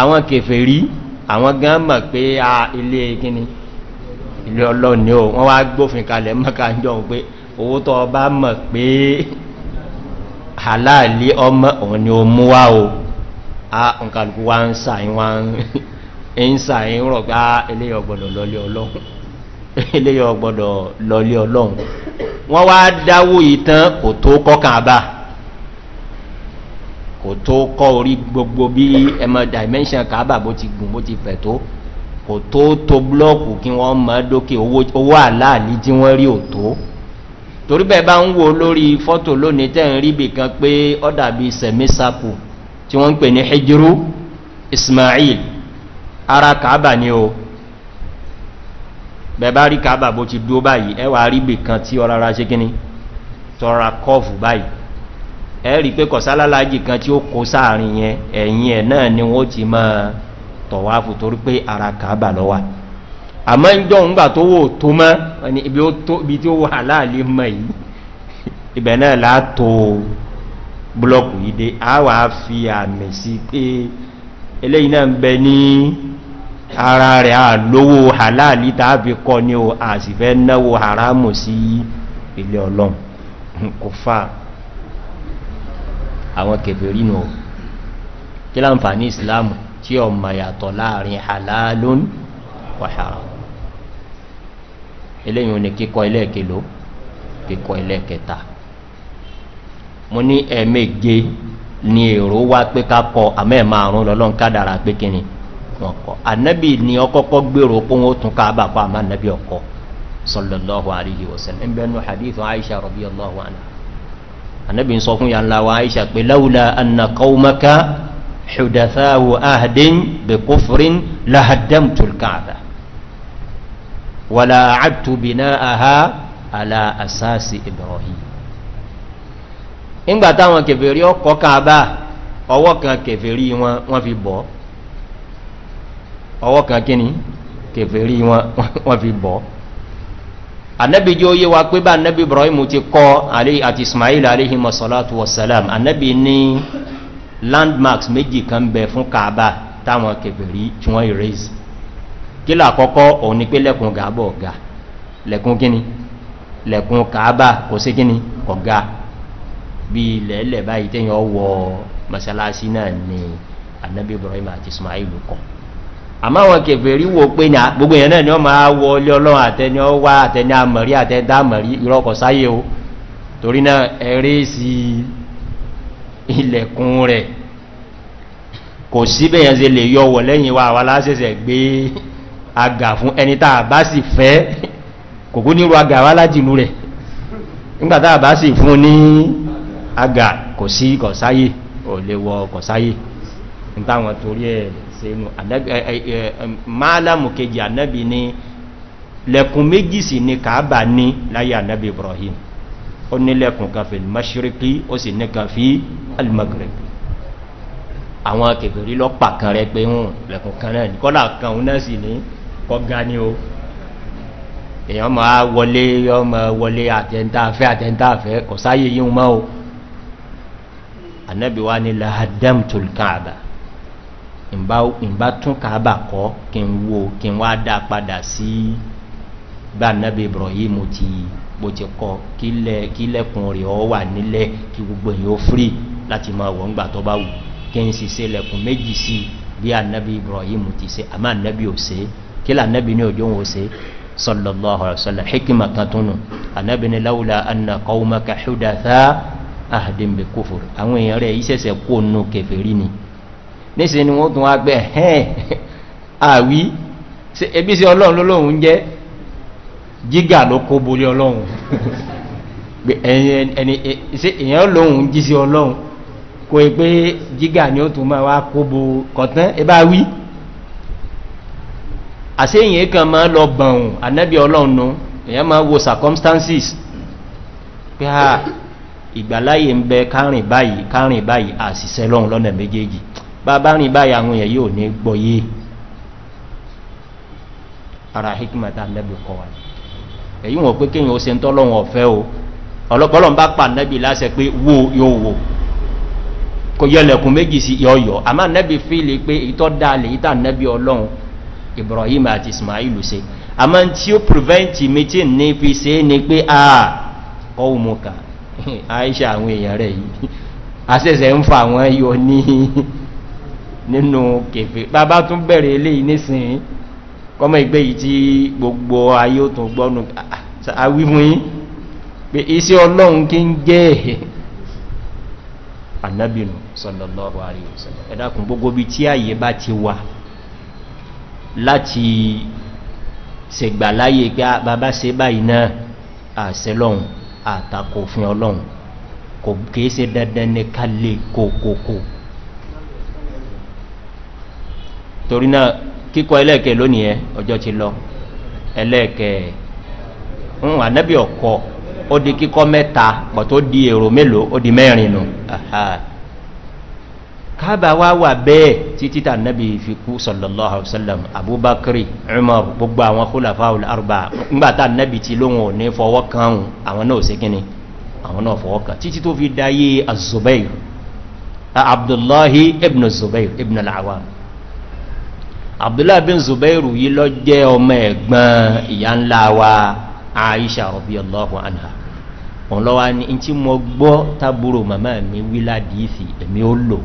Speaker 2: àwọn kèfèé rí àwọn gan mọ̀ pé a ilé kíní ilé ọlọ́ni o wọ́n wá gbófin kalẹ̀ mọ́ka jọ pé owó tọ́ bá mọ̀ pé àláàlé ọmọ òun ni o mú wá o a nǹkan wá ń sàáyín wá ń sàáyín rọ̀ pé ilé ọgbọ̀dọ̀ lọ́lé ọlọ́run eléyọ gbọdọ̀ lọlé ọlọ́run wọ́n wá dáwó ìtàn kò tó kọ́kàn àbá kò tó kọ́ orí gbogbo bí ẹmọ dimension kàábà bó ti gùn bó ti fẹ̀ tó kò tó tó blọ́ọ̀kù kí wọ́n mọ́ dókè owó àláàlí tí wọ́n rí òtó torí bẹ́ẹ̀ bá ń wo lórí fọ́tò lónìí tẹ́ ń rí bìkan pé ó dàbí sẹ̀mísàpù tí wọ́n ń pè ní hijiru ismail ara kàábà ni o bẹ̀bá rí káàbà bó ti dúó báyìí ẹwà rígbè kan tí ọ rárá ṣe kíní tọ́ra kọ́ọ̀fù báyìí ẹ̀rí pé kọ̀sálálàájì kan tí ó kó sáàrin yẹn ẹ̀yìn ẹ̀ náà ni wọ́n ti mọ́ tọ̀wáfù torí pé ara káàbà lọ́wà àmọ́ ń jọ ń gbà tó wò tó mọ́ ibi tí ó wà láàlé mọ́ yìí ibẹ̀ náà látò blọ́ọ̀kù yìí dé a wà fi àmì sí pé eléyìí náà ń bẹ ní ara rẹ̀ à lówó halali tàbí kọ ní o a sì fẹ́ náwó haramu sí ilé ọlọ́run kò fà àwọn kèfèrí nù kí láǹfàní islamu tí ọ ma láàrin halalun wà haram eléyìn ni kíkọ ilé kèlò kíkọ ilé kẹta mo ní ẹ̀mẹ́gẹ ni èrò wá pé ká kọ àmẹ́ márùn-ún lọ́lọ́n kádàrà pé kìnnìí ọkọ̀ ànábì ni ọkọ̀kọ́ gbèrò pún ó tún káàbà pa àmà ànábì ọkọ̀ sallallahu alayhi wa sallam ń bẹnu hadithu aisha rabi allahu anha ànábì ń sọ fún yàrá wa aisha pé láwùlà anna kọ́ọ̀mọ́ká ṣùdàtàwò ahdin bẹ kófìrín lahadam tulkaada wàlà àtú bìnà aha ala ọwọ́ kan kẹfẹ̀rí wọn fi bọ̀ ọwọ́ kan kíni kèfèrí wọn fi bọ́ annabi jẹ́ oye wa pé bá annabi ibrahim ti kọ́ àti ismail aleyhimasalatu wasalam annabi ní landmarks méjì kan bẹ fún kaaba táwọn kèfèrí tí wọ́n erase kí làkọ́kọ́ òun ni pé lẹ́kùn gàbọ̀ ọ̀gá lẹ́kùn kíni lẹ̀kùn kàábà kò sí gíní ọ̀gá bí ilẹ̀ ilẹ̀ báyìí tẹ́yìn ọwọ́ masalasi náà ni annabi ibrahim àti ismail kọ̀ àmọ́ àwọn kèfèrí wo pé gbogbo èèyàn náà ni wọ́n máa wọ ilé ọlọ́run àtẹni ọwá àtẹni àmọ̀rí àtẹdá àmọ̀rí ìrọ́kọ̀ sáyé o torí náà ẹ̀rẹ́ sí ilẹ̀kùn rẹ̀ kò sí bẹ̀yàn se lè yọwọ̀ lẹ́yìn wa wà lásẹsẹ̀ gbé agà fún ẹni tàà bá sì fẹ́ kòkó torí ṣe inú máàlámù kejì ànábì ní lẹ́kùn méjì sí ní kàábà ní láyé ànábì ibrahim ó ní lẹ́kùn kan fi mashiriki ó sì ní kan fi almagrib àwọn kèfèrí lọ́pà kan rẹ pé hùn lẹ́kùn kan náà nìkọ́lá kan náà sì ní kọ́gá ní o èyàn ma wọlé ọmọ wọlé àtẹntàfẹ́ àtẹntàfẹ́ kọ̀sáyé yíò mọ́ o annabi wa ni lahadam tulkaaba ìbá tún kàábà kọ́ kí n wo kí n wá dá padà sí gbà náàbì ibrahim ti bó ti kọ́ kí lẹ́kùn rẹ̀ ọ wà nílẹ̀ kí gbogbo èyàn ó frí láti máa wọ́n gbà tọ́ bá wù kí n sì se lẹ́kùn méjì sí bí anábì ibrahim ti se àmà anábì ò se kí lànábì ní òjò wọn se sallallahu alaihi wasallam hikima kan tún nù anábì ní láwùlà anna kọ́wọ́mọ́ka ṣúdà sá àdìmbẹ̀kófò àwọn èèyàn rẹ̀ iṣẹ́sẹ̀ kó nù kẹfẹ́ ni níṣẹ́ ni wọ́n tún wá gbẹ̀ ẹ̀hẹ́n àwí ẹbí sí ọlọ́run lólóhun jẹ́ gíga ló kó borí ọlọ́run èyàn lóhun jí sí ọlọ́run kò è pé gíga ni ó tún máa wá kó bo kọ̀tán ẹbá wí àṣẹ́yìn kan máa lọ bọ̀hùn anẹ́bí ọlọ́run nù èyàn máa wo circumstances pé ìgbàláyè ń bẹ kárìn báyìí kárìn báyìí àṣìṣẹ́ lọ́run lọ́nà méjèèjì bàbá rìn báyìí àwọn èèyàn yóò ní gbọ́yé ara hikmata nẹ́bí kọ́ wa èyí wọ́n pé kíyàn ó se ń tọ́lọ́wọ́n ọ̀fẹ́ o ọlọ́pọ̀lọ́ bá pa nẹ́bí láṣẹ pé wo yóò wò kò yẹlẹ̀kùn méjì sí yọ̀ọ̀yọ̀ àmá nẹ́bí fíìlì pé ìtọ́ dáalẹ̀ ìta nẹ́bí ọlọ́run ibrahim àti ismail ṣe àmá tí ó prevent meeting ní fi ṣe é ni pé a kọ́ òmùkà aisha àwọn èèyàn rẹ̀ yìí àṣẹ̀ṣẹ̀ ń fa àwọn yọ ní nínú kèfè bàbá tún bẹ̀rẹ̀ ilé ìnísìn kọmọ ìgbé yìí tí gbogbo ayé ó tún gbọ́nù àwífún ah, ah, yí pé iṣẹ́ ọlọ́run kí ń jẹ́ ẹ̀hẹ̀ anábìnú sọ̀lọ̀lọ́wọ́ àríwọ̀sọ̀lọ̀ ẹ̀dàkùn gbogbo bí tí àyè bá ti wà láti sẹ̀gbà láyé pé ah, bàbá se báyìí náà àṣẹ lọ́hun àtakò fún ọlọ́run kò kìí se dandan ní ká lè kòkòkò torí náà kíkọ ẹlẹ́ẹ̀kẹ́ lónìí ẹ ọjọ́ ti lọ ẹlẹ́ẹ̀kẹ́ ń ànábì ọ̀kọ́ ó di kíkọ́ mẹ́ta pọ̀ tó di èrò mélòó ó di mẹ́rin nù kábà wá wà bẹ́ẹ̀ títí tà nábi fi kú sallallahu alaihi wasallam abubakari umar gbogbo àwọn kúlàfà olùarba ngbàtà nábi ti lóhun ò ní ibn zubair ibn al'awam abdullahi bin zubairu yìí lọ jẹ́ ọmọ ẹ̀gbọ́n ìyá ńlá wa aisha rọ̀bí ọlọ́hu anha òun lọ́wọ́ ni in tí mo gbọ́ tábúrò màmá mi wí ládìísì èmi ó lò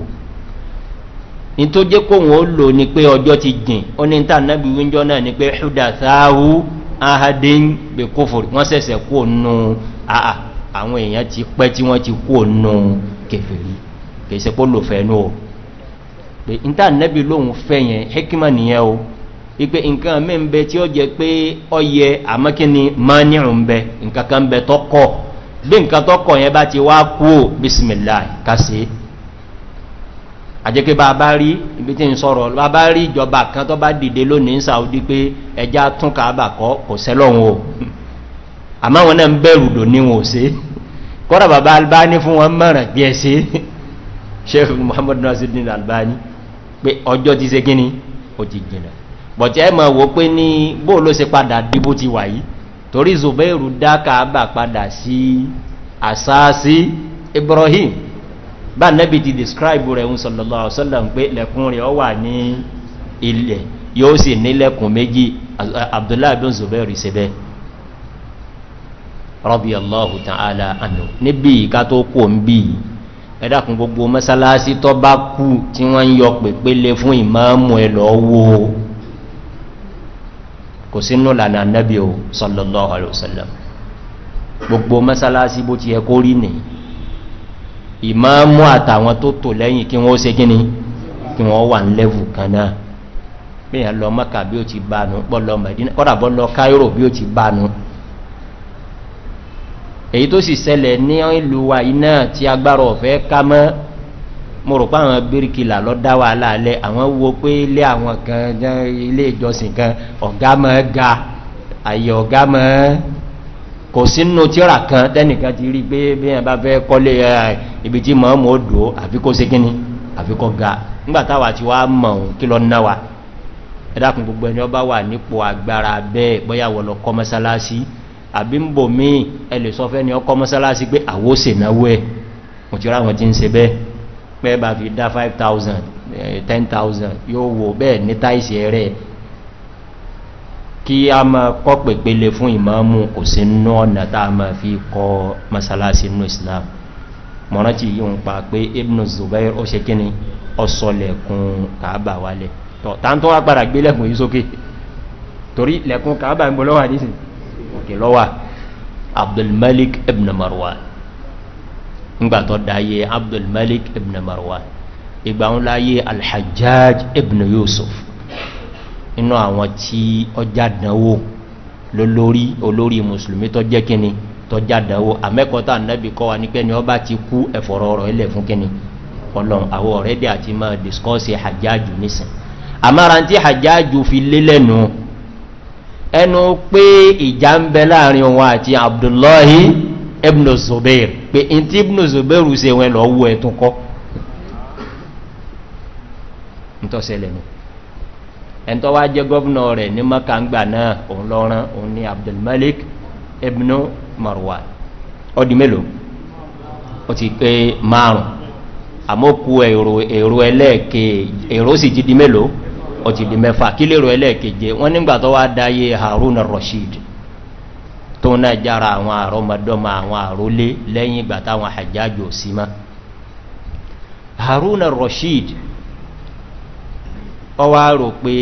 Speaker 2: ní tó jẹ́ kó wọn ó lò ní pé ọjọ́ ti jìn ó ní ta nábi wíńjọ́ náà ni pé ṣúdà sááhù ahadin bè kófòrò wọ́n sẹ̀sẹ̀ kó nù àà àwọn èèyàn ti pẹ́ tí wọ́n ti kó nù kẹfẹ̀rí kẹsẹ̀ pọ́ lò fẹ́ nù o pé níta nẹ́bí lóhun fẹ́ yẹn hekima nìyẹn o ipe nǹkan mi ń bẹ tí ó jẹ pé ọyẹ àmọ́kíni máa ní ìrùn bẹ nǹkan bí nǹkan tọ́kọ̀ yẹn bá ti wá kú ò bismillah kásì àjẹ́kẹ́ bá bá rí ibi tí ń sọ̀rọ̀ bá rí ìjọba kan bá dìde lónìí saudi pé ẹjá tún kàábà kọ́ kò sẹ́lọ̀hún o àmọ́ wọn náà ń bẹ̀rù dò wọn sí kọ́ra bàbá albani fún wọn mọ̀ràn bí ẹ sí sheikh muhammadu nasiru albani pé ọjọ́ ti se gíní ó ti jìnà bọ̀tí ẹ mọ̀ wò pé ní bó ló se padà dìbò ti wà yìí torí zubairu dáka bà padà sí àsáàsí ibrahim bá nẹ́bí ti describe rẹ̀ ń sọ̀lọ̀lọ́ ọ̀sọ́lọ̀ pé lẹ́kùn rẹ̀ ọ wà ní ilẹ̀ yóò sì nílẹ̀kùn méjì abdullahi bin zubairu se bẹ́ẹ̀ rọ́bì allahu ta'ala anu níbi ìka tó kò ń bí yìí ẹ̀dàkùn gbogbo mọ́sálásí tọ́ bá kú tí wọ́n ń yọ pèpele fún ìmáàmù ẹ̀ lọ́wọ́ kò sínú lànà nẹ́bí o sallallahu alaihi wasallam gbogbo mọ́sálásí bó ti ẹkó rí nì ìmáàmù àtàwọn tó tò lẹ́yìn kí wọ́n ó se gíní kí wọ́n wà ń lẹ́vù kan náà bí i lọ mọ́kà bí ó ti bánu pọ́lọ mẹ́dínà kọ́dàbọ́ lọ káírò bí ó ti bánu èyí tó sì sẹlẹ̀ ní ìlú wa iná tí agbára ọ̀fẹ́ ká mọ́ mo rò pé àwọn bíríkìlà lọ dá wa láàlẹ́ àwọn wo pé ilé àwọn kan ilé ìjọsìn kan ọ̀gá mọ́ ga àyè ọ̀gá mọ́ kò sínú tíra kan tẹ́nìkan ti rí pé bí ẹ bá fẹ́ kọ́lé ibi tí mọ́ mọ́ dò àfikó sí kíní àfikọ́ ga nígbàtàwà tí wá mọ̀ kí lọ náwà ẹ̀dàkùn gbogbo ẹni ọba wà nípò agbára bẹ́ẹ̀ bọ́yàwó lọ kọ́ mọ́sálásí àbí ń bò mí ẹlẹ̀ sọ fẹ́ ni ọkọ́ mọ́sálásí pé àwó náwó ẹ̀ mo ti ráwọn tí ń se bẹ́ẹ̀ pẹ́ bá fi dá 5,000 10,000 eh, yóò wò bẹ́ẹ̀ ní táìsì ẹ̀rẹ́ kí a ma kọ́ pèpele fún ìmọ̀ọ́mù kò sí nú ọ̀nà tá a ma fi kọ́ mọ́sálásí nú islam mọ̀rántí yíò ń pa pé ibn zubair ó ṣe kíni ọ̀sọ̀lẹ̀kùn kàábà wálẹ̀ tọ́ tàntọ́ agbára gbé lẹ́kùn yí sókè torí lẹ́kùn kàábà ń bọ́ lọ́wọ́ àdísìn òkè lọ́wà abdulmalik ibn marwan ngbàtọ̀ dáyé abdulmalik ibn marwan ìgbà ń láyé alhajjaj ibn yusuf inú àwọn tí ọjà dánwò lólórí olórí musulmi tó jẹ́ kíni tó jádàwó àmẹ́kọ̀ọ́ta nẹ́bí kọ́ wa ní pé ní ọ bá ti kú ẹ̀fọ̀rọ̀ ọ̀rọ̀ ilẹ̀ fún kíni ọlọ́run àwọ̀ ọ̀rẹ́dẹ̀ àti máa discourse hajjájú nísìn àmára tí hajjájú fi lélẹ̀nu no ẹnu pé ìjà ń bẹ láàrin òun àti abdullahi ibn zubair pé in tí ibn zubair ṣe wọn lọ wú ẹ̀tún kọ́ nítọ́sẹ̀lẹ̀ nù ẹ̀ntọ́ wá jẹ́ gọ́vnà rẹ̀ ní makangba náà òun lọ́rán òun ni abdulmalik ibn marwa ọdí mélòó ó ti pé márùn-ún àmókù èrò ẹlẹ́ẹ̀kẹ́ èrò sì jí mélòó ọ̀tí di mẹ́fà kí lèrò ẹlẹ́ẹ̀keje wọ́n nígbà tó wá dáyé haruna rashid tó náà jára àwọn àrọmọdọ́mọ àwọn àrólé lẹ́yìn ìgbà táwọn àjájò sí mọ́ haruna rashid ọwá rò pé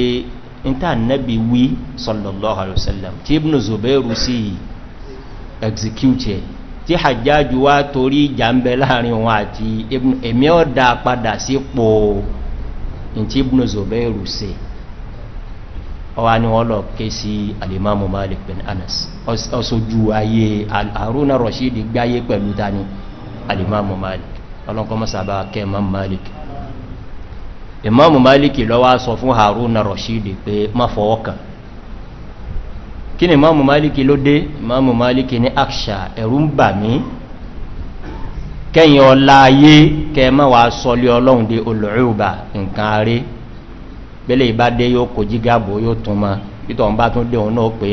Speaker 2: níta nẹ́bi wí sallallahu alayhi wa sallam tí ibn zubairu sí execute tí àjájò wá torí ìjà ń bẹ láàrin wọn àti ntí ibùnú zobairu se ọwá ni wọ́n lọ ké sí alimamu malik bin anas ọsọjú ayé haruna rashid gbáyé pẹ̀lú tani alimamu malik ọlọ́nkọ́ mọ́sàbá kẹ́ imam malik imam malik lọ́wọ́ sọ fún haruna rashid pé má fọwọ́ kan kí ni imam malik ló dé imam malik ní aksha ẹ̀rú ń bà mí kẹ́yìn ọlá ayé kẹ́ẹ̀mọ́ wà sọlé ọlọ́run dé olùrùbà nǹkan rí bẹ́lẹ̀ ìbádé yóò kò jígàbò yóò tún mọ́ títọ̀ ń bá tún dé òun náà pé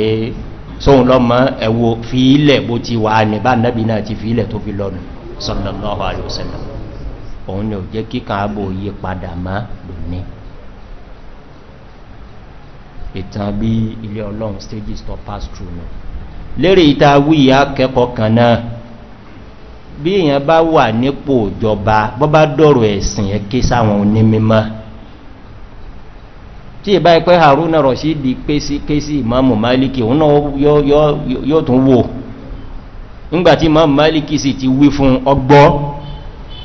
Speaker 2: sóhun lọ́mọ ẹ̀wò fíílẹ̀ bó ti wà ní bá nẹ́bí náà ti fíílẹ̀ tó fi lọ́nu sọ́lọ́lọ́wọ́ ìta wíyà kẹ́kọ̀ọ́ kan náà bí èyàn bá wà nípò ìjọba bọ́ bá dọ̀rọ̀ ẹ̀sìn ẹ ké sáwọn onímímọ́ tí ìbá ẹ̀pẹ́ haruna pé sí ké sí ìmọ̀mù máìlìkì òun náà yóò tún wò nígbàtí ti wí fún ọgbọ́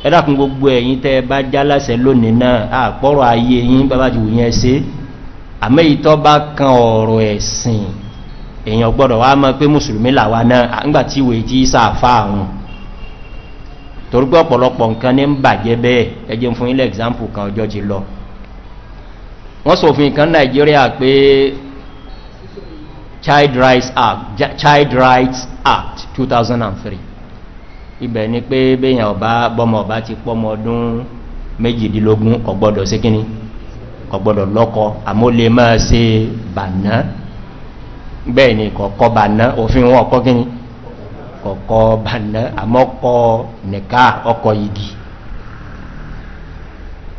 Speaker 2: ẹ̀dàkùn gbogbo ẹ̀yìn tẹ́ bá jálásẹ̀ lónìí náà àpọ̀rọ̀ ayé yín ti ṣe bá kan ọ̀rọ̀ ẹ̀sìn èèyàn gbọ́dọ̀ wá mọ́ pé mùsùlùmí làwa náà nígbàtí ìwé ti torípé ọ̀pọ̀lọpọ̀ nǹkan ní ń bàjẹ́ bẹ́ẹ̀ ẹjẹ́ fún ilẹ̀ example kan ọjọ́ ti lọ wọ́n sòfin kan nàìjíríà pé child rights act child rights act 2003 ibẹ̀ ni pé bẹ́yàn ọba bọ́mọ ọba ti pọ́mọ ọdún méjìdínlógún ọgbọ́dọ̀ sí kíní ọgbọ́dọ̀ lọ́kọ àmólè máa se bàná bẹ́ẹ̀ ni kọ̀ọ̀kọ́ bàná òfin wọn ọkọ́ kíní kọ̀kọ́ bàná àmọ́kọ́ nìká ọkọ̀ igi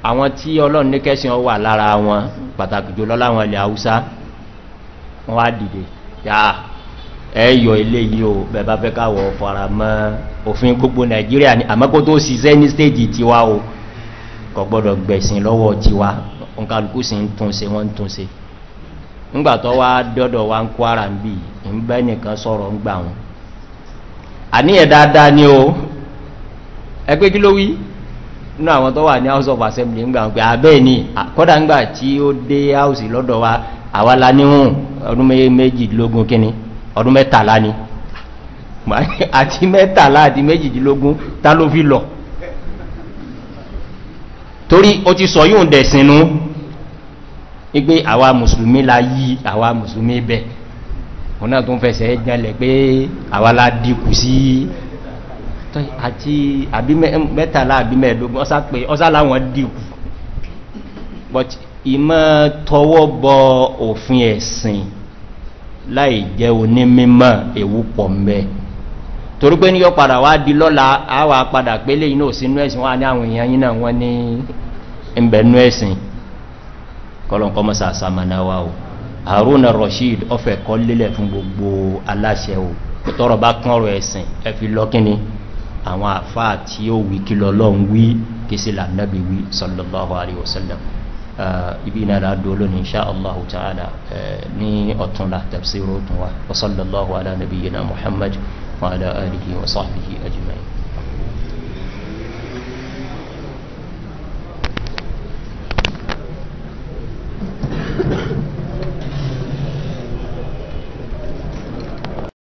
Speaker 2: àwọn tí ọlọ́run ní kẹ́sìn wà lára wọn pàtàkì jù lọ́láwọn ilẹ̀ haúsá wọ́n á dìde yà ẹ̀yọ ilé yìí o bẹ̀bá fẹ́ káwọ̀ fara mọ́ òfin gbogbo nàìjíríà ní àmọ́kó tó ṣiṣẹ́ ní stéèjì tiwa o kọ̀ gbọ́dọ̀ gbẹ̀sìn lọ́wọ́ tiwa nkàlùkù sí ń túnṣe wọ́n ń túnṣe ńgbàtọ́ wá dọ́dọ̀ wá ń kwara ń bì ń bẹ́ nìkan sọ̀rọ̀ ń gbà wọn ẹ dáadáa ni o ẹgbẹ́ kí ló wí inú àwọn tó wà ní house of assembly ń gbà pé abẹ́ ni kọ́dà ń gbà tí ó dé house lọ́dọ̀ wa àwa la níhùn ọdún méjìdínlógún ọdún mẹ́tàlá ni àti mẹ́tàlá àti méjìdínlógún tá ló fi lọ torí o ti sọ yóò dẹ̀sìnú wípé àwa mùsùlùmí la yí àwa mùsùlùmí bẹ́ẹ̀ òun náà tó ń fẹsẹ̀ jẹ́lẹ̀ pé àwàlá dìkù sí àti mẹ́tàlá àbí mẹ́ẹ̀dógún ọ́sá láwọn dìkù but ìmọ́ tọwọ́ bọ òfin ẹ̀sìn láì jẹ́ oní mímọ̀ èwú pọ̀ mẹ́ torí pé ní yọ padà wá di lọ́la àwà padà pélé inú òsínú ẹ̀sìn wá ní àwọn èèyàn yínà wọ́n ní ìbẹ̀nú ẹ̀sìn kọlọ̀nkọ́ mọ́sà sàmànáwà haruna rashid ọfẹ́ kọ́ lélẹ̀ fún gbogbo aláṣẹ o tọ́rọ bá kán ọ̀rọ̀ ẹ̀sìn ẹ fi lọ́kíní àwọn àfá tí ó wí kí lọ́lọ́run wí kí sí lànàbí wí sallallahu alaihi wasallam uh, ibi iná dáadọ́ lónìí insha allahu ta'ala uh, ní ọ̀túnla tafsir òtún wa wa sallallahu ala nabi muhammad wa ala alihi wa sahbihi ajma'in Thank you.